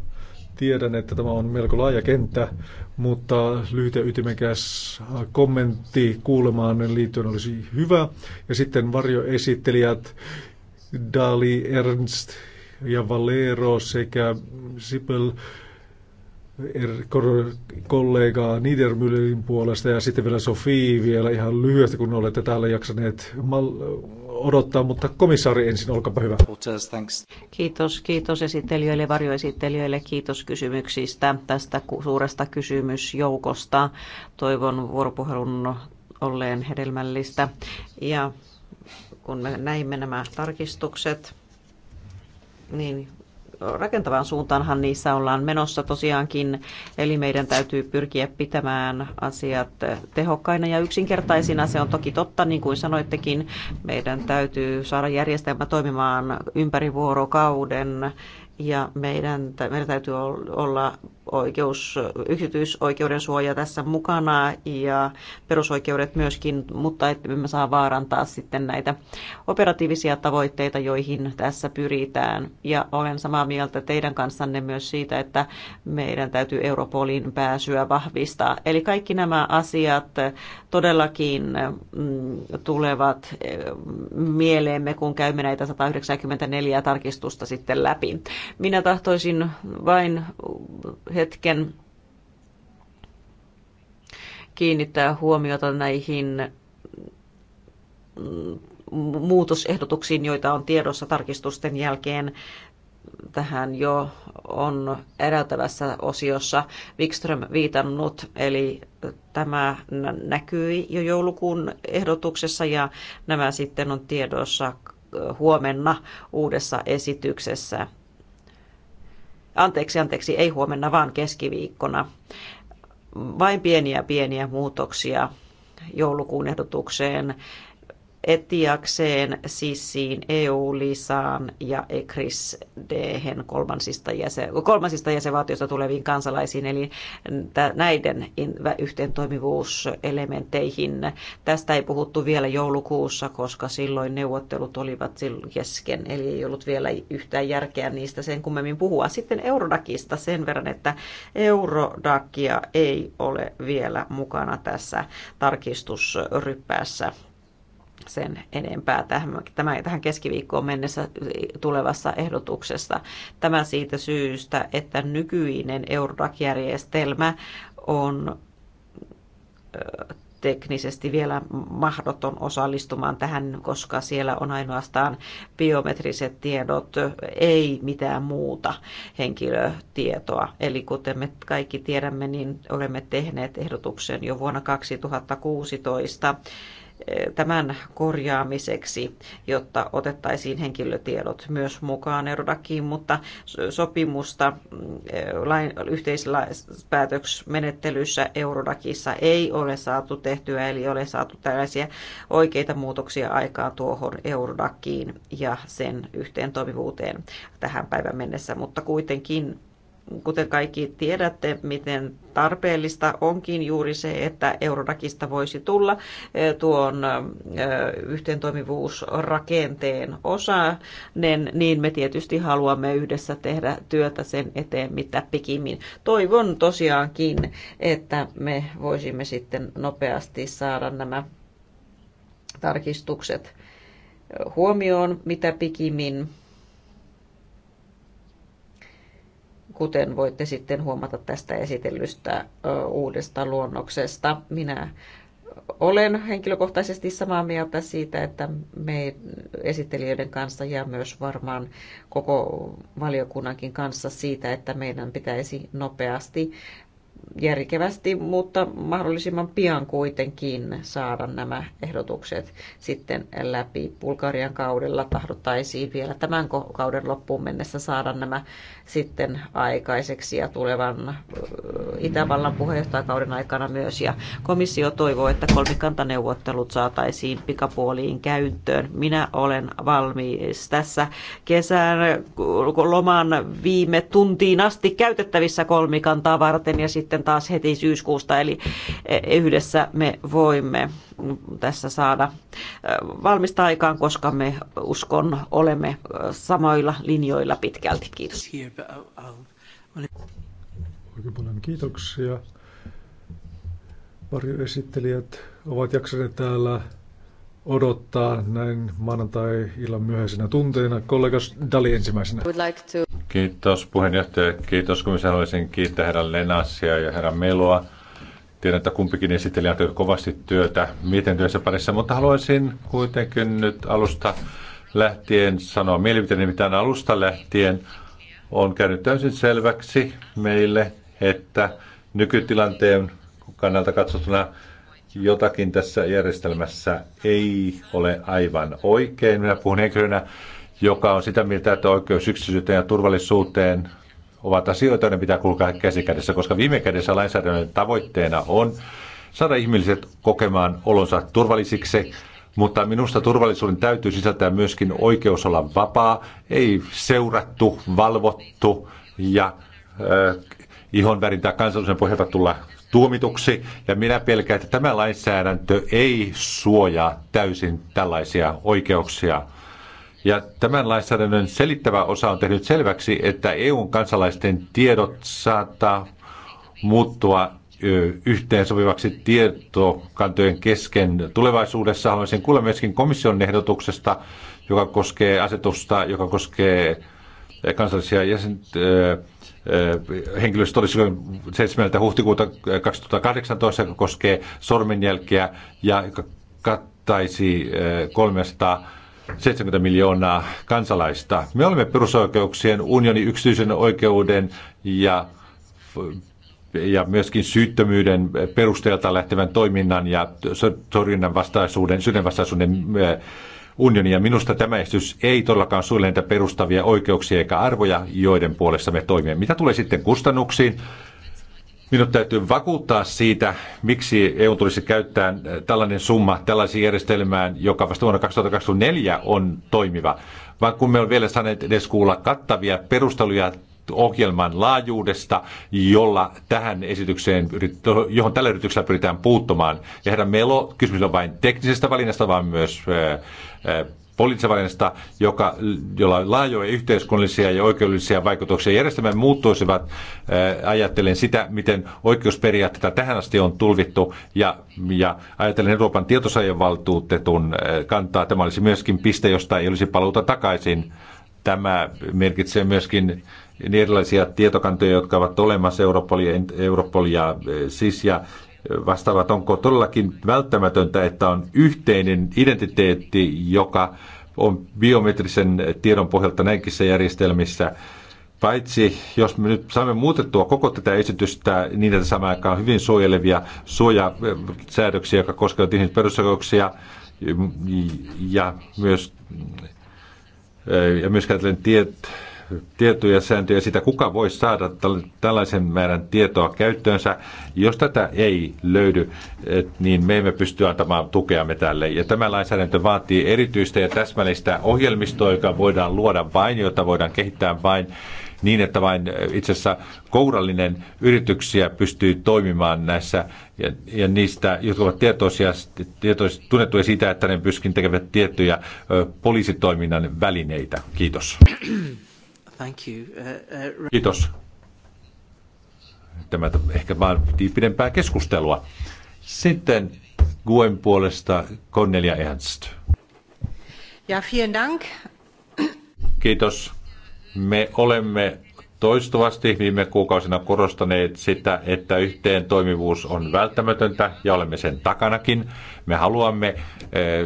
Tiedän, että tämä on melko laaja kenttä, mutta lyhyt ja ytimekäs kommentti kuulemaan liittyen olisi hyvä. Ja sitten varjoesittelijät Dali Ernst ja Valero sekä Sipel Er kollegaa Niedermüllerin puolesta ja sitten vielä Sofii vielä ihan lyhyesti, kun olette täällä jaksaneet odottaa, mutta komissaari ensin, olkapa hyvä. Kiitos, kiitos esittelijöille, varjoesittelijöille, kiitos kysymyksistä tästä suuresta kysymysjoukosta. Toivon vuoropuhelun olleen hedelmällistä. Ja kun me näimme nämä tarkistukset, niin rakentavaan suuntaanhan niissä ollaan menossa tosiaankin, eli meidän täytyy pyrkiä pitämään asiat tehokkaina ja yksinkertaisina. Se on toki totta, niin kuin sanoittekin, meidän täytyy saada järjestelmä toimimaan ympäri vuorokauden ja meidän, meidän täytyy olla oikeus, yksityisoikeuden suoja tässä mukana ja perusoikeudet myöskin, mutta me saa vaarantaa sitten näitä operatiivisia tavoitteita, joihin tässä pyritään. Ja olen samaa mieltä teidän kanssanne myös siitä, että meidän täytyy Europolin pääsyä vahvistaa. Eli kaikki nämä asiat todellakin mm, tulevat eh, mieleemme, kun käymme näitä 194 tarkistusta sitten läpi. Minä tahtoisin vain hetken kiinnittää huomiota näihin mm, muutosehdotuksiin, joita on tiedossa tarkistusten jälkeen. Tähän jo on edeltävässä osiossa Wikström viitannut, eli tämä näkyi jo joulukuun ehdotuksessa ja nämä sitten on tiedossa huomenna uudessa esityksessä. Anteeksi, anteeksi, ei huomenna, vaan keskiviikkona. Vain pieniä pieniä muutoksia joulukuun ehdotukseen Etiakseen, Sissiin, EU-lisaan ja ECRIS DHen kolmansista, jäsen, kolmansista jäsenvaltioista tuleviin kansalaisiin, eli näiden yhteentoimivuuselementeihin. Tästä ei puhuttu vielä joulukuussa, koska silloin neuvottelut olivat kesken, eli ei ollut vielä yhtään järkeä niistä sen kummemmin puhua. Sitten Eurodakista sen verran, että Eurodakia ei ole vielä mukana tässä tarkistusryppäässä sen enempää tähän, tähän keskiviikkoon mennessä tulevassa ehdotuksessa. Tämä siitä syystä, että nykyinen Eurodac-järjestelmä on teknisesti vielä mahdoton osallistumaan tähän, koska siellä on ainoastaan biometriset tiedot, ei mitään muuta henkilötietoa. Eli kuten me kaikki tiedämme, niin olemme tehneet ehdotuksen jo vuonna 2016 tämän korjaamiseksi, jotta otettaisiin henkilötiedot myös mukaan Eurodakiin, mutta sopimusta mm, lain, yhteispäätöksmenettelyssä Eurodakissa ei ole saatu tehtyä, eli ole saatu tällaisia oikeita muutoksia aikaan tuohon Eurodakiin ja sen yhteen toimivuuteen tähän päivän mennessä, mutta kuitenkin kuten kaikki tiedätte, miten tarpeellista onkin juuri se, että Eurodakista voisi tulla eh, tuon eh, yhteentoimivuusrakenteen osa, niin me tietysti haluamme yhdessä tehdä työtä sen eteen, mitä pikimmin. Toivon tosiaankin, että me voisimme sitten nopeasti saada nämä tarkistukset eh, huomioon, mitä pikimmin kuten voitte sitten huomata tästä esitellystä uudesta luonnoksesta. Minä olen henkilökohtaisesti samaa mieltä siitä, että me esittelijöiden kanssa ja myös varmaan koko valiokunnankin kanssa siitä, että meidän pitäisi nopeasti järkevästi, mutta mahdollisimman pian kuitenkin saada nämä ehdotukset sitten läpi. Bulgarian kaudella tahdottaisiin vielä tämän kauden loppuun mennessä saada nämä sitten aikaiseksi ja tulevan Itävallan puheenjohtajakauden aikana myös. Ja komissio toivoo, että kolmikantaneuvottelut saataisiin pikapuoliin käyttöön. Minä olen valmis tässä kesän loman viime tuntiin asti käytettävissä kolmikantaa varten ja sitten taas heti syyskuusta. Eli e, e, yhdessä me voimme tässä saada valmista aikaan, koska me uskon olemme samoilla linjoilla pitkälti. Kiitos. Oikein paljon kiitoksia. esittelijät ovat jaksaneet täällä odottaa näin maanantai-illan myöhäisenä tunteina. kollegas Dali ensimmäisenä. Kiitos puheenjohtaja. Kiitos, kun haluaisin kiittää herra Lenassia ja herra Meloa. Tiedän, että kumpikin esittelijä on kovasti työtä Miten työssä parissa, mutta haluaisin kuitenkin nyt alusta lähtien sanoa mielipiteeni, mitään alusta lähtien on käynyt täysin selväksi meille, että nykytilanteen kannalta katsottuna jotakin tässä järjestelmässä ei ole aivan oikein. Minä puhun henkilönä, joka on sitä mieltä, että oikeus yksityisyyteen ja turvallisuuteen ovat asioita, ne pitää kulkea käsikädessä, koska viime kädessä lainsäädännön tavoitteena on saada ihmiset kokemaan olonsa turvallisiksi mutta minusta turvallisuuden täytyy sisältää myöskin oikeus olla vapaa, ei seurattu, valvottu ja äh, ihonvärin tai kansallisen pohjalta tulla tuomituksi. Ja minä pelkään, että tämä lainsäädäntö ei suojaa täysin tällaisia oikeuksia. Ja tämän lainsäädännön selittävä osa on tehnyt selväksi, että eu kansalaisten tiedot saattaa muuttua yhteensopivaksi tietokantojen kesken. Tulevaisuudessa haluaisin kuulla myöskin komission ehdotuksesta, joka koskee asetusta, joka koskee kansallisia jäsen, henkilöstö henkilöstötodistuksen 7. huhtikuuta 2018, joka koskee sormenjälkeä ja joka kattaisi 370 miljoonaa kansalaista. Me olemme perusoikeuksien, unionin yksityisen oikeuden ja ja myöskin syyttömyyden perusteelta lähtevän toiminnan ja torjunnan vastaisuuden, sydänvastaisuuden eh, unioni. Ja minusta tämä esitys ei todellakaan suojele niitä perustavia oikeuksia eikä arvoja, joiden puolesta me toimimme. Mitä tulee sitten kustannuksiin? Minut täytyy vakuuttaa siitä, miksi EU tulisi käyttää eh, tällainen summa tällaisiin järjestelmään, joka vasta vuonna 2024 on toimiva. Vaan kun me on vielä saaneet edes kuulla kattavia perusteluja ohjelman laajuudesta, jolla tähän esitykseen, johon tällä yrityksellä pyritään puuttumaan. Ja herra Melo, kysymys on vain teknisestä valinnasta, vaan myös poliittisesta valinnasta, joka, jolla laajoja yhteiskunnallisia ja oikeudellisia vaikutuksia. järjestelmään muuttuisivat, ajattelen sitä, miten oikeusperiaatteita tähän asti on tulvittu, ja, ja ajattelen Euroopan tietosuojan kantaa. Tämä olisi myöskin piste, josta ei olisi paluuta takaisin. Tämä merkitsee myöskin niin erilaisia tietokantoja, jotka ovat olemassa, Europol ja, Europol ja eh, SIS ja eh, vastaavat, onko todellakin välttämätöntä, että on yhteinen identiteetti, joka on biometrisen tiedon pohjalta näinkissä järjestelmissä. Paitsi jos me nyt saamme muutettua koko tätä esitystä niin, että samaan aikaan hyvin suojelevia suojasäädöksiä, jotka koskevat ihmisen perusoikeuksia ja myös eh, ja myös tiet, tietoja sääntöjä sitä, kuka voi saada tällaisen määrän tietoa käyttöönsä. Jos tätä ei löydy, niin me emme pysty antamaan tukeamme tälle. Ja tämä lainsäädäntö vaatii erityistä ja täsmällistä ohjelmistoa, joka voidaan luoda vain, jota voidaan kehittää vain niin, että vain itse asiassa kourallinen yrityksiä pystyy toimimaan näissä ja, ja niistä, jotka ovat tietoisia, tietoisia, tunnettuja siitä, että ne pyskin tekevät tiettyjä poliisitoiminnan välineitä. Kiitos. Thank you. Uh, uh... Kiitos. Tämä ehkä vaan pidempää keskustelua. Sitten Guen puolesta Cornelia Ernst. Ja, vielen dank. Kiitos. Me olemme toistuvasti viime kuukausina korostaneet sitä, että yhteen toimivuus on välttämätöntä ja olemme sen takanakin. Me haluamme eh,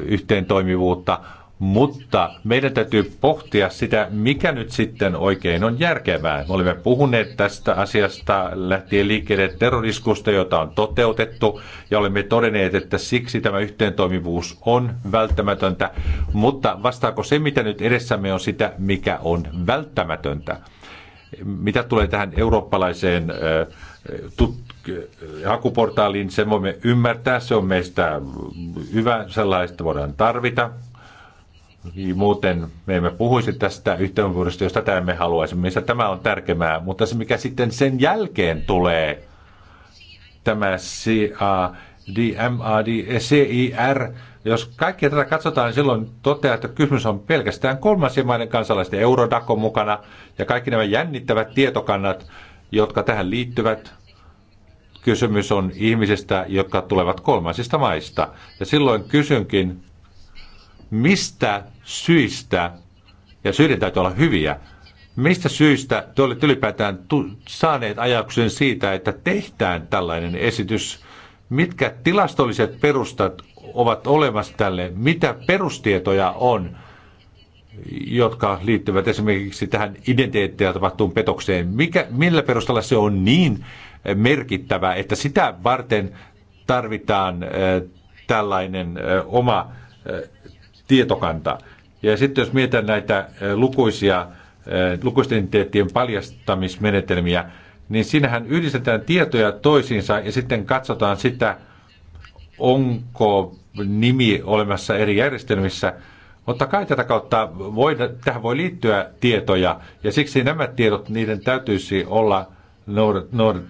yhteen toimivuutta, mutta meidän täytyy pohtia sitä, mikä nyt sitten oikein on järkevää. Me olemme puhuneet tästä asiasta lähtien liikkeelle terroriskusta, jota on toteutettu, ja olemme todenneet, että siksi tämä yhteentoimivuus on välttämätöntä. Mutta vastaako se, mitä nyt edessämme on sitä, mikä on välttämätöntä? Mitä tulee tähän eurooppalaiseen hakuportaaliin, se voimme ymmärtää, se on meistä hyvä, sellaista voidaan tarvita Muuten me emme puhuisi tästä yhteenvuorosta, jos tätä emme haluaisi. Mielestäni tämä on tärkeää, mutta se mikä sitten sen jälkeen tulee, tämä CIR, jos kaikki tätä katsotaan, niin silloin toteaa, että kysymys on pelkästään kolmansien maiden kansalaisten Eurodako mukana ja kaikki nämä jännittävät tietokannat, jotka tähän liittyvät. Kysymys on ihmisistä, jotka tulevat kolmansista maista. Ja silloin kysynkin, mistä syistä, ja syiden täytyy olla hyviä, mistä syistä te olette ylipäätään saaneet ajatuksen siitä, että tehtään tällainen esitys? Mitkä tilastolliset perustat ovat olemassa tälle? Mitä perustietoja on? jotka liittyvät esimerkiksi tähän identiteettiä tapahtuun petokseen. Mikä, millä perustalla se on niin merkittävä, että sitä varten tarvitaan äh, tällainen äh, oma äh, tietokanta? Ja sitten jos mietitään näitä lukuisia, lukuisten paljastamismenetelmiä, niin siinähän yhdistetään tietoja toisiinsa ja sitten katsotaan sitä, onko nimi olemassa eri järjestelmissä. Mutta kai tätä kautta voi, tähän voi liittyä tietoja ja siksi nämä tiedot, niiden täytyisi olla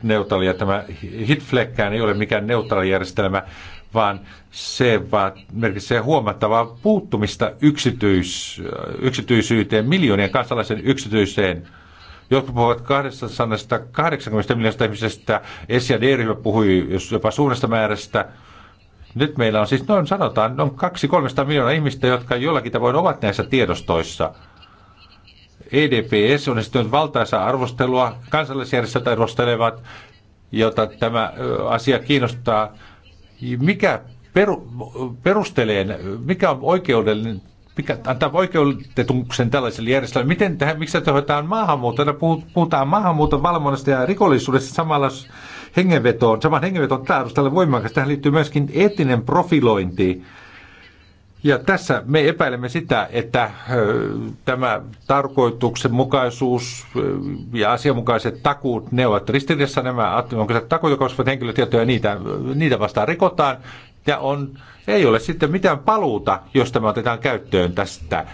neutraalia. Tämä HitFleckään ei ole mikään neutraali järjestelmä vaan se vaan merkitsee huomattavaa puuttumista yksityis, yksityisyyteen, miljoonien kansalaisen yksityiseen. Jotkut puhuvat 280 miljoonasta ihmisestä, Esi- ja D-ryhmä puhui jopa suuresta määrästä. Nyt meillä on siis noin, sanotaan, noin 200-300 miljoonaa ihmistä, jotka jollakin tavoin ovat näissä tiedostoissa. EDPS on esittänyt valtaisa arvostelua, kansallisjärjestöt arvostelevat, jota tämä asia kiinnostaa mikä peru, perustelee, mikä on oikeudellinen mikä antaa oikeutetuksen tällaiselle järjestelmälle. Miten tähän, miksi hoidetaan maahanmuuttoon? Puhutaan maahanmuuton valvonnasta ja rikollisuudesta samalla hengenvetoon, saman hengenvetoon tällä voimakas. Tähän liittyy myöskin etinen profilointi. Ja tässä me epäilemme sitä, että tämä tarkoituksenmukaisuus ja asianmukaiset takuut, ne ovat ristiriidassa nämä, onko se jotka koskevat henkilötietoja, niitä, niitä vastaan rikotaan. Ja on, ei ole sitten mitään paluuta, jos tämä otetaan käyttöön tästä.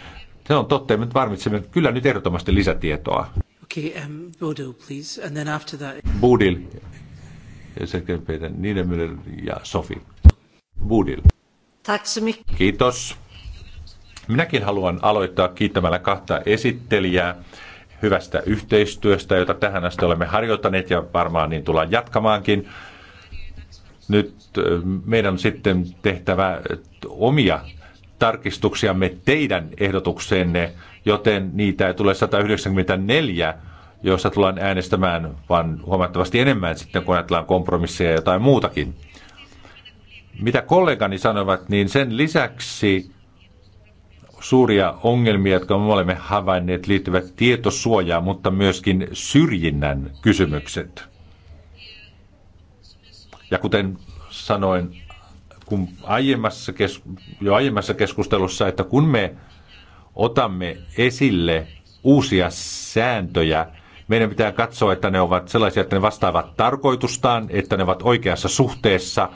Se on totta, me varmitsemme kyllä nyt ehdottomasti lisätietoa. Okay, um, Bodil, please. And then after that... Bodil. ja Peter Niedemüller ja Sofi. Bodil. Kiitos. Minäkin haluan aloittaa kiittämällä kahta esittelijää hyvästä yhteistyöstä, jota tähän asti olemme harjoittaneet ja varmaan niin tullaan jatkamaankin. Nyt meidän on sitten tehtävä omia tarkistuksiamme teidän ehdotukseenne, joten niitä ei tule 194, joissa tullaan äänestämään, vaan huomattavasti enemmän sitten, kun ajatellaan kompromisseja ja jotain muutakin mitä kollegani sanovat, niin sen lisäksi suuria ongelmia, jotka me olemme havainneet, liittyvät tietosuojaan, mutta myöskin syrjinnän kysymykset. Ja kuten sanoin kun aiemmassa kes, jo aiemmassa keskustelussa, että kun me otamme esille uusia sääntöjä, meidän pitää katsoa, että ne ovat sellaisia, että ne vastaavat tarkoitustaan, että ne ovat oikeassa suhteessa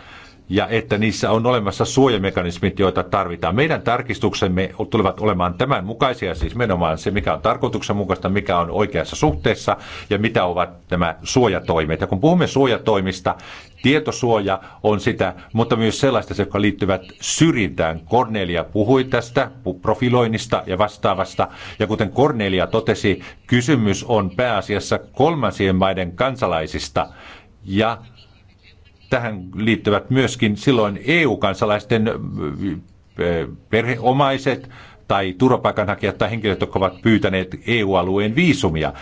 ja että niissä on olemassa suojamekanismit, joita tarvitaan. Meidän tarkistuksemme tulevat olemaan tämän mukaisia, siis menomaan se, mikä on tarkoituksenmukaista, mikä on oikeassa suhteessa ja mitä ovat nämä suojatoimet. Ja kun puhumme suojatoimista, tietosuoja on sitä, mutta myös sellaista, jotka liittyvät syrjintään. Cornelia puhui tästä profiloinnista ja vastaavasta, ja kuten Cornelia totesi, kysymys on pääasiassa kolmansien maiden kansalaisista, ja Tähän liittyvät myöskin silloin EU-kansalaisten perheomaiset tai turvapaikanhakijat tai henkilöt, jotka ovat pyytäneet EU-alueen viisumia.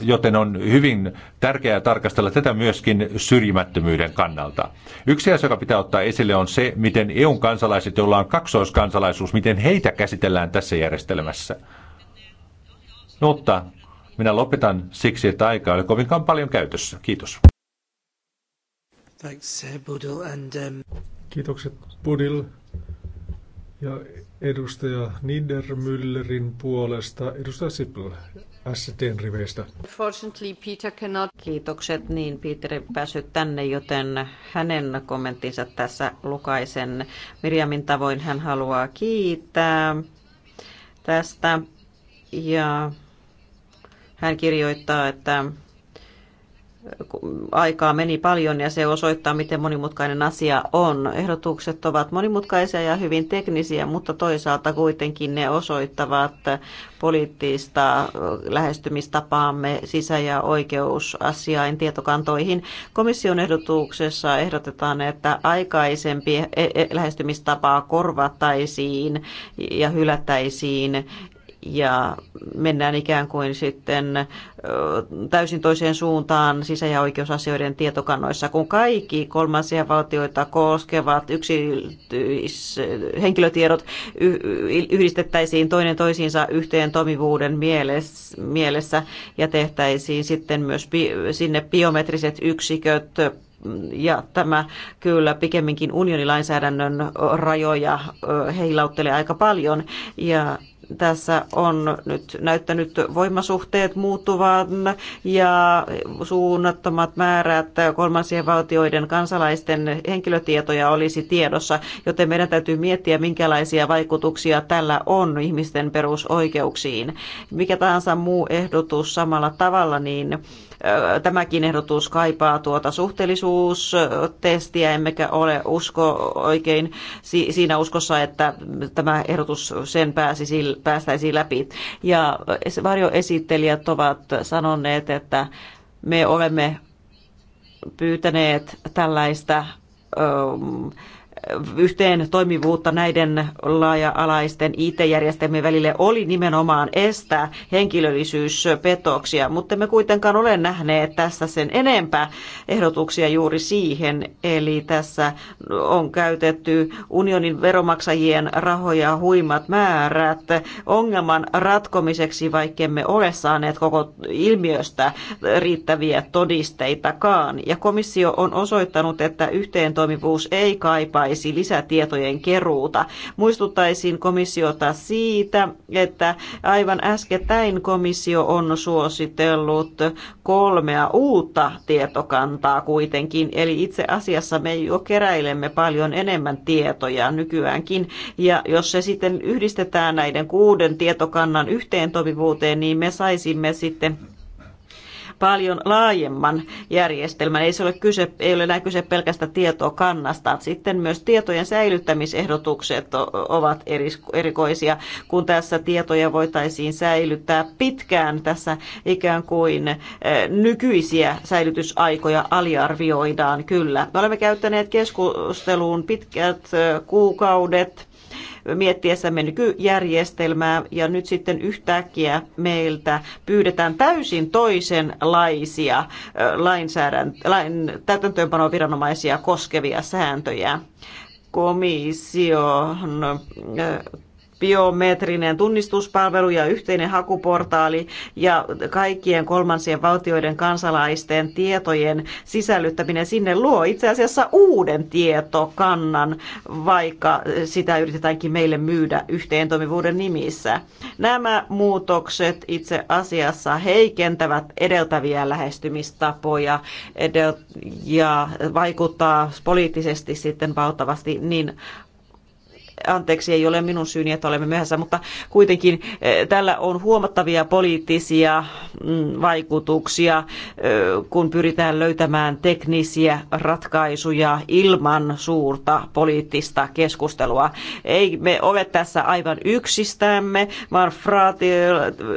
Joten on hyvin tärkeää tarkastella tätä myöskin syrjimättömyyden kannalta. Yksi asia, joka pitää ottaa esille, on se, miten eu kansalaiset, joilla on kaksoiskansalaisuus, miten heitä käsitellään tässä järjestelmässä. Mutta minä lopetan siksi, että aikaa oli kovinkaan paljon käytössä. Kiitos. Thanks, Budil. And, um... Kiitokset Budil ja edustaja Niedermüllerin puolesta. Edustaja Sippel, SDn riveistä. Peter cannot... Kiitokset, niin Peter ei päässyt tänne, joten hänen kommenttinsa tässä lukaisen. Mirjamin tavoin hän haluaa kiittää tästä ja hän kirjoittaa, että aikaa meni paljon ja se osoittaa, miten monimutkainen asia on. Ehdotukset ovat monimutkaisia ja hyvin teknisiä, mutta toisaalta kuitenkin ne osoittavat poliittista lähestymistapaamme sisä- ja oikeusasiain tietokantoihin. Komission ehdotuksessa ehdotetaan, että aikaisempi e- e- lähestymistapaa korvattaisiin ja hylättäisiin ja mennään ikään kuin sitten täysin toiseen suuntaan sisä- ja oikeusasioiden tietokannoissa, kun kaikki kolmansia valtioita koskevat henkilötiedot yhdistettäisiin toinen toisiinsa yhteen toimivuuden mielessä ja tehtäisiin sitten myös sinne biometriset yksiköt ja tämä kyllä pikemminkin unionilainsäädännön rajoja heilauttelee aika paljon. Ja tässä on nyt näyttänyt voimasuhteet muuttuvan ja suunnattomat määrät kolmansien valtioiden kansalaisten henkilötietoja olisi tiedossa, joten meidän täytyy miettiä, minkälaisia vaikutuksia tällä on ihmisten perusoikeuksiin. Mikä tahansa muu ehdotus samalla tavalla, niin tämäkin ehdotus kaipaa tuota suhteellisuustestiä, emmekä ole usko oikein siinä uskossa, että tämä ehdotus sen pääsisi, päästäisi läpi. Ja varjoesittelijät ovat sanoneet, että me olemme pyytäneet tällaista yhteen toimivuutta näiden laaja-alaisten IT-järjestelmien välille oli nimenomaan estää henkilöllisyyspetoksia, mutta me kuitenkaan ole nähneet tässä sen enempää ehdotuksia juuri siihen. Eli tässä on käytetty unionin veromaksajien rahoja huimat määrät ongelman ratkomiseksi, vaikkemme ole saaneet koko ilmiöstä riittäviä todisteitakaan. Ja komissio on osoittanut, että yhteentoimivuus ei kaipaa helpottaisi lisätietojen keruuta. Muistuttaisin komissiota siitä, että aivan äskettäin komissio on suositellut kolmea uutta tietokantaa kuitenkin, eli itse asiassa me jo keräilemme paljon enemmän tietoja nykyäänkin, ja jos se sitten yhdistetään näiden kuuden tietokannan yhteen toimivuuteen, niin me saisimme sitten paljon laajemman järjestelmän. Ei, se ole kyse, ei ole enää kyse pelkästä tietokannasta. Sitten myös tietojen säilyttämisehdotukset ovat erikoisia, kun tässä tietoja voitaisiin säilyttää pitkään. Tässä ikään kuin eh, nykyisiä säilytysaikoja aliarvioidaan kyllä. Me olemme käyttäneet keskusteluun pitkät eh, kuukaudet miettiessämme nykyjärjestelmää ja nyt sitten yhtäkkiä meiltä pyydetään täysin toisenlaisia lainsäädäntö, viranomaisia koskevia sääntöjä komission biometrinen tunnistuspalvelu ja yhteinen hakuportaali ja kaikkien kolmansien valtioiden kansalaisten tietojen sisällyttäminen sinne luo itse asiassa uuden tietokannan, vaikka sitä yritetäänkin meille myydä yhteen toimivuuden nimissä. Nämä muutokset itse asiassa heikentävät edeltäviä lähestymistapoja ja vaikuttaa poliittisesti sitten valtavasti niin Anteeksi, ei ole minun syyni, että olemme myöhässä, mutta kuitenkin eh, tällä on huomattavia poliittisia mm, vaikutuksia, eh, kun pyritään löytämään teknisiä ratkaisuja ilman suurta poliittista keskustelua. Ei me ole tässä aivan yksistämme, vaan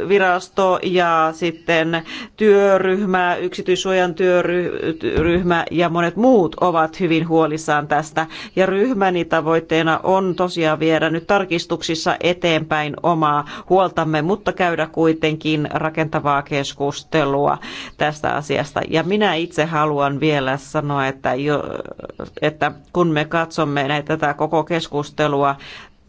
virasto ja sitten työryhmä, yksityissuojan työryhmä ja monet muut ovat hyvin huolissaan tästä. Ja ryhmäni tavoitteena on to- tosiaan viedä nyt tarkistuksissa eteenpäin omaa huoltamme, mutta käydä kuitenkin rakentavaa keskustelua tästä asiasta. Ja minä itse haluan vielä sanoa, että, jo, että kun me katsomme näitä, tätä koko keskustelua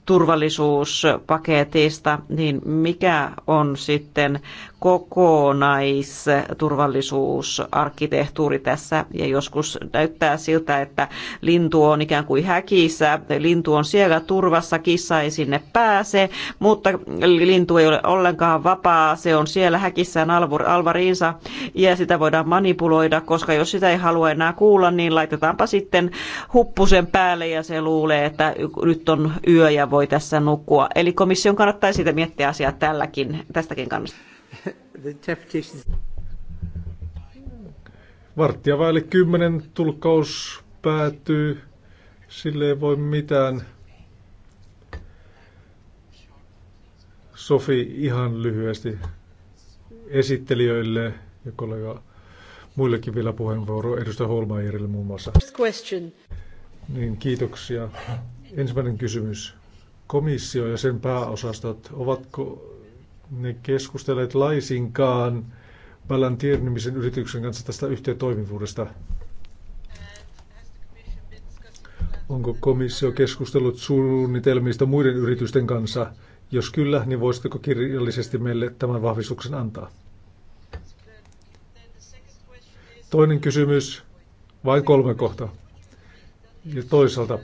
turvallisuuspaketista, niin mikä on sitten kokonaisturvallisuusarkkitehtuuri tässä. Ja joskus näyttää siltä, että lintu on ikään kuin häkissä. Lintu on siellä turvassa, kissa ei sinne pääse, mutta lintu ei ole ollenkaan vapaa. Se on siellä häkissään alvariinsa ja sitä voidaan manipuloida, koska jos sitä ei halua enää kuulla, niin laitetaanpa sitten huppusen päälle ja se luulee, että nyt on yö ja voi tässä nukkua. Eli komission kannattaisi miettiä asiaa tälläkin, tästäkin kannasta. The Varttia vaille kymmenen tulkkaus päätyy. Sille ei voi mitään. Sofi ihan lyhyesti esittelijöille ja kollega muillekin vielä puheenvuoro, edustaja Holmaierille muun muassa. Question. Niin, kiitoksia. Ensimmäinen kysymys. Komissio ja sen pääosastot, ovatko ne keskustelleet laisinkaan Palantir-nimisen yrityksen kanssa tästä yhteentoimivuudesta. Onko komissio keskustellut suunnitelmista muiden yritysten kanssa? Jos kyllä, niin voisitteko kirjallisesti meille tämän vahvistuksen antaa? Toinen kysymys, vain kolme kohtaa. Ja toisaalta,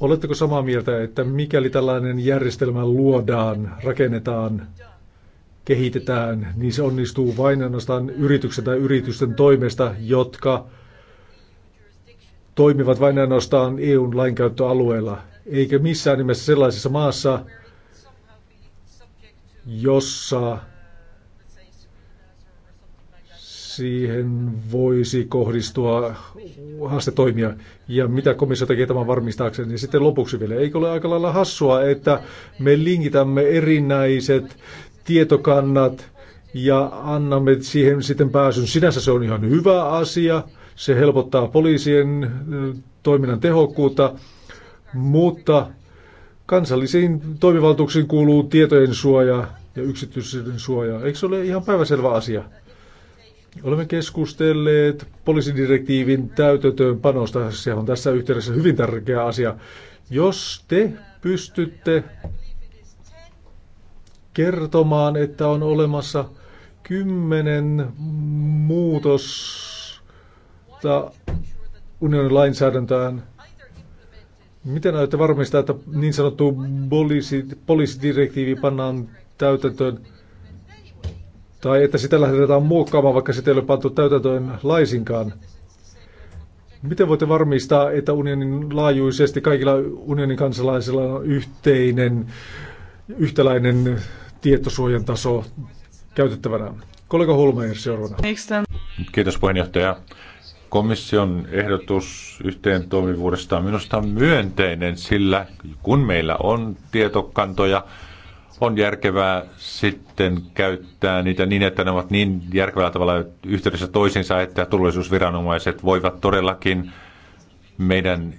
Oletteko samaa mieltä, että mikäli tällainen järjestelmä luodaan, rakennetaan, kehitetään, niin se onnistuu vain ainoastaan yrityksen tai yritysten toimesta, jotka toimivat vain ainoastaan EUn lainkäyttöalueella, eikä missään nimessä sellaisessa maassa, jossa siihen voisi kohdistua haastetoimia ja mitä komissio tekee tämän varmistaakseen. Niin sitten lopuksi vielä, eikö ole aika lailla hassua, että me linkitämme erinäiset tietokannat ja annamme siihen sitten pääsyn. Sinänsä se on ihan hyvä asia, se helpottaa poliisien toiminnan tehokkuutta, mutta kansallisiin toimivaltuuksiin kuuluu tietojen suoja ja yksityisyyden suoja. Eikö se ole ihan päiväselvä asia? Olemme keskustelleet poliisidirektiivin täytäntöön panosta. Se on tässä yhteydessä hyvin tärkeä asia. Jos te pystytte kertomaan, että on olemassa kymmenen muutosta unionin lainsäädäntöön, miten aiotte varmistaa, että niin sanottu poliisidirektiivi pannaan täytäntöön? Tai että sitä lähdetään muokkaamaan, vaikka sitä ei ole pantu täytäntöön laisinkaan. Miten voitte varmistaa, että unionin laajuisesti kaikilla unionin kansalaisilla on yhteinen, yhtäläinen tietosuojan taso käytettävänä? Kollega Holmeier seuraavana. Kiitos puheenjohtaja. Komission ehdotus yhteen toimivuudesta on minusta myönteinen, sillä kun meillä on tietokantoja, on järkevää sitten käyttää niitä niin, että ne ovat niin järkevällä tavalla yhteydessä toisiinsa, että turvallisuusviranomaiset voivat todellakin meidän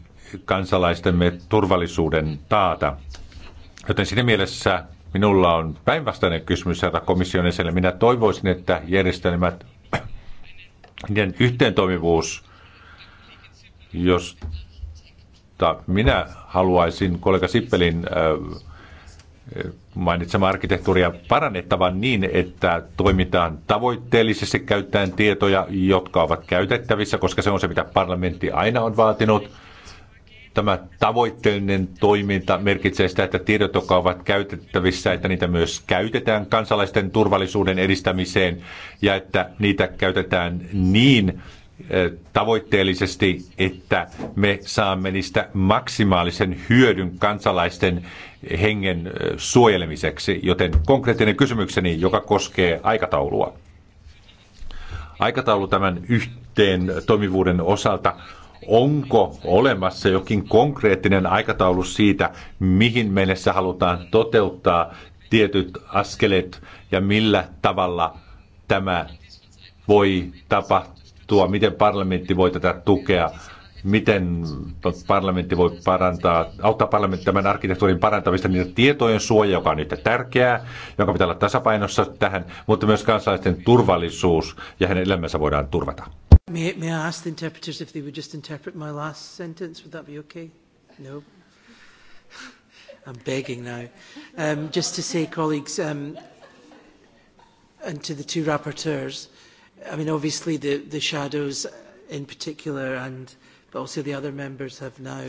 kansalaistemme turvallisuuden taata. Joten siinä mielessä minulla on päinvastainen kysymys herra komission esille. Minä toivoisin, että järjestelmät, niiden yhteentoimivuus, josta minä haluaisin kollega Sippelin äh, mainitsema arkkitehtuuria parannettavan niin, että toimitaan tavoitteellisesti käyttäen tietoja, jotka ovat käytettävissä, koska se on se, mitä parlamentti aina on vaatinut. Tämä tavoitteellinen toiminta merkitsee sitä, että tiedot, jotka ovat käytettävissä, että niitä myös käytetään kansalaisten turvallisuuden edistämiseen ja että niitä käytetään niin, tavoitteellisesti, että me saamme niistä maksimaalisen hyödyn kansalaisten hengen suojelemiseksi. Joten konkreettinen kysymykseni, joka koskee aikataulua. Aikataulu tämän yhteen toimivuuden osalta onko olemassa jokin konkreettinen aikataulu siitä, mihin mennessä halutaan toteuttaa tietyt askeleet ja millä tavalla tämä voi tapahtua tapahtua, miten parlamentti voi tätä tukea, miten parlamentti voi parantaa, auttaa parlamentti tämän arkkitehtuurin parantamista, niitä tietojen suoja, joka on nyt tärkeää, jonka pitää olla tasapainossa tähän, mutta myös kansalaisten turvallisuus ja hänen elämänsä voidaan turvata. May, may I ask the interpreters if they would just interpret my last sentence? Would that be okay? No? I'm begging now. Um, just to say, colleagues, um, and to the two rapporteurs, I mean, obviously the, the shadows in particular and but also the other members have now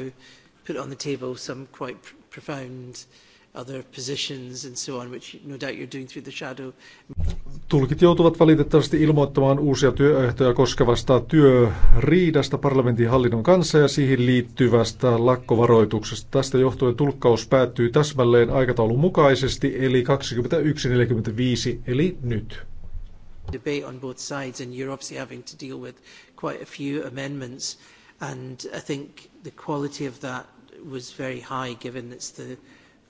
put on the table some quite pr profound other positions and so on, which no doubt you're doing through the shadow. Tulkit joutuvat valitettavasti ilmoittamaan uusia työehtoja koskevasta työriidasta parlamentin hallinnon kanssa ja siihen liittyvästä lakkovaroituksesta. Tästä johtuen tulkkaus päättyy täsmälleen aikataulun mukaisesti eli 21.45 eli nyt. Debate on both sides, and you're obviously having to deal with quite a few amendments, and I think the quality of that was very high, given it's the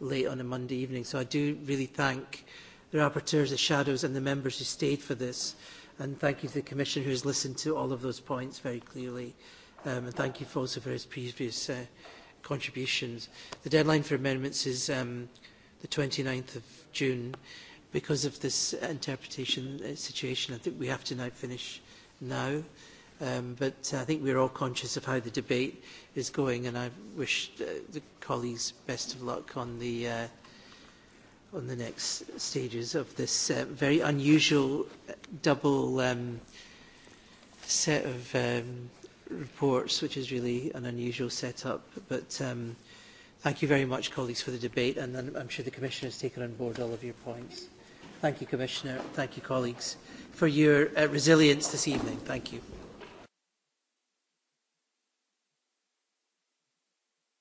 late on a Monday evening. So I do really thank the rapporteurs, the shadows, and the members who stayed for this. And thank you to the Commissioner, who has listened to all of those points very clearly. Um, and thank you also for his previous uh, contributions. The deadline for amendments is um, the 29th of June because of this interpretation uh, situation. I think we have to now finish now. Um, but I think we're all conscious of how the debate is going, and I wish the, uh, the colleagues best of luck on the, uh, on the next stages of this uh, very unusual uh, double um, set of um, reports, which is really an unusual setup. But um, thank you very much, colleagues, for the debate, and I'm, I'm sure the Commissioner has taken on board all of your points. Thank you, Commissioner. Thank you, colleagues, for your uh, resilience this evening. Thank you.